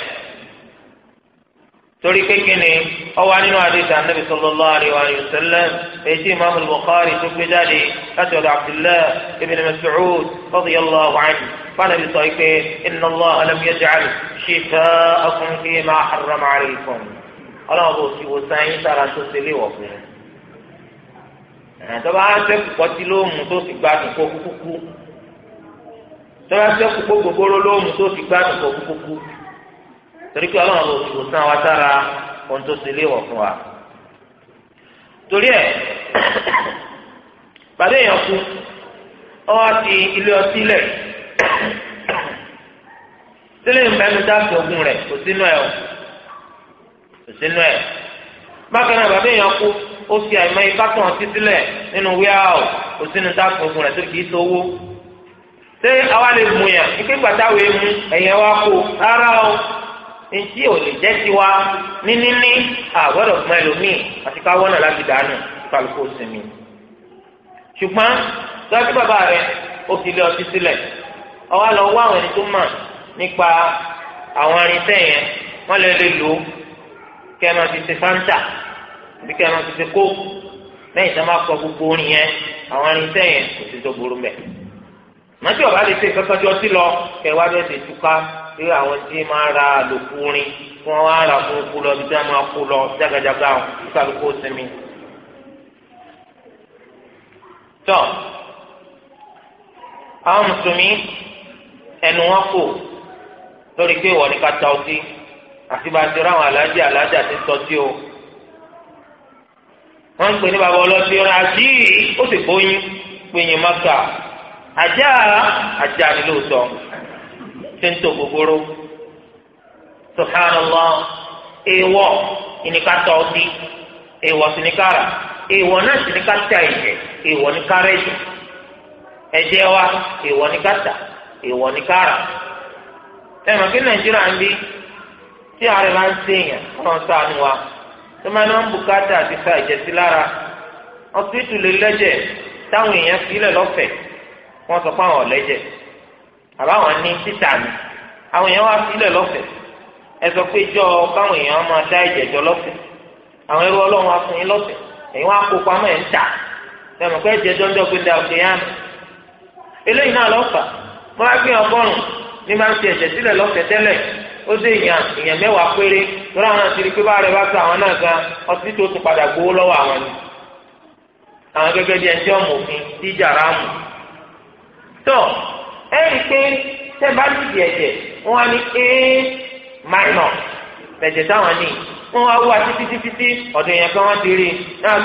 torí pé kí ni ọwọ́ nínú àdéhùn anábì sallallahu alaihi wa sallam èyí imaamu bukhari tó gbé jáde láti ọ̀dọ̀ abdullahi ibn mas'ud radiyallahu anhu fanabi sọ pé inna allaha lam yaj'al shifa'akum fi ma harrama alaykum ọlọ́run kò sì wò sáyẹ́ńsì tọ́ba sẹ́kù kọ́tí ló mú tó sì gbádùn kó kúkúkú tọ́ba sẹ́kù kó gbogbooro ló mú tó sì gbádùn kó kúkúkú torí pé ọlọ́run ló sùn sàn wá sára ohun tó ṣe léwọ̀ fún wa. torí ẹ̀ bàbá èèyàn kú ọwọ́ ti ilé ọtí lẹ̀ sílẹ̀ ń bẹnu dáàbò ogun rẹ̀ kò sínú ẹ̀ kò sínú ẹ̀ bákan náà bàbá èèyàn kú ó fi àìmọ ipá tó hàn títílẹ̀ nínú o kò sínú dáàbò fún rẹ̀ tó kì í sowó. ṣé àwa lè mú yàn ike gbàtàwé mu ẹ̀yẹ wa kó rárá o ntí ò lè jẹ́ tiwa ní níní àgbọ̀dọ̀ fún ẹlòmíì àti káwọ́ náà láti dànù kálukú sinmi. ṣùgbọ́n dọ́kí bàbá rẹ̀ ó fi lé ọtí sílẹ̀ ọwọ́ lọ wá àwọn ẹni tó mọ̀ nípa àwọn arinṣẹ́ yẹn wọ́n lè lè lò ó kẹ́ máa fi ṣe fáńtà àbí kẹ́ ẹ máa fi ṣe kó lẹ́yìn tó máa kọ gbogbo orin yẹn àwọn irinṣẹ́ yẹn kò sí tó burú mẹ́. màtí ọ̀bá lè ṣe kankan jọ sí lọ kẹ́ wá bẹ́ẹ̀ ṣe túká pé àwọn tí máa ra àlòkù orin kí wọ́n wá ra fún kú lọ bí tí wọ́n máa kú lọ jágajága kálukú sinmi. tọ́ àwọn mùsùlùmí ẹnu wọn kò lórí pé ìwọ ni ká ta ọtí àti bá a ti ráwọn aláàjì aláàjì àti tọ́jú o. wọ́n ń pè ní bàbá ọlọ́sìn ọ̀rọ̀ àjí ó sì bóyún pé yín mọ́kà àjá àjá ni lóòótọ́ ń tó gbogbooro subhanallah èèwọ̀ ìníká tọ́ ọ sí èèwọ̀ sí náà sì ẹ̀jẹ̀ ní ẹ̀jẹ̀ wa ní tó máa ná ń bùkátà àti fa ìjẹsí lára ọsibítù lè lẹ́jẹ̀ táwọn èèyàn sílẹ̀ lọ́fẹ̀ẹ́ wọ́n sọ pé àwọn ọ̀lẹ́jẹ̀ àbáwọn ní títà mi àwọn èèyàn wá sílẹ̀ lọ́fẹ̀ẹ́ ẹ sọ pé jọ káwọn èèyàn máa dá ìjẹ̀jọ lọ́fẹ̀ẹ́ àwọn ẹrú ọlọ́run afún yín lọ́fẹ̀ẹ́ èyí wọ́n á kó pamọ́ ẹ̀ ń tà sẹ́mi pé ẹ̀jẹ̀ dọ́ńdọ́ pé da òkè yánu eléyìí náà lọ́fà mo ó dé èèyàn èèyàn mẹ́wàá péré lọ́la àwọn àti rí pé bá rẹ̀ bá àwọn náà gan ọtí tó tún padà gbowó lọ́wọ́ àwọn ni àwọn gẹ́gẹ́ bí tí tó ẹ rí i pé bá ẹ̀jẹ̀ á ní a minor ẹ̀jẹ̀ táwọn ní wọ́n á wá títí títí tí ọ̀dọ̀ èèyàn kan wọ́n ti rí náà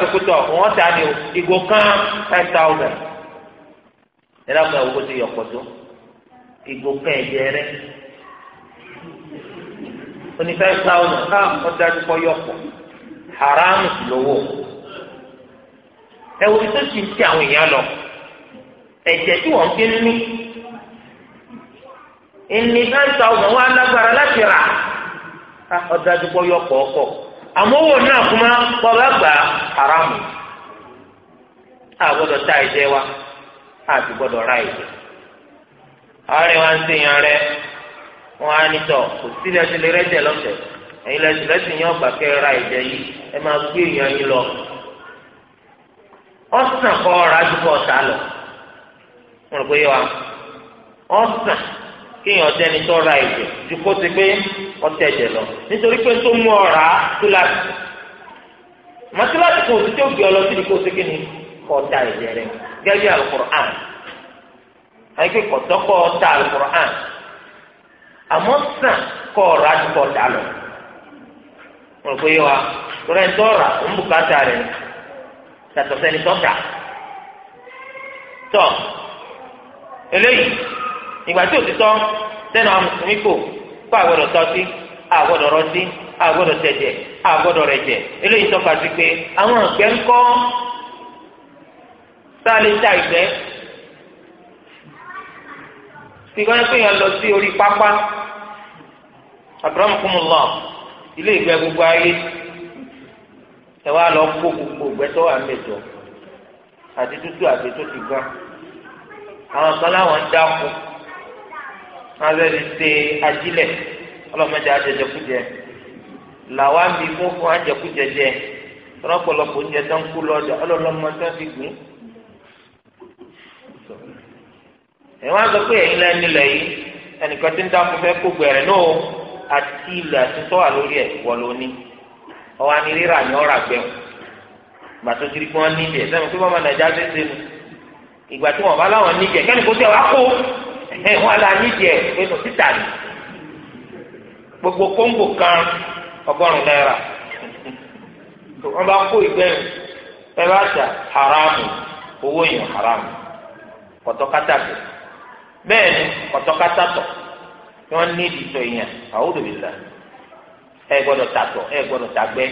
ta kan five oní five thousand káà ọ dájú kọ yọpọ haram sì lówó ẹ wo sì ń àwọn èèyàn lọ ẹ̀jẹ̀ tí wọ́n gbé ní five thousand wọn alágbára láti rà yọpọ ọkọ àmọ́ owó náà kúmá bọlá gbà a ta ẹ̀jẹ̀ wa a gbọ́dọ̀ ra ẹ̀jẹ̀ àárẹ̀ wa ń sèyàn wọn á ní tọ kò sílẹ̀ ti lè rẹ́jẹ̀ lọ́sẹ̀ ẹ̀yin lẹ́sìn lẹ́sìn yẹn ọgbà ra yìí ẹ máa gbé èèyàn yín lọ ọ̀sán kọ́ ọ̀rá lọ wọn yẹ wa ra ìjẹ ju kó ti pé ọtẹ ẹ̀jẹ̀ lọ nítorí pé tó mú ọ̀rá tó la màtíláàtì ọ lọ sí ni kó àmọ́ sàn kọ́ ọ̀rọ̀ àdúgbò ọ̀dà lọ. mo wa lọ́rọ̀ ẹ̀ tọ́ra òun bùkátà rẹ̀ yàtọ̀ sẹ́ni tọ́ta. tọ́ eléyìí ìgbà tí òtítọ́ sẹ́nu àwọn kò kó àgbọ̀dọ̀ àgbọ̀dọ̀ àgbọ̀dọ̀ tẹ̀jẹ̀ àgbọ̀dọ̀ eléyìí tọ́ka sí pé àwọn àgbẹ̀ ńkọ́ tí wọ́n ń pè yàn lọ sí orí pápá akramakumullah ilé ìgbẹ́ gbogbo ayé ẹ wá lọ kó gbogbo ìgbẹ́ tó wà mẹ́jọ àti tútù àti tó ti gbọ́n àwọn kan láwọn ń dáko wọ́n fẹ́ẹ́ fi ṣe ajílẹ̀ ọlọ́mọdé ajẹjẹkújẹ làwa ń bí fún fún ajẹkújẹjẹ tọ́lọ́pọ̀lọpọ̀ oúnjẹ tó ń kú lọ́dọ̀ ọlọ́lọ́mọ tó gbìn. ẹ wá sọ pé ẹ̀yin lẹni lẹ yìí ẹnìkan tí ń dáko fẹ́ kó gbẹrẹ náà àti ilẹ̀ àtúntò wà lórí ẹ wọ lóní ọwọ àni rírà ni ọrà gbẹwò ìgbà tó ti rí pé wọn níjẹ sẹmi pé bọmọ nàìjíríà ṣe ṣe mu ìgbà tí wọn bá láwọn níjẹ kẹ́ni kó tẹ wá kó wọn là níjẹ pé nù títà ni gbogbo kóńgò kan ọgọ́rùn náírà wọn bá kó ìgbẹ́rù ẹ bá ta haramu owó yẹn haramu pọ̀tọ́kátà bẹ́ẹ̀ ni ọ̀tọ̀kátàtọ̀ ni wọ́n ní ìdìtọ̀ èèyàn àwòrán ìlà ẹ gbọ́dọ̀ tàtọ̀ ẹ gbọ́dọ̀ tàgbẹ́.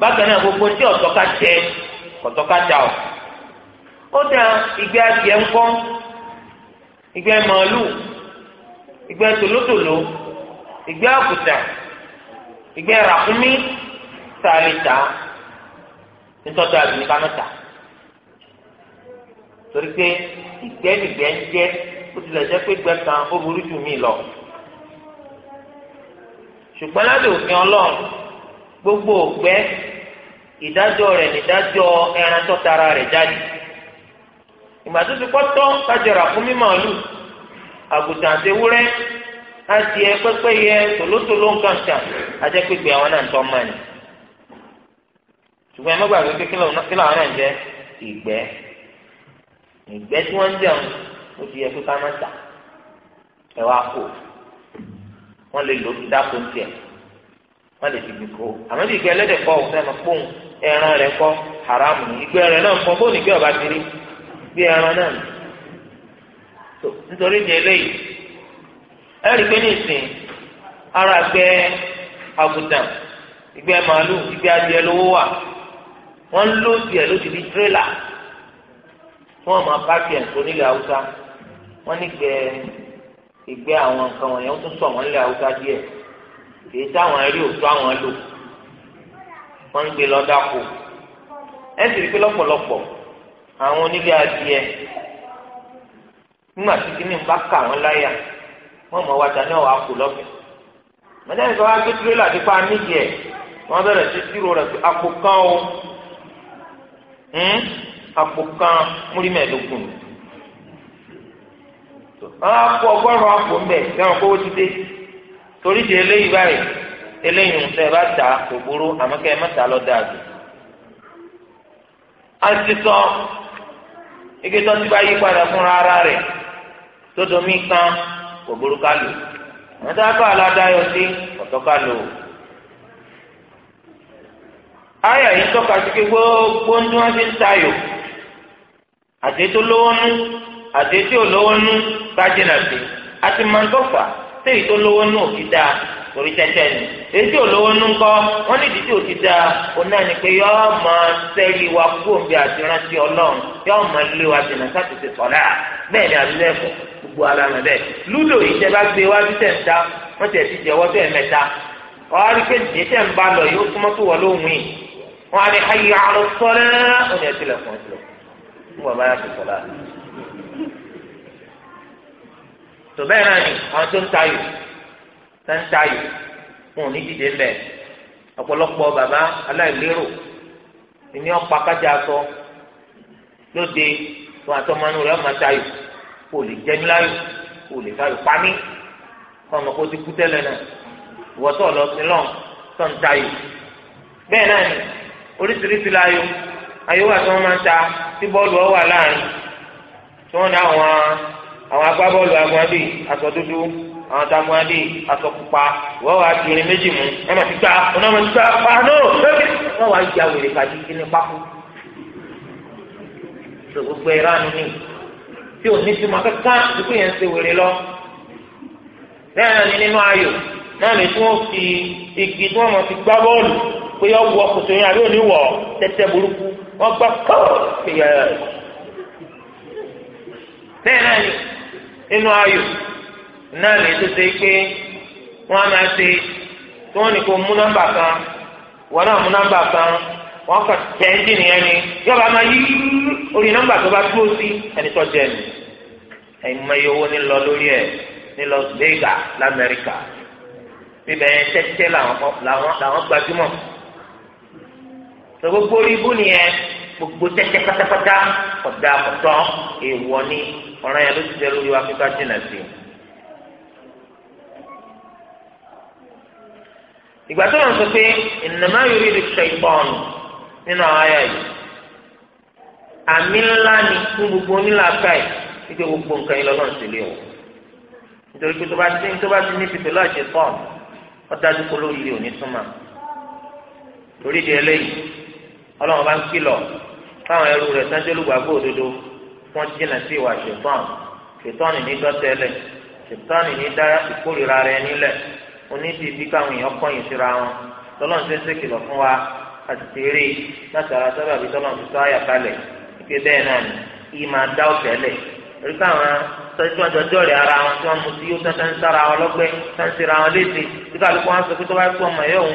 bákan náà gbogbo tí ọ̀tọ̀kátẹ ọ̀tọ̀kátà ọ̀ ó dá ìgbẹ́ ńkọ́ ìgbẹ́ ìgbẹ́ tòlótòló ìgbẹ́ àkùtà ìgbẹ́ tààlítà torí pé ìgbẹ́ nìgbẹ́ ń jẹ́ ó ti lẹ̀ jẹ́ pé gbẹ kan ó burú jù mí lọ. ṣùgbọ́n lábẹ́ òfin ọlọ́run gbogbo ògbẹ́ ìdájọ́ rẹ̀ nìdájọ́ ẹran tó tara rẹ̀ jáde. ìgbà tó ti pọ́tọ́ kájọra fún mímọ́ ọ̀lù àgùntàn àti ewúrẹ́ láti ẹ pẹ́pẹ́ yẹ tòlótòló nǹkan kan ajẹ́pẹ́gbẹ́ àwọn náà ń tọ́ mọ́ ni. ṣùgbọ́n ẹ mọ́gbàgbé pé kí làwọn náà ń jẹ́ ìgbẹ́. ìgbẹ́ tí wọ́n ń jẹun ó ti yẹ kó ká má tà ẹ wá kó wọ́n lè lò ó dáko ń tiẹ̀ wọ́n lè fi kó àmọ́ ìgbẹ́ ẹlẹ́dẹ̀ kọ́ ẹran rẹ̀ kọ́ haramu ìgbẹ́ rẹ̀ náà kọ́ bóun ọba ti rí ẹran náà nítorí eléyìí pé ara gbẹ́ ìgbẹ́ màálù ìgbẹ́ adìẹ lówó wọ́n lò tiẹ̀ tí wọ́n máa bá tiẹ̀ tó nílẹ̀ haúsá wọ́n ní gbẹ ìgbẹ́ àwọn nǹkan wọ̀nyẹn wọ́n tún sọ wọ́n nílẹ̀ haúsá díẹ̀ kìí sáwọn ẹrí òtún àwọn lò wọ́n ń gbé lọ́dà kù ẹ̀ sì rí pé lọ́pọ̀lọpọ̀ àwọn onílé adìẹ nígbà tí kìíní bá kà wọ́n láyà wọ́n mọ̀ wájà náà wà á kù lọ́fẹ̀ẹ́ mọ̀tẹ́ni sọ wá gbé tirẹ́là dípa nídìí ẹ̀ wọ́n bẹ̀rẹ̀ sí tìrò rẹ̀ pé àpò kan o hmm? àpò kan múrí mẹ́ẹ̀ẹ́dógún ni àpò ọgọ́rùn àpò ń bẹ sẹwọn kówó ti dé torí di eléyìí báyìí eléyìí ń sẹ bá ta kò burú àmọ́ kẹ ẹ má ta lọ dáa jù a ti sọ ike tó ti bá yí padà fúnra ara rẹ̀ tótó mi kan kò ká lò wọn tá a kọ aládàáyọ sí ọ̀tọ̀ ká lò ó yìí tọ́ka sí pé gbogbo ń tí wọ́n ti ń tayò àti tó lówó nú àti tí ò lówó nú gbajúmọ̀ sí àti mọ̀ntọ́fà téyì tó lówó nú òkè dáa torí tẹ́tẹ́ ni èyí tí ò lówó nú ńkọ́ wọ́n ní ìdíje òkè dáa òun náà ni pé yọ́ọ́ máa sẹ́yìn wa gbòǹbì àti rántí ọlọ́run yọ́ọ́ máa lé wa jìnnà sáti ti sọ̀lá bẹ́ẹ̀ ni àbí lẹ́kọ̀ọ́ gbogbo ara rẹ̀ bẹ́ẹ̀ lúdò yìí tẹ́ bá gbé wá bí tẹ̀ wọ́n tẹ̀ ti jẹ́wọ́ tẹ̀ mẹ́ta ọ̀hárí pé jẹ́tẹ̀ ń bá lọ yóò súnmọ́ tó wọ lóhùn yìí wọ́n á ní ayé àrùn sọ́lẹ́ fún bàbá yàtọ̀ sọ̀lá. tò bẹ́ẹ̀ náà ni àwọn tó ń tayò tó ń tayò wọn ò ní ọ̀pọ̀lọpọ̀ bàbá aláìlérò ìní ọ̀pá kájà sọ lóde wọn àtọmọnú rẹ ọmọ tayò kò lè jẹmí láyò kò lè fayò pamí ọmọ kò ti kú tẹ́lẹ̀ náà ìwọ́sọ̀ lọ sí tó ń tayò bẹ́ẹ̀ náà ni oríṣiríṣi láyò àyẹ̀wò àti wọ́n máa ń ta tí bọ́ọ̀lù ọ̀ wà láàrin tí wọ́n ní àwọn àwọn agbábọ́ọ̀lù agbọ́nbí aṣọ dúdú àwọn tagbọ́nbí aṣọ pupa wọ́n wá ti irin méjì mú ẹ̀ ti gbà ọ̀nà máa ti gbà pàánù ah, wọ́n wá ìjà wèrè kàdí sí pákó gbogbo ìranu ni tí ò ní sí ma kankan dúkú yẹn ń ṣe wèrè lọ bẹ́ẹ̀ ni nínú ayò náà lè tí wọ́n fi igi tí wọ́n máa fi gbá bọ́ọ̀lù pé yọ wọ kòtò yẹn àbí òní wọ̀ tẹ́tẹ́ burúkú wọ́n gbọ́ kọ́ọ̀ fìyà rẹ̀. bẹ́ẹ̀ náà ni inú ayò náà lè tó ṣe pé wọ́n á máa ṣe tí wọ́n ní kó mú nọ́mbà kan wọ́n náà mú nọ́mbà kan wọ́n kàn tẹ ẹ́ńjìnì yẹn ni yọba máa yí orí nọ́mbà tó bá dúró sí ẹni tó jẹ ẹni ẹ̀yin mọ iye owó nílọ lórí ẹ̀ ní Las Vegas l'Amẹ́ríkà bíbẹ̀ ẹ̀ tẹ́tẹ́ làwọn gbajúmọ̀ sọ gbogbo orí ibú nìyẹn gbogbo tẹ́tẹ́ pátápátá ọ̀dà ọ̀tọ́ èèwọ̀ ni ọ̀ràn yẹn ló ti jẹ́ lórí wa fífa jìnnà sí i. ìgbà tó lọ́n sọ pé ìnàmá yorì lè ṣe ìbọn nínú àyà yìí àmì ńlá ni fún gbogbo onílàáfà yìí wípé gbogbo nǹkan yìí lọ́nà sílé o nítorí pé tó bá ti tó bá ti ní pípẹ́ láti ṣe ọ̀dájú kó lórí ilé òní súnmọ́ lórí ìdí ẹlẹ́yìí ọlọ́run bá ń kìlọ̀ fáwọn ẹrú rẹ̀ sájọ́lùgbàgbọ́ òdodo wọ́n jìnnà sí ìwà ṣètọ́n ṣètọ́n ní dọ́tẹ́lẹ̀ ṣètọ́n ní dá ìkórìíra rẹ̀ nílẹ̀ onídìí bí káwọn èèyàn kọ́yìn síra wọn tọ́lọ́run ṣe ń ṣèkìlọ̀ fún wa àti tèrè látara sábà bí tọ́lọ́run ti sọ àyà kalẹ̀ wípé bẹ́ẹ̀ náà ni ìyí máa dá ọ̀tẹ́lẹ̀ orí káwọn sọ́jú ọjọ́jọ́ rẹ̀ ara wọn tí wọ́n mu sí yóò tán tán sára wọn lọ́gbẹ́ tán síra wọn léṣe tí kálukú wọn sọ pé tó bá kú ọmọ yẹ òun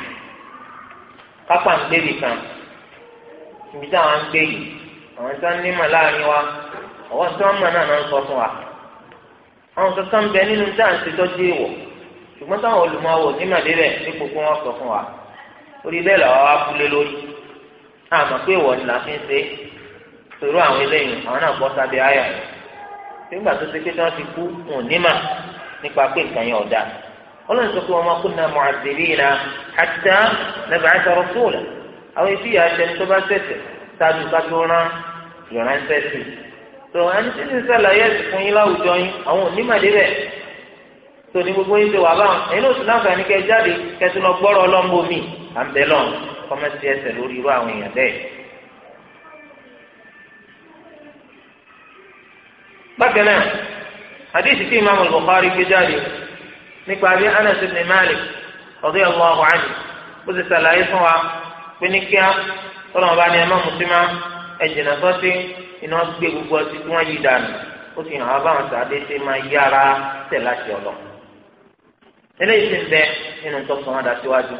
kápá ń gbébì kan ibi táwọn ń gbé yìí àwọn tó ń nímọ̀ láàrin wa ọwọ́ tí wọ́n mọ̀ náà náà ń sọ fún wa àwọn kankan bẹ nínú dáǹsì tó dé ìwọ̀ ṣùgbọ́n táwọn olùmọ̀wò nímọ̀ débẹ̀ nípò kó wọ́n sọ fún wa orí bẹ́ẹ̀ làwọn wá kúlé lórí àmọ́ pé ìwọ̀ ni là fi ń ṣe sòrò àwọn eléyìí àwọn náà bọ́ sábẹ́ àyà rẹ̀ nígbà tó ṣe pé tí wọ́n ti kú wọn nímọ̀ nípa pé nǹkan yẹn ọ̀dà ọlọ́run sọ pé wa ma kunna mu'azzibina hatta nab'atha rasula àwọn ibi yà jẹni tó bá tẹ̀sẹ̀ sáájú kájú rán ìrànṣẹ́ sí i tó ẹni tí ń sàlàyé ẹ̀sìn fún yín láwùjọ yín àwọn onímọ̀dé bẹ̀ tó ní gbogbo yín ti wà báwọn ẹ̀yin ló sì láǹfààní kẹ jáde kẹtù lọ gbọ́rọ̀ ọlọ́mbó mi à ń bẹ lọ́n kọ́mẹ́sì ẹsẹ̀ lórí irú àwọn èèyàn bẹ́ẹ̀. bákan náà àdéhìí tí Imam nípa bí Anas ibn Malik radiyallahu anhu bó ti sàlàyé fún wa pé ní kíá tọ́lọ́mọ bá ní ẹ má mutí má ẹ jìnnà sọ́tí iná gbé gbogbo ọtí tí wọ́n yí dànù ó fi hàn wá báwọn sàdé ṣe máa yára tẹ̀ láti ọ̀lọ́. eléyìí ti ń bẹ nínú tó sọ wọn dà síwájú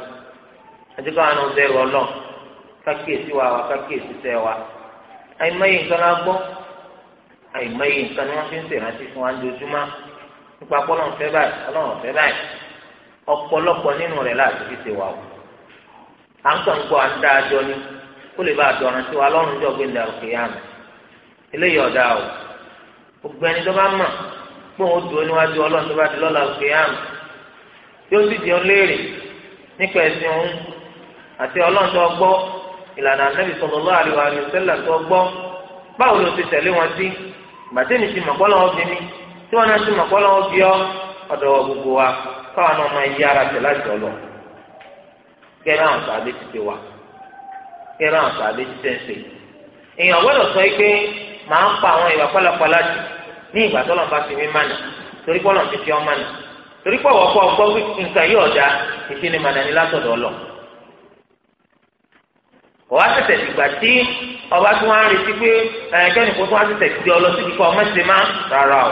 àti káwọn ọ̀nà bẹ̀rù ọlọ́ kákíyèsí wa wa kákíyèsí tẹ wa àìmọye nǹkan la àìmọye nǹkan ni wọ́n fi ń nípa pọ́lọ́ ń fẹ́ báyìí ọlọ́run fẹ́ báyìí ọ̀pọ̀lọpọ̀ nínú rẹ̀ láti fi ṣe wà o à ń kàn ń gbọ́ à ń dá àjọ ni kó lè bá a dọ̀ràn sí wa lọ́rùn jọ gbé ndàrú kìyàmù eléyìí ọ̀dà o gbogbo ẹni tó bá mọ̀ pé òun dùn níwájú ọlọ́run tó bá ti lọ́la kìyàmù yóò sì di ọlẹ́rìí nípa ẹ̀sìn òun àti ọlọ́run tó gbọ́ ìlànà tí wọn náà sì mọ̀ kọ́lọ́ wọn fi ọ́ ọ̀dọ̀ wọ gbogbo wa káwọn náà máa yí ara tẹ̀ láti ọ̀lọ́ kẹ́rẹ́ àwọn sàbẹ̀ ti ti wa kẹ́rẹ́ àwọn sàbẹ̀ ti tẹ̀ ṣe èèyàn gbọ́dọ̀ sọ pé màá ń pa àwọn ìwà pálapàla jù ní ìgbà tó lọ́nba fi mí mánà torí pọ́ lọ́n fi fi ọ́ mánà torí pọ́ wọ́n kọ́ ọgbọ́n nǹkan yóò da ìfini mànà ní látọ̀dọ̀ ọlọ́ọ̀ ọba tẹsẹ ìgbà tí ọba tí wọn á retí pé ẹnikẹ́ni kó tó wá tẹsẹ ti ọlọ síbi kọ ọmọ ṣe má rárá o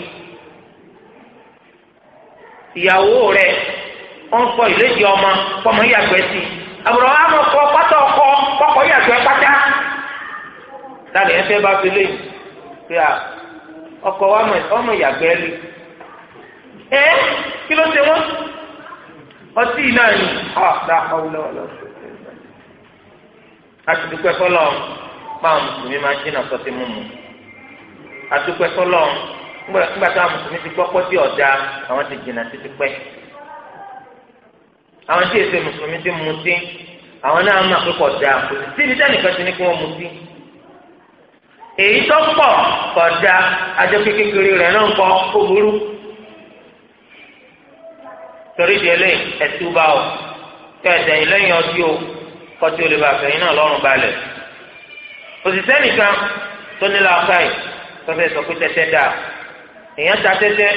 ìyàwó rẹ wọ́n sọ ìlédìí ọmọ fọmọ yàgbẹ́ sí i àbúrò wa pátá ọkọ kọkọ yàgbẹ́ pátá bá fi pé ọkọ wa mọ̀ ọmọ yàgbẹ́ lé ẹ kí ló ṣe ọtí náà ni máa máa jìnnà ńgbà tí àwọn mùsùlùmí ti gbọ́ pọ́sí ọ̀dà àwọn ti jìnnà títí pẹ́ àwọn tí èsè mùsùlùmí ti mutí àwọn náà máa pé kọ̀dà kò sí síbi tẹ́ nìkan ti ní kí wọ́n mutí èyí tó pọ̀ kọ̀dà adékè kékeré rẹ̀ náà ń kọ́ ó burú torí di eléyìí ẹtú bá o kẹ̀dẹ̀ ìlẹ́yìn ọtí o kọ́tí o lè bàtẹ̀ yín náà lọ́rùn balẹ̀ òṣìṣẹ́ nìkan tó ní làákàyè tó fẹ́ sọ pé tẹ́tẹ́ dáa èèyàn ta tẹ́tẹ́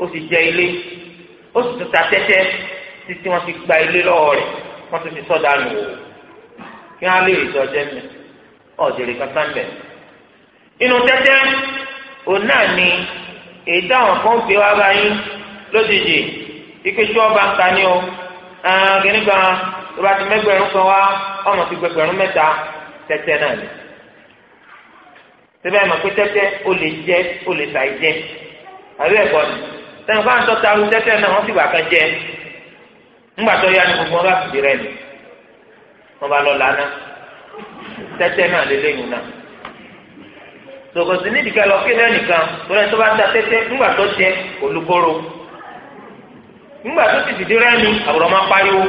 ó sì jẹ ilé ó sì tún ta tẹ́tẹ́ títí wọ́n fi gba ilé lọ́wọ́ rẹ̀ wọ́n tún fi sọ́dà nù wò kí wọ́n á lè rìn sọ́jẹ́ mi ọ̀dẹ̀rẹ̀ kankan bẹ̀. inú tẹ́tẹ́ òun náà ni èyí táwọn kan gbé wá báyìí lójijì ike tí wọ́n bá ń ka ní o kìnnìkan tó bá ti mẹ́gbẹ̀rún kan wá ọmọ ti gbẹgbẹ̀rún mẹ́ta tẹ́tẹ́ náà ni síbẹ̀ mọ̀ pé tẹ́tẹ́ ó lè jẹ́ ó lè ta ìjẹ́ àbí ẹ̀kọ́ ni sẹ́yìn fáwọn tó ta tẹ́tẹ́ náà wọ́n sì wà kan jẹ́ ńgbà tó yá ni gbogbo wọn bá fìdí rẹ̀ ni wọ́n bá lọ lánà tẹ́tẹ́ náà lélẹ́yìn náà tòkòtì nídìí ká lọ kí lẹ́nìkan lórí tó bá ta tẹ́tẹ́ ńgbà tó jẹ olùkóró ńgbà tó ti dìde rẹ́ni àwòrán máa pariwo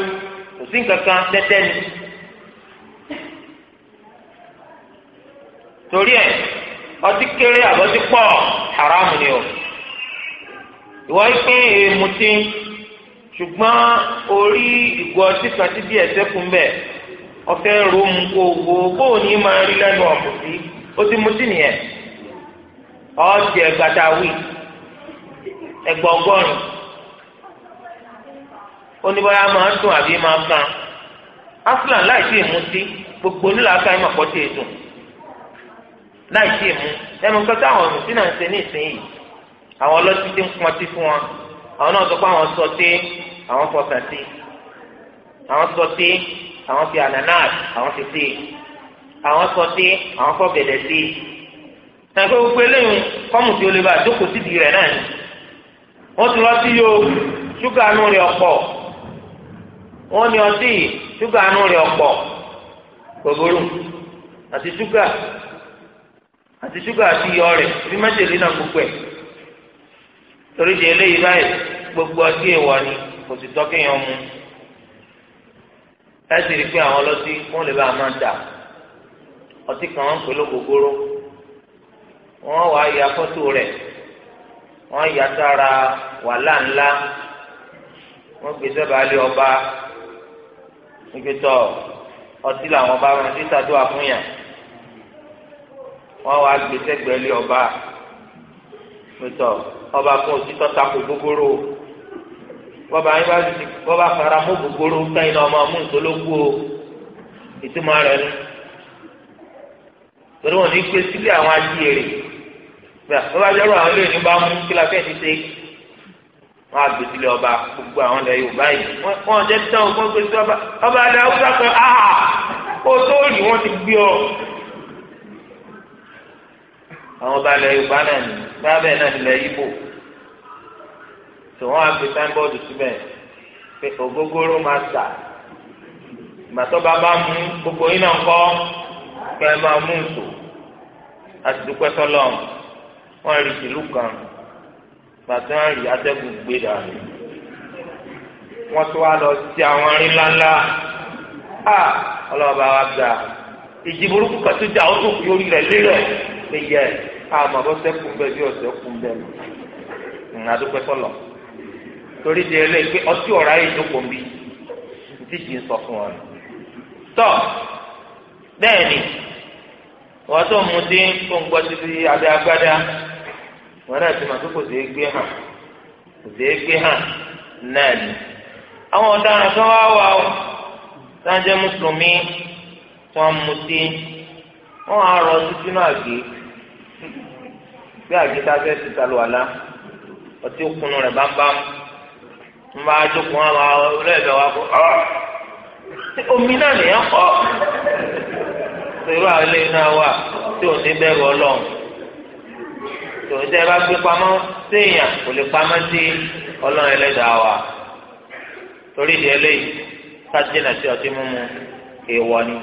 kò sí nǹkan ni torí ẹ̀ ọtí kéré àbọ̀tí pọ̀ haramu ni o ìwọ pé èèmùtí ṣùgbọ́n orí ìgò ọtí kàtí díẹ̀ sẹ́kùn bẹ́ẹ̀ ọ̀fẹ́ ròmù kò wò bóò ní máa rí lẹ́nu ọ̀pọ̀ sí ó ti mutí nìyẹn ọ̀ọ́dì ẹ̀gbàdáwì ó ní máa dùn àbí máa kan láì sí ìmutí gbogbo onílàákàyè mọ̀pọ̀ láì sí ìmú ẹnu nǹkan táwọn ọ̀nà tí náà ń ṣe ní ìsinyìí àwọn ọlọ́tí ti ń pọn tí fún wọn àwọn náà sọ pé àwọn sọ tí àwọn fọkàn sí àwọn sọ tí àwọn fi ananas àwọn fi sí àwọn sọ tí àwọn fọ̀gẹ̀dẹ̀ sí ẹgbẹ́ gbogbo eléyìí kọ́mù tí o lè bá àjókòó sídìí rẹ̀ náà ni wọ́n ti lọ sí yóò ṣúgà nù rẹ̀ ọ̀pọ̀ wọ́n ní ọtí ṣúgà nù rẹ̀ ọ̀pọ̀ gbogbo àti ṣúgà àti iyọ̀ rẹ̀ bí májèlé náà gbogbo ẹ̀ torí di eléyìí báyìí gbogbo ọtí ìwà ni kò sì tọ́ kéèyàn mu ẹ sì rí i pé àwọn ọlọ́tí wọ́n lè bá a máa dà ọtí kan wọ́n ń pè lógógóró wọ́n wàá ya fọ́tò rẹ̀ wọ́n ya sára wàhálà ńlá wọ́n gbé sẹ́bàálì ọba nígbẹ́tọ̀ ọtí làwọn bá wọn títà tó àfúnyàn wọn wá gbé sẹgbẹlẹ ọba pẹtọ ọba kan òtítọ́ tako gbogbooro bọba yín bá ti bọba fara mú gbogbooro kẹyìn náà ọmọ mú ntòlógbò ìtumọ̀ rẹ̀ nù torí wọn ní gbé sílé àwọn ajíyèrè bọba jọrọ àwọn ilé ìní bá mú kí la fẹ́ẹ́ ti ṣe wọn àgbè sílé ọba gbogbo àwọn ilẹ̀ Yorùbá yìí wọn jẹ tán o fún gbèsè ọba ọba àdàwùsà kan áhà kó tó rí wọn ti gbé ọ àwọn ọba ilẹ̀ yorùbá náà ní bábẹ́ náà ilẹ̀ yíbò tí wọ́n á fi sáńbọ́ọ̀dù síbẹ̀ pé ògógóró máa sà ìgbàtọ́ bá bá mú gbogbo yín náà kọ́ pé ẹ máa mú nsò àti dúpẹ́ sọ́lọ́ wọ́n rí tìlú kan gbàtọ́ wọ́n rí atẹ́gùn gbé dànù wọ́n tún wá lọ sí àwọn arìn ńláńlá ah! ọlọ́ọ̀bá wa gbà ìjì burúkú kàtújà ó tún fi orí rẹ̀ lélẹ̀. lè yẹ ẹ àmọ́ bó sẹkùn bẹ́ẹ̀ bí ọsẹ kùn bẹ́ẹ̀ lọ ńnadúpẹ tọlọ torí di ẹlẹ́yìn pé ọtí ọ̀rá yìí ló pọ̀ mí sọ fún ọ. ni wọ́n tó mú dín tó ń títí abẹ́ agbádá wọn náà ti máa tó kò sí gbé hàn kò gbé hàn náà ni. àwọn bí àgbéta fẹ́ ti ta lùwàlá ọtí kunu rẹ̀ bámbám ń bá jókòó àwọn ọlọ́ọ̀dọ̀ wa kó ọ́ omi náà nìyẹn kọ́ irú àwọn ilé náà wà tí ò ní bẹ̀rù ọlọ́run tí ò ní tẹ́ bá gbé pamọ́ séèyàn kò lè pamọ́ sí ọlọ́run ẹlẹ́dàá wa torí ìdí eléyìí ká jìnnà sí ọtí mímu èèwọ̀ ni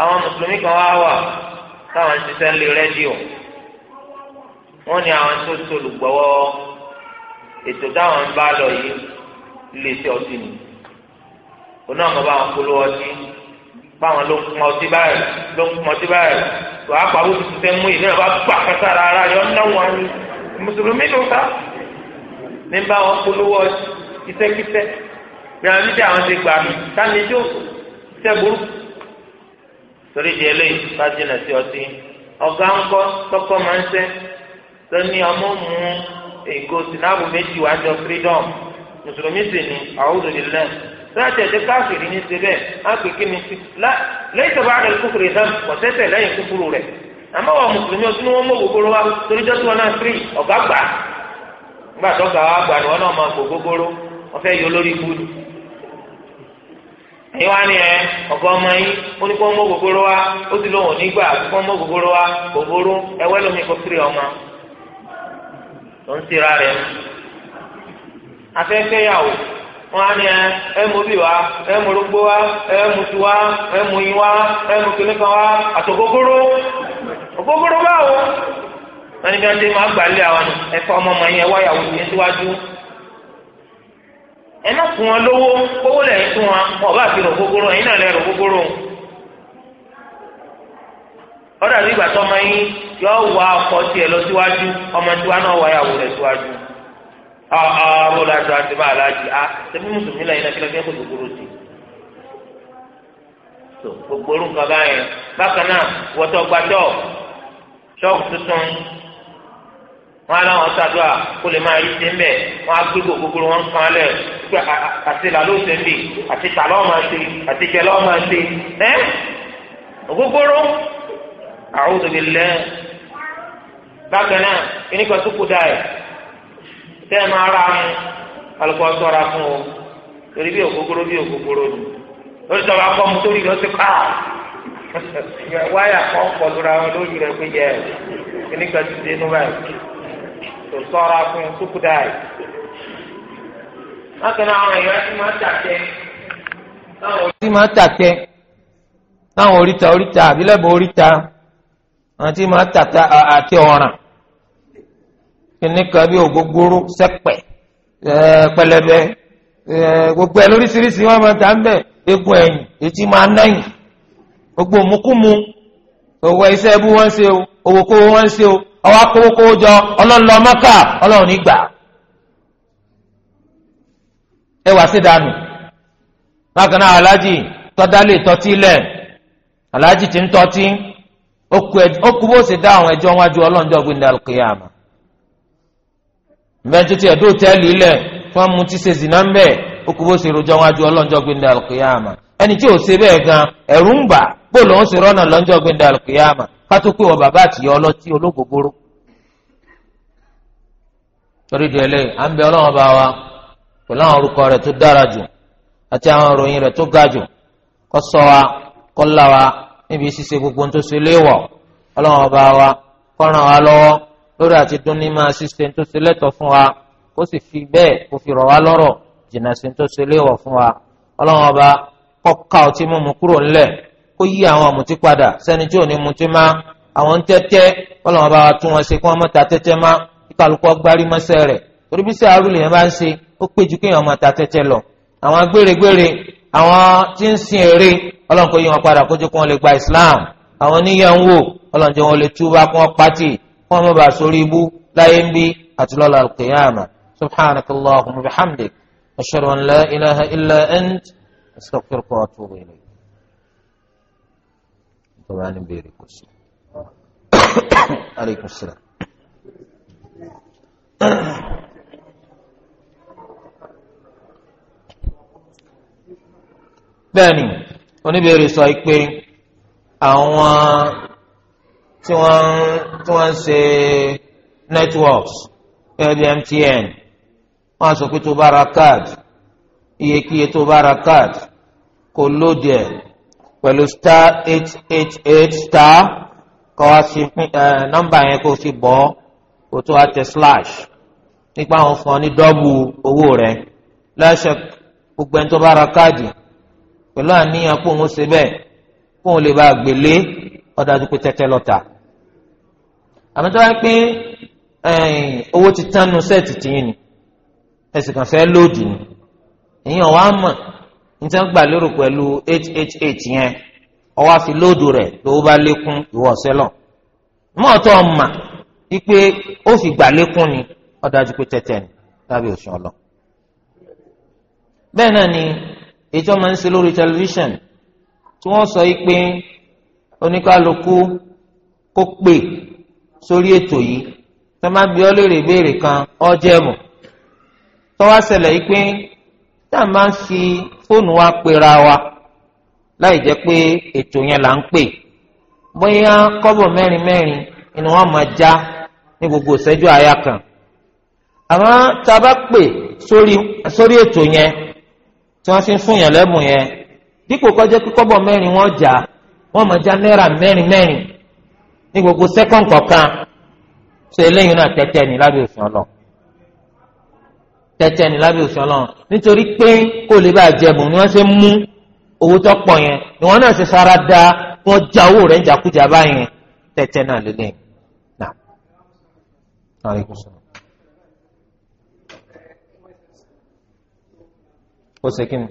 àwọn mùsùlùmí kan wá wà táwọn ń ṣiṣẹ́ lé rédíò wọ́n ní àwọn tó ṣolùgbọ́wọ́ ètò táwọn ń bá lọ yìí lè ṣe ọtí ni oní ọmọ bá wọn polówó ọtí báwọn ló kún ọtí báyìí ló kún ọtí báyìí wàá pàwọ́ tuntun tẹ́ mú yìí náà bá gbà kására ara yọ ọ́ náwó wọn mùsùlùmí ló ta ní bá wọn polówó ọtí kìtẹ́kìtẹ́ bí wọn ní tí àwọn ti gbà mí ká ní tí burúkú torí di eléyìí bá jìnnà sí ọtí ọ̀gá ńkọ́ tọkọ máa ń sẹ́ tó ní ọmọ mú èkó sinabu méjì wá jọ freedom mùsùlùmí sì ni àwùjọ ìlẹ̀ sọ́ọ̀tì ẹ̀dẹ́ káfíìrì ní síbẹ̀ á pè kí ni lẹ́yìn tó bá rẹ̀ kúkúrú ìdáhùn ọ̀sẹ̀sẹ̀ lẹ́yìn kúkúrú rẹ̀ àmọ́ wọn mùsùlùmí ọtí ni wọ́n mú gbogbo wa torí jọ́sí wọn náà firi ọ̀gá gbà gbàdọ́gba wa gbà ni wọn náà máa gbogbo wọn fẹ́ yọ lórí ikú ẹ̀yin wani ní ẹ ọ̀gá ọmọ yín ó ní kó mú gbogbooro wá ó sì lóun nígbà kó mú gbogbooro wá gbogbooro ẹwẹ́ lómi kó kiri ọmọ tó ń tira wa ẹ mú rúgbó wa ẹ mú wa ẹ mú wa ẹ mú kan wa àtògógóró ògógóró báwo wọn ní bí wọn ti máa gbà lé àwọn ẹfọ ọmọ ọmọ yẹn ẹ má fún wọn lówó owó lẹ́yìn fún wọn wọn bá fi rò gbogbooro ẹ̀yin náà lẹ́ rò ọ̀dà bí ìgbà ọmọ yín yọ wá ọkọ̀ tiẹ̀ lọ síwájú ọmọ tiwa náà wá ìyàwó rẹ̀ síwájú ọ̀ọ́ bọ́lá àti bá aláàjì á mùsùlùmí lẹ́yìn náà kílẹ̀ tó gbogbo bákan náà wọ́tọ̀ tuntun wọn aláwọn ṣàdúrà kó lè máa rí ń wọn á gbégbó pé àti là ló ṣe ń bì àti tà lọ́ọ́ máa ṣe àti jẹ lọ́ọ́ máa ṣe ẹ́ ògógóró a'udhu billahi bákan náà kíní kan tó kú dá ẹ̀ tẹ́ ẹ máa ra mu alùpùpù ọ̀ṣọ́ra fún o torí bí ògógóró bí ògógóró ni lórí tọ́ba kọ́ mu tó rí lọ sí káà wáyà kọ́ kọlura wọn lórí rẹ̀ pé yẹ kíní dé nú báyìí tó ṣọ́ra fún tó kú dá ẹ̀. bákan àwọn èèyàn tí máa tàtẹ táwọn tí máa tàtẹ oríta oríta àbílẹ̀bọ̀ oríta àwọn tí máa tàtà àti ọ̀ràn bí ògógóró sẹ́pẹ̀ pẹlẹbẹ gbogbo ẹ lóríṣiríṣi wọn máa ta egun etí máa gbogbo òmùkùmù wọn ṣe o kówó wọn ṣe e wá sí dànù bákan náà aláàjì tọ́dá tọ́tí lẹ̀ aláàjì ti ń tọ́tí ó bó sì dá àwọn ẹjọ́ wájú ọlọ́njọ́ gbẹ̀ndẹ̀ alùkìyàmà bẹ́ẹ̀ tó ti tẹ́lì lẹ̀ fún ọmú tí ṣe zìnà ń bẹ̀ ó bó sì rojọ́ wájú ọlọ́njọ́ ẹni tí ò bẹ́ẹ̀ gan ń bà sì rọ́nà lọ́njọ́ kátó pé bàbá ọlọ́tí pẹ̀lú àwọn orúkọ rẹ̀ tó dára jù àti àwọn ìròyìn rẹ̀ tó ga jù kó ṣọ́ wa kó là wa níbi ṣíṣe gbogbo tó ṣe léèwọ̀ ọlọ́run ọba wa kó ràn wá lọ́wọ́ lórí àti dún ní máa ṣíṣe tó ṣe lẹ́tọ̀ọ́ fún wa kó sì fi bẹ́ẹ̀ kó fi rọ̀ wá lọ́rọ̀ jìnnà sí tó ṣe léèwọ̀ fún wa ọlọ́run ọba kó ká ọtí mímu kúrò ńlẹ̀ kó yí àwọn ọ̀mùtí padà sẹ́ni tí ò ní mutí má àwọn ń tẹ́tẹ́ ọlọ́run ọba wa tún wọn ṣe kí wọ́n mọ́ta tẹ́tẹ́ má kíkàlùkọ́ gbárí mọ́sẹ̀ rẹ̀ torí bí sẹ́ àrùlé yẹn bá ń ṣe ó pé ju kéèyàn máa ta tẹ́tẹ́ lọ àwọn gbèrègbèrè àwọn tí ń sin èrè ọlọ́run kò yí wọn padà kójú kí wọ́n lè gba islam àwọn oníyàn wò ọlọ́run jẹ́ wọn lè túbà kí wọ́n pátì kí wọ́n má bàa sórí ibú láyé ń bí àti lọ́la al-qiyama subhanaka allahumma bihamdik an la ilaha illa ant astaghfiruka wa atubu ilayk. tọ́ba ni béèrè kò sí. bẹ́ẹ̀ni oníbèrè sọ pé àwọn tí wọ́n tí wọ́n ṣe networks gẹ́gẹ́ bí MTN wọ́n á sọ pé tó bá ra káàdì iyekíye tó bá ra káàdì kò lóde ẹ̀ pẹ̀lú star eight eight eight star kọ́ wá sí nọ́mbà yẹn kó o sì kó tó wá tẹ slash nípa àwọn fún ọ ní dọ́bù owó rẹ̀ lẹ́sẹ̀ gbogbo ẹni tó bá ra káàdì pẹ̀lú àníyàn kó òun ṣe bẹ́ẹ̀ kó òun lè bá gbélé ọ̀dájú pé tẹ́tẹ́ lọ́ta àmọ́ tó bá pé owó ti tánu sẹ́ẹ̀tì tìyín ni ẹ̀sìn kan fẹ́ lóòdù ni èèyàn wá mọ̀ níta gbà lérò pẹ̀lú eight eight eight yẹn ọwọ́ àfi lóòdù rẹ̀ lówó bá lékún ìwọ ọ̀sẹ́lọ̀ mọ́ọ̀tọ́ ọ̀ma wípé ó fi gbà lékún ni ọ̀dájú pé tẹ́tẹ́ ni lábẹ́ òṣùwọ̀n lọ. bẹ́ẹ̀ náà ni ètò máa ń ṣe lórí tẹlifíṣàn tí wọ́n sọ yìí pé oníkálukú kó pè sórí ètò yìí tó máa bí ọ léèrè béèrè kan ọjẹ́ mọ̀ tó yìí pé tá a máa ń fi fóònù wa pera wa láì jẹ́ pé ètò yẹn là ń pè bóyá kọ́bọ̀ mẹ́rin mẹ́rin ni wọ́n máa já ní gbogbo ìṣẹ́jú àyà kan àmọ́ tá a bá pè sórí ètò yẹn tí wọ́n fi ń fún yàn lẹ́bùn yẹn dípò kọjá pé kọ́bọ̀ mẹ́rin wọ́n jà wọ́n máa já náírà mẹ́rin mẹ́rin ní gbogbo sẹ́kọ̀ǹd kọ̀ọ̀kan ṣe eléyìí náà tẹ́tẹ́ ní lábẹ́ òfin ọlọ́ tẹ́tẹ́ ní lábẹ́ òfin ọlọ́ nítorí pé kó lè bá jẹ̀bùn ni wọ́n ṣe mú owó tó pọ̀ yẹn ni wọ́n náà ṣe sára dá wọ́n já owó rẹ̀ ń jàkújà báyẹn tẹ́tẹ́ náà lélẹ́yìn náà. ó ṣe kí ni.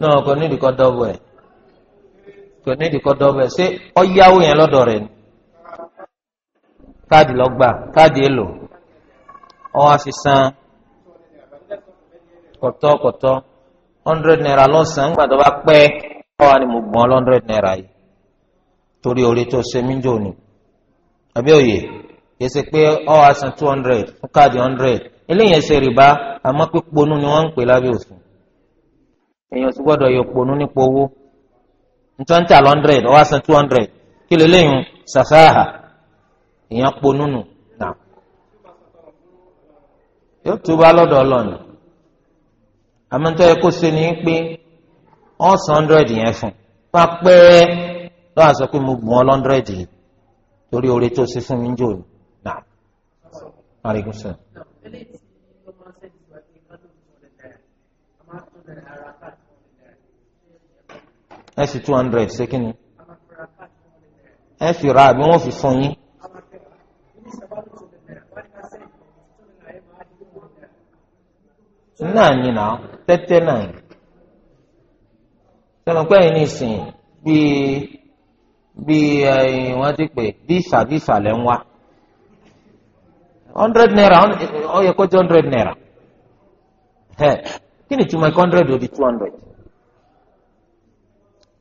náà kò nídìí kọ́ dọ́bù ẹ̀. kò ní ìdíkọ́ ṣé yẹn lọ́dọ̀ rẹ ni káàdì lọ́gbà káàdì èlò ọwọ́ fi san kọ̀tọ́kọ̀tọ́ hundred naira lọ́sàn-án bá pẹ ọwọ́ ni mo hundred naira yìí torí orí tó ṣe mí jò ní àbí òye pé two hundred fún káàdì hundred eléyìí rìbá ni ń pè òfin èèyàn yọ nípa owó. nítorí tà lọ́ndrẹ̀d ọwọ́ san two hundred kí lè léyìn sàfáàhà èèyàn ponú nù náà yóò túbà lọ́dọ̀ ọlọ́ọ̀nù àmọ́tọ́ ẹ kó ṣe ni pé wọ́n san hundred yẹn fún wọ́n pẹ́ lọ́wọ́ àṣọ pé mo gbọ́n lọ́ndrẹ̀d yìí torí oore tó ṣe fún mi ń jò ní náà. Alaikum ẹ fi two hundred ṣé kí ni ẹ fi ra àbí wọ́n fi fún yín. náà ni nà tẹ́tẹ́ náà sọ̀rọ̀ pé ẹ̀yin nìsín bíi bíi ẹ̀yìn wọ́n ti pè bí ìsàbí ìsàlẹ̀ ń wá hundred naira ó yẹ kó jẹ́ hundred naira kí ni túmọ̀ ẹ̀ kó hundred ó di two hundred.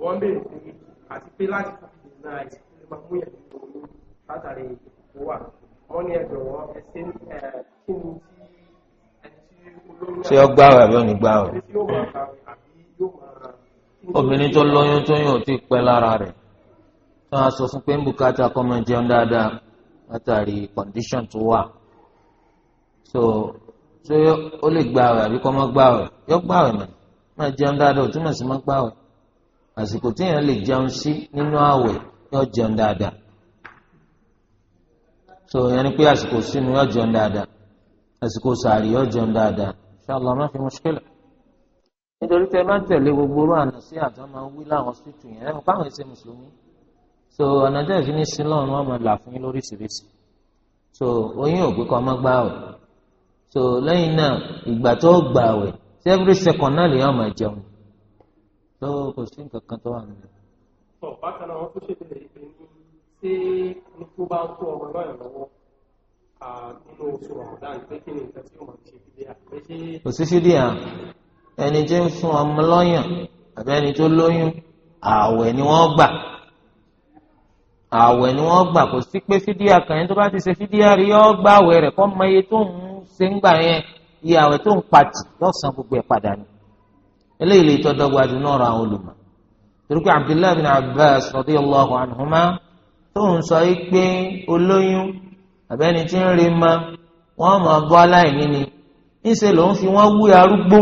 wọ́n bèèrè pé àti pé láti fún ìdènà àìsàn lè máa mú yẹn nínú oyún látàrí ìdìbò wà wọ́n ní ẹgbẹ̀ wọn ẹsẹ̀ kí ni tí ẹni tí olóyún. ṣé ó gbààwẹ̀ àbí òní gbààwẹ̀. obìnrin tó lóyún tó yàn ó ti pẹ́ lára rẹ̀ tó a sọ fún pé ń bùkátà kọ́ máa jẹun dáadáa látàrí condition tó wà so ṣé ó lè gbààwẹ̀ àbí kọ́ máa gbààwẹ̀ yóò gbààwẹ̀ mọ̀ máa jẹun dáadáa ò túmọ̀ sí máa gbààwẹ̀ àsìkò téèyàn lè jẹun sí nínú àwẹ̀ yóò jẹun dáadáa so yẹn ni pé àsìkò sínú yóò jẹun dáadáa àsìkò sàárì yóò jẹun dáadáa inshallah má fi mushkila nítorí tẹ bá tẹ̀lé gbogbo orú àná sí àtọ́ máa ń wí láwọn sítù yẹn ẹ̀ fáwọn ẹsẹ̀ mùsùlùmí so ọ̀nà tẹ̀ fi ní sí lọ́run wọn máa là fún yín lóríṣiríṣi so oyún ògbé kan máa gbà wẹ̀ so lẹ́yìn náà ìgbà tó gbà wẹ̀ every second náà lè yàn máa jẹun tó kò sí nǹkan kan tó wà nínú. sọ bákan náà wọn tún ṣètìlẹ ìpè ní ṣé ní tó bá ń tó ọmọ náà lọ́wọ́ nínú oṣù ramadan pé kí ni nǹkan tí ó máa ṣe fìdí àpèjì. kò sí fìdí à ẹni tí ń fún ọmọ lọ́yàn àbí ẹni tó lóyún ààwẹ̀ ni wọ́n gbà ààwẹ̀ ni wọ́n gbà kò sí pé fídíà kan yẹn tó bá ti ṣe fídíà rí ọ́ gbà àwẹ̀ rẹ̀ kọ́ mọ iye tó ń ṣe ń gbà yẹn iye àwẹ̀ tó ń pàtì lọ́sàn gbogbo ẹ̀ padà ni. eléyìí lè tọ́ dọ́gba jù náà rọ àwọn olùmọ̀ torí abdullahi bin abbas radiyallahu anhuma tóun sọ yìí pé olóyún àbẹ́ni tí ń rí ma wọ́n máa bọ́ aláìní ni ńṣe ló fi wọ́n wú arúgbó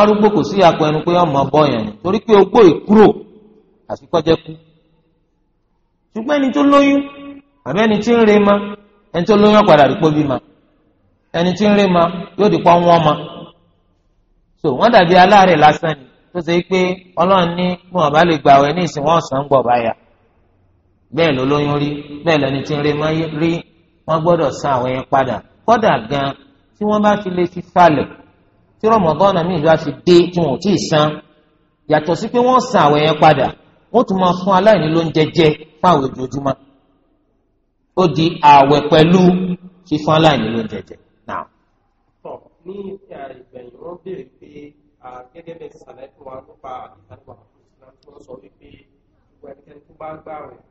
arúgbó kò sí àpò ẹnu pé bọ́ yẹn ni torí pé ogbó ìkúrò àfi kọ́jẹ́ kú ṣùgbọ́n ẹni tó lóyún àbẹ́ni tí ń rí ma ẹni tó lóyún ọ̀padà so wọ́n dàbí aláàrẹ̀ lásán ni tó ṣe pé ọlọ́run ní bí wọ́n bá lè gbà wẹ̀ ní ìsìn wọn sàn gbọ̀ báyà bẹ́ẹ̀ ló lóyún rí bẹ́ẹ̀ lẹni tí ń rí máa rí wọ́n gbọ́dọ̀ san àwọn yẹn padà kódà gan tí wọ́n bá fi lè fi falẹ̀ tí rọmọgọ́nà míì bá fi dé tí wọn ò tí ì san yàtọ̀ sí pé wọ́n san àwọn yẹn padà wọ́n tún máa fún aláìní ló ń jẹjẹ fáwọn ojoojúmọ́ ó di ààwẹ̀ pẹ̀lú fífún aláìní ló ń ní ìgbẹ̀yìn wọ́n béèrè pé gẹ́gẹ́ bẹ́ẹ̀ sàlẹ̀ fún wa nípa àdìsánwó àfúrúsílám tí wọ́n sọ wípé gbogbo ẹnikẹ́ni tó bá gbà rẹ̀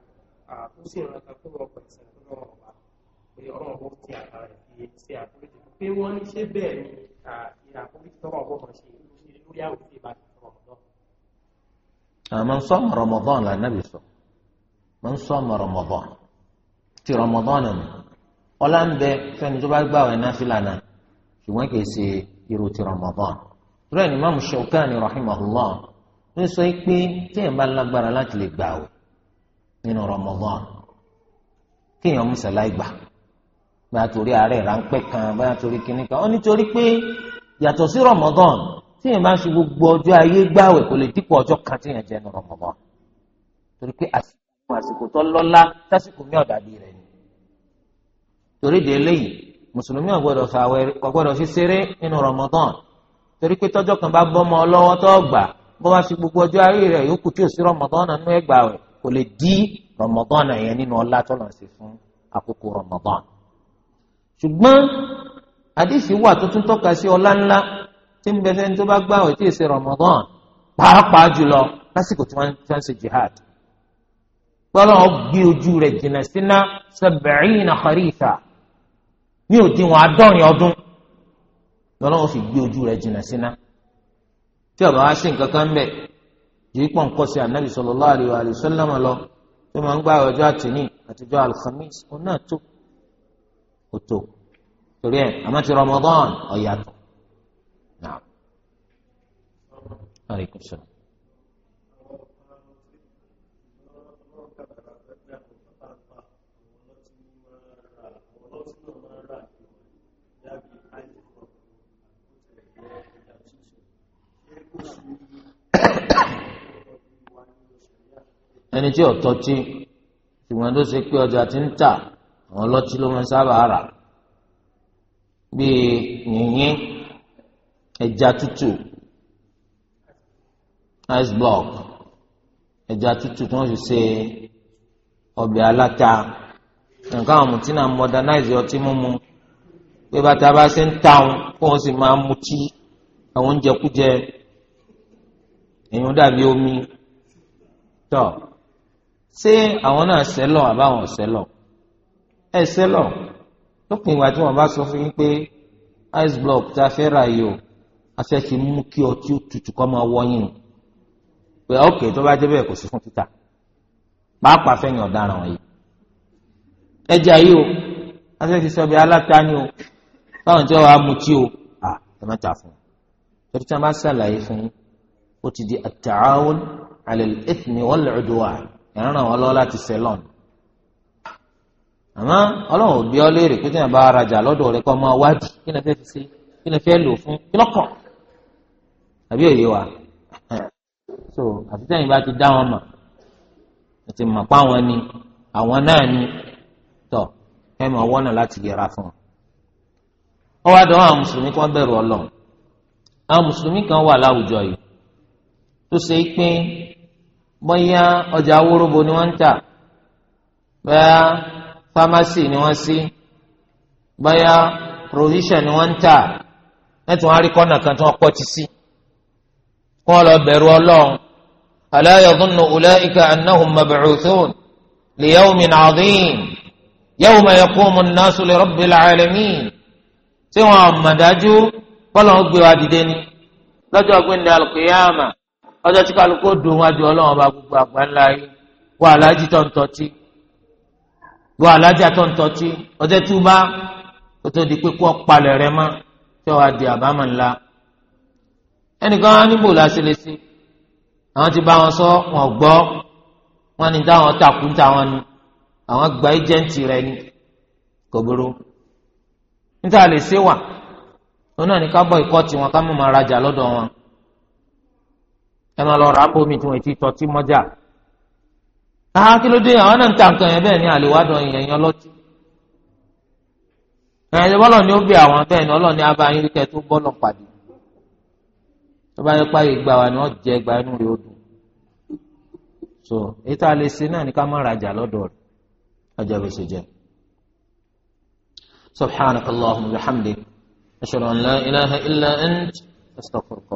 tó sì ràn kan pé wọ́n pẹ̀sẹ̀ lọ́wọ́ wa pé ọ̀rọ̀ wọn ti àtàrà fi ṣe àforíjì pé wọ́n ní ṣé bẹ́ẹ̀ ni ìràkúrìtì tọ́wọ́ ọ̀gbọ́n kan ṣe lórí àwòṣe ìbàdàn rọ̀mọ̀dán. àmọ́ sọ́mọ rọmọdán la sọ mọ́ sọ́mọ rọmọdán ti rọmọdán nù ọlá ń bẹ fẹ́ni tó bá gbà wẹ̀ náà fi lànà ṣùgbọ́n kì í ṣe irú ti Ramadan rẹ ni Imam Shawkani rahimahullah ń sọ pé tí èèyàn bá lágbára láti lè gbà o nínú Ramadan kí èèyàn mùsàlá ìgbà bá a torí àárẹ̀ ráńpẹ́ kan bá a torí kinní kan ó nítorí pé yàtọ̀ sí Ramadan tí èèyàn bá ṣe gbogbo ọjọ́ ayé gbàwẹ̀ kò lè dípò ọjọ́ kan tí èèyàn jẹ nínú Ramadan torí pé àsìkò àsìkò tó lọ́lá tásìkò mi ọ̀dàbí rẹ̀ ni torí de eléyìí mùsùlùmí ọ̀gbọ́dọ̀ fàwẹ̀ ọ̀gbọ́dọ̀ fi ṣeré nínú Ramadan torí pé tọ́jọ́ kan bá bọ́mọ ọlọ́wọ́ tó gbà bó bá fi gbogbo ọjọ́ ayé rẹ̀ yòókù tí ò sí Ramadan nínú ẹgbàá rẹ̀ kò lè dí Ramadan yẹn nínú ọlá tó lọ́n sí fún àkókò Ramadan. ṣùgbọ́n àdìsí wà tuntun tọ́ka sí ọlá ńlá tí ń bẹsẹ̀ tó bá gbààwẹ̀ tí ì sí pàápàá jùlọ lásìkò tí wọ́n ń ṣe jihad gbọ́dọ̀ gbé ojú rẹ̀ jìnnà síná sab'ina kharifa ní òdiwọ̀n àádọ́rin ọdún lọ́lọ́wọ́ fi gbé ojú rẹ̀ jìnnà síná tí ọba wa ṣe nǹkan kan ń bẹ yìí pọ̀ nǹkan sí anabi sallallahu alaihi wa sallam lọ tó máa ń gbá ọjọ́ àtìní àtijọ́ alhamis òun náà tó kò tó torí ẹ̀ àmọ́ ti Ramadan ọ̀yàtọ̀ náà. ẹni tí ọ̀tọ́ tí ṣùgbọ́n tó ṣe pé ọjà ti ń tà àwọn ọlọ́tí ló máa ń sábà rà bíi yìnyín ẹja tútù ice block ẹja tútù tí wọ́n fi ṣe ọbẹ̀ aláta nǹkan àwọn ọmọ tí náà modernize ọtí mímu pé bàtà bá ṣe ń tà wọn kó wọn sì máa mutí àwọn oúnjẹ kújẹ èèyàn dàbí omi tọ ṣé àwọn náà sẹlọ àbáwọn sẹlọ ẹ sẹlọ lópin ìgbà tí wọn bá sọ fún yín pé ice block tá a fẹ́ ra yìí o a fẹ́ fi mú kí ọtí tutù kọ́ máa wọ́yìn o pé ok tó bá jẹ́ bẹ́ẹ̀ kò sí fún títà pàápàá fẹ́yìn ọ̀daràn yìí ẹja yìí o a fẹ́ fi sọbi aláta o báwọn tí wàá mutí o à ẹ má ta fún un torí tí wọn bá fún yín ó ti di at-ta'awun 'ala al-ithmi wal-'udwan ìran àwọn ọlọ́wọ́ láti sẹ́lọ̀n àmọ́ ọlọ́run ò bí ọ léèrè pé tí wọn bá arajà lọ́dọ̀ rẹ kọ́ máa wádìí kí ni fẹ́ fi ṣe kí ni fẹ́ lò fún kí lọ́kàn àbí òye wa so àfi sẹ́yìn bá ti dá wọn mọ̀ ẹ ti pa wọn ni àwọn náà ni tọ̀ ẹ mọ̀ wọ́nà láti yẹra fún wọn. ọwọ́ àdánwò àwọn mùsùlùmí kan bẹ̀rù ọlọ́run àwọn mùsùlùmí kan wà láwùjọ yìí tó ṣe pé bóyá ọjà awóróbo ni wọ́n ń tà bóyá fámásì ni wọ́n sí bóyá provision ni wọ́n ń tà lẹ́tùn wọn á rí tí wọ́n kọ́ ti sí kó wọn lọ bẹ̀rù ọlọ́run ala yadhunnu ulaika annahum mab'uthun li yawmin 'adhim yawma yaqumu an-nasu li rabbil 'alamin tí wọn àmàdájú kọ́lọ́n gbé wa dìde ni lọ́jọ́ gbẹ̀ndẹ̀ al-qiyama ọjọ́ tí kálukó do wájú ọlọ́run ọba gbogbo àgbà ńlá yìí wọ aláàjì tó ń tọ́tí wọ aláàjì tó ń tọ́tí ọjọ́ tí ó bá kó tó di pé kó palẹ̀ rẹ mọ́ tí wàá di àbámọ̀ ńlá ẹnìkan á níbò láṣẹlẹsẹ àwọn ti bá wọn sọ wọn gbọ́ wọn ní táwọn takùn táwọn nu àwọn gba ẹjẹǹtì rẹ ni kò burú níta lè ṣe wà òun náà ní ká bọ ìkọ́ tiwọn ká mọ̀ máa rajà lọ́dọ̀ wọn ẹ máa lọ rà á bómi tí wọn ti tọ́ tí mọ́jà ah kí ló dé àwọn náà ń ta nǹkan yẹn bẹ́ẹ̀ ni àlèwádọ́ ìyẹn yan lọ́tí ẹ̀yìn bọ́lọ̀ ni ó bí àwọn bẹ́ẹ̀ ni ọlọ́ọ̀ni á bá yín rí tó bọ́lọ̀ pàdé tó bá yẹ páyé gbà wá ni wọ́n jẹ gba inú rẹ̀ ó dùn so ètò àlèsè náà ni ká má rajà lọ́dọ̀ rẹ̀ ọjọ́ bó ṣe jẹ́ subhanakallahumma wa bihamdik ashhadu an la ilaha illa ant astaghfiruka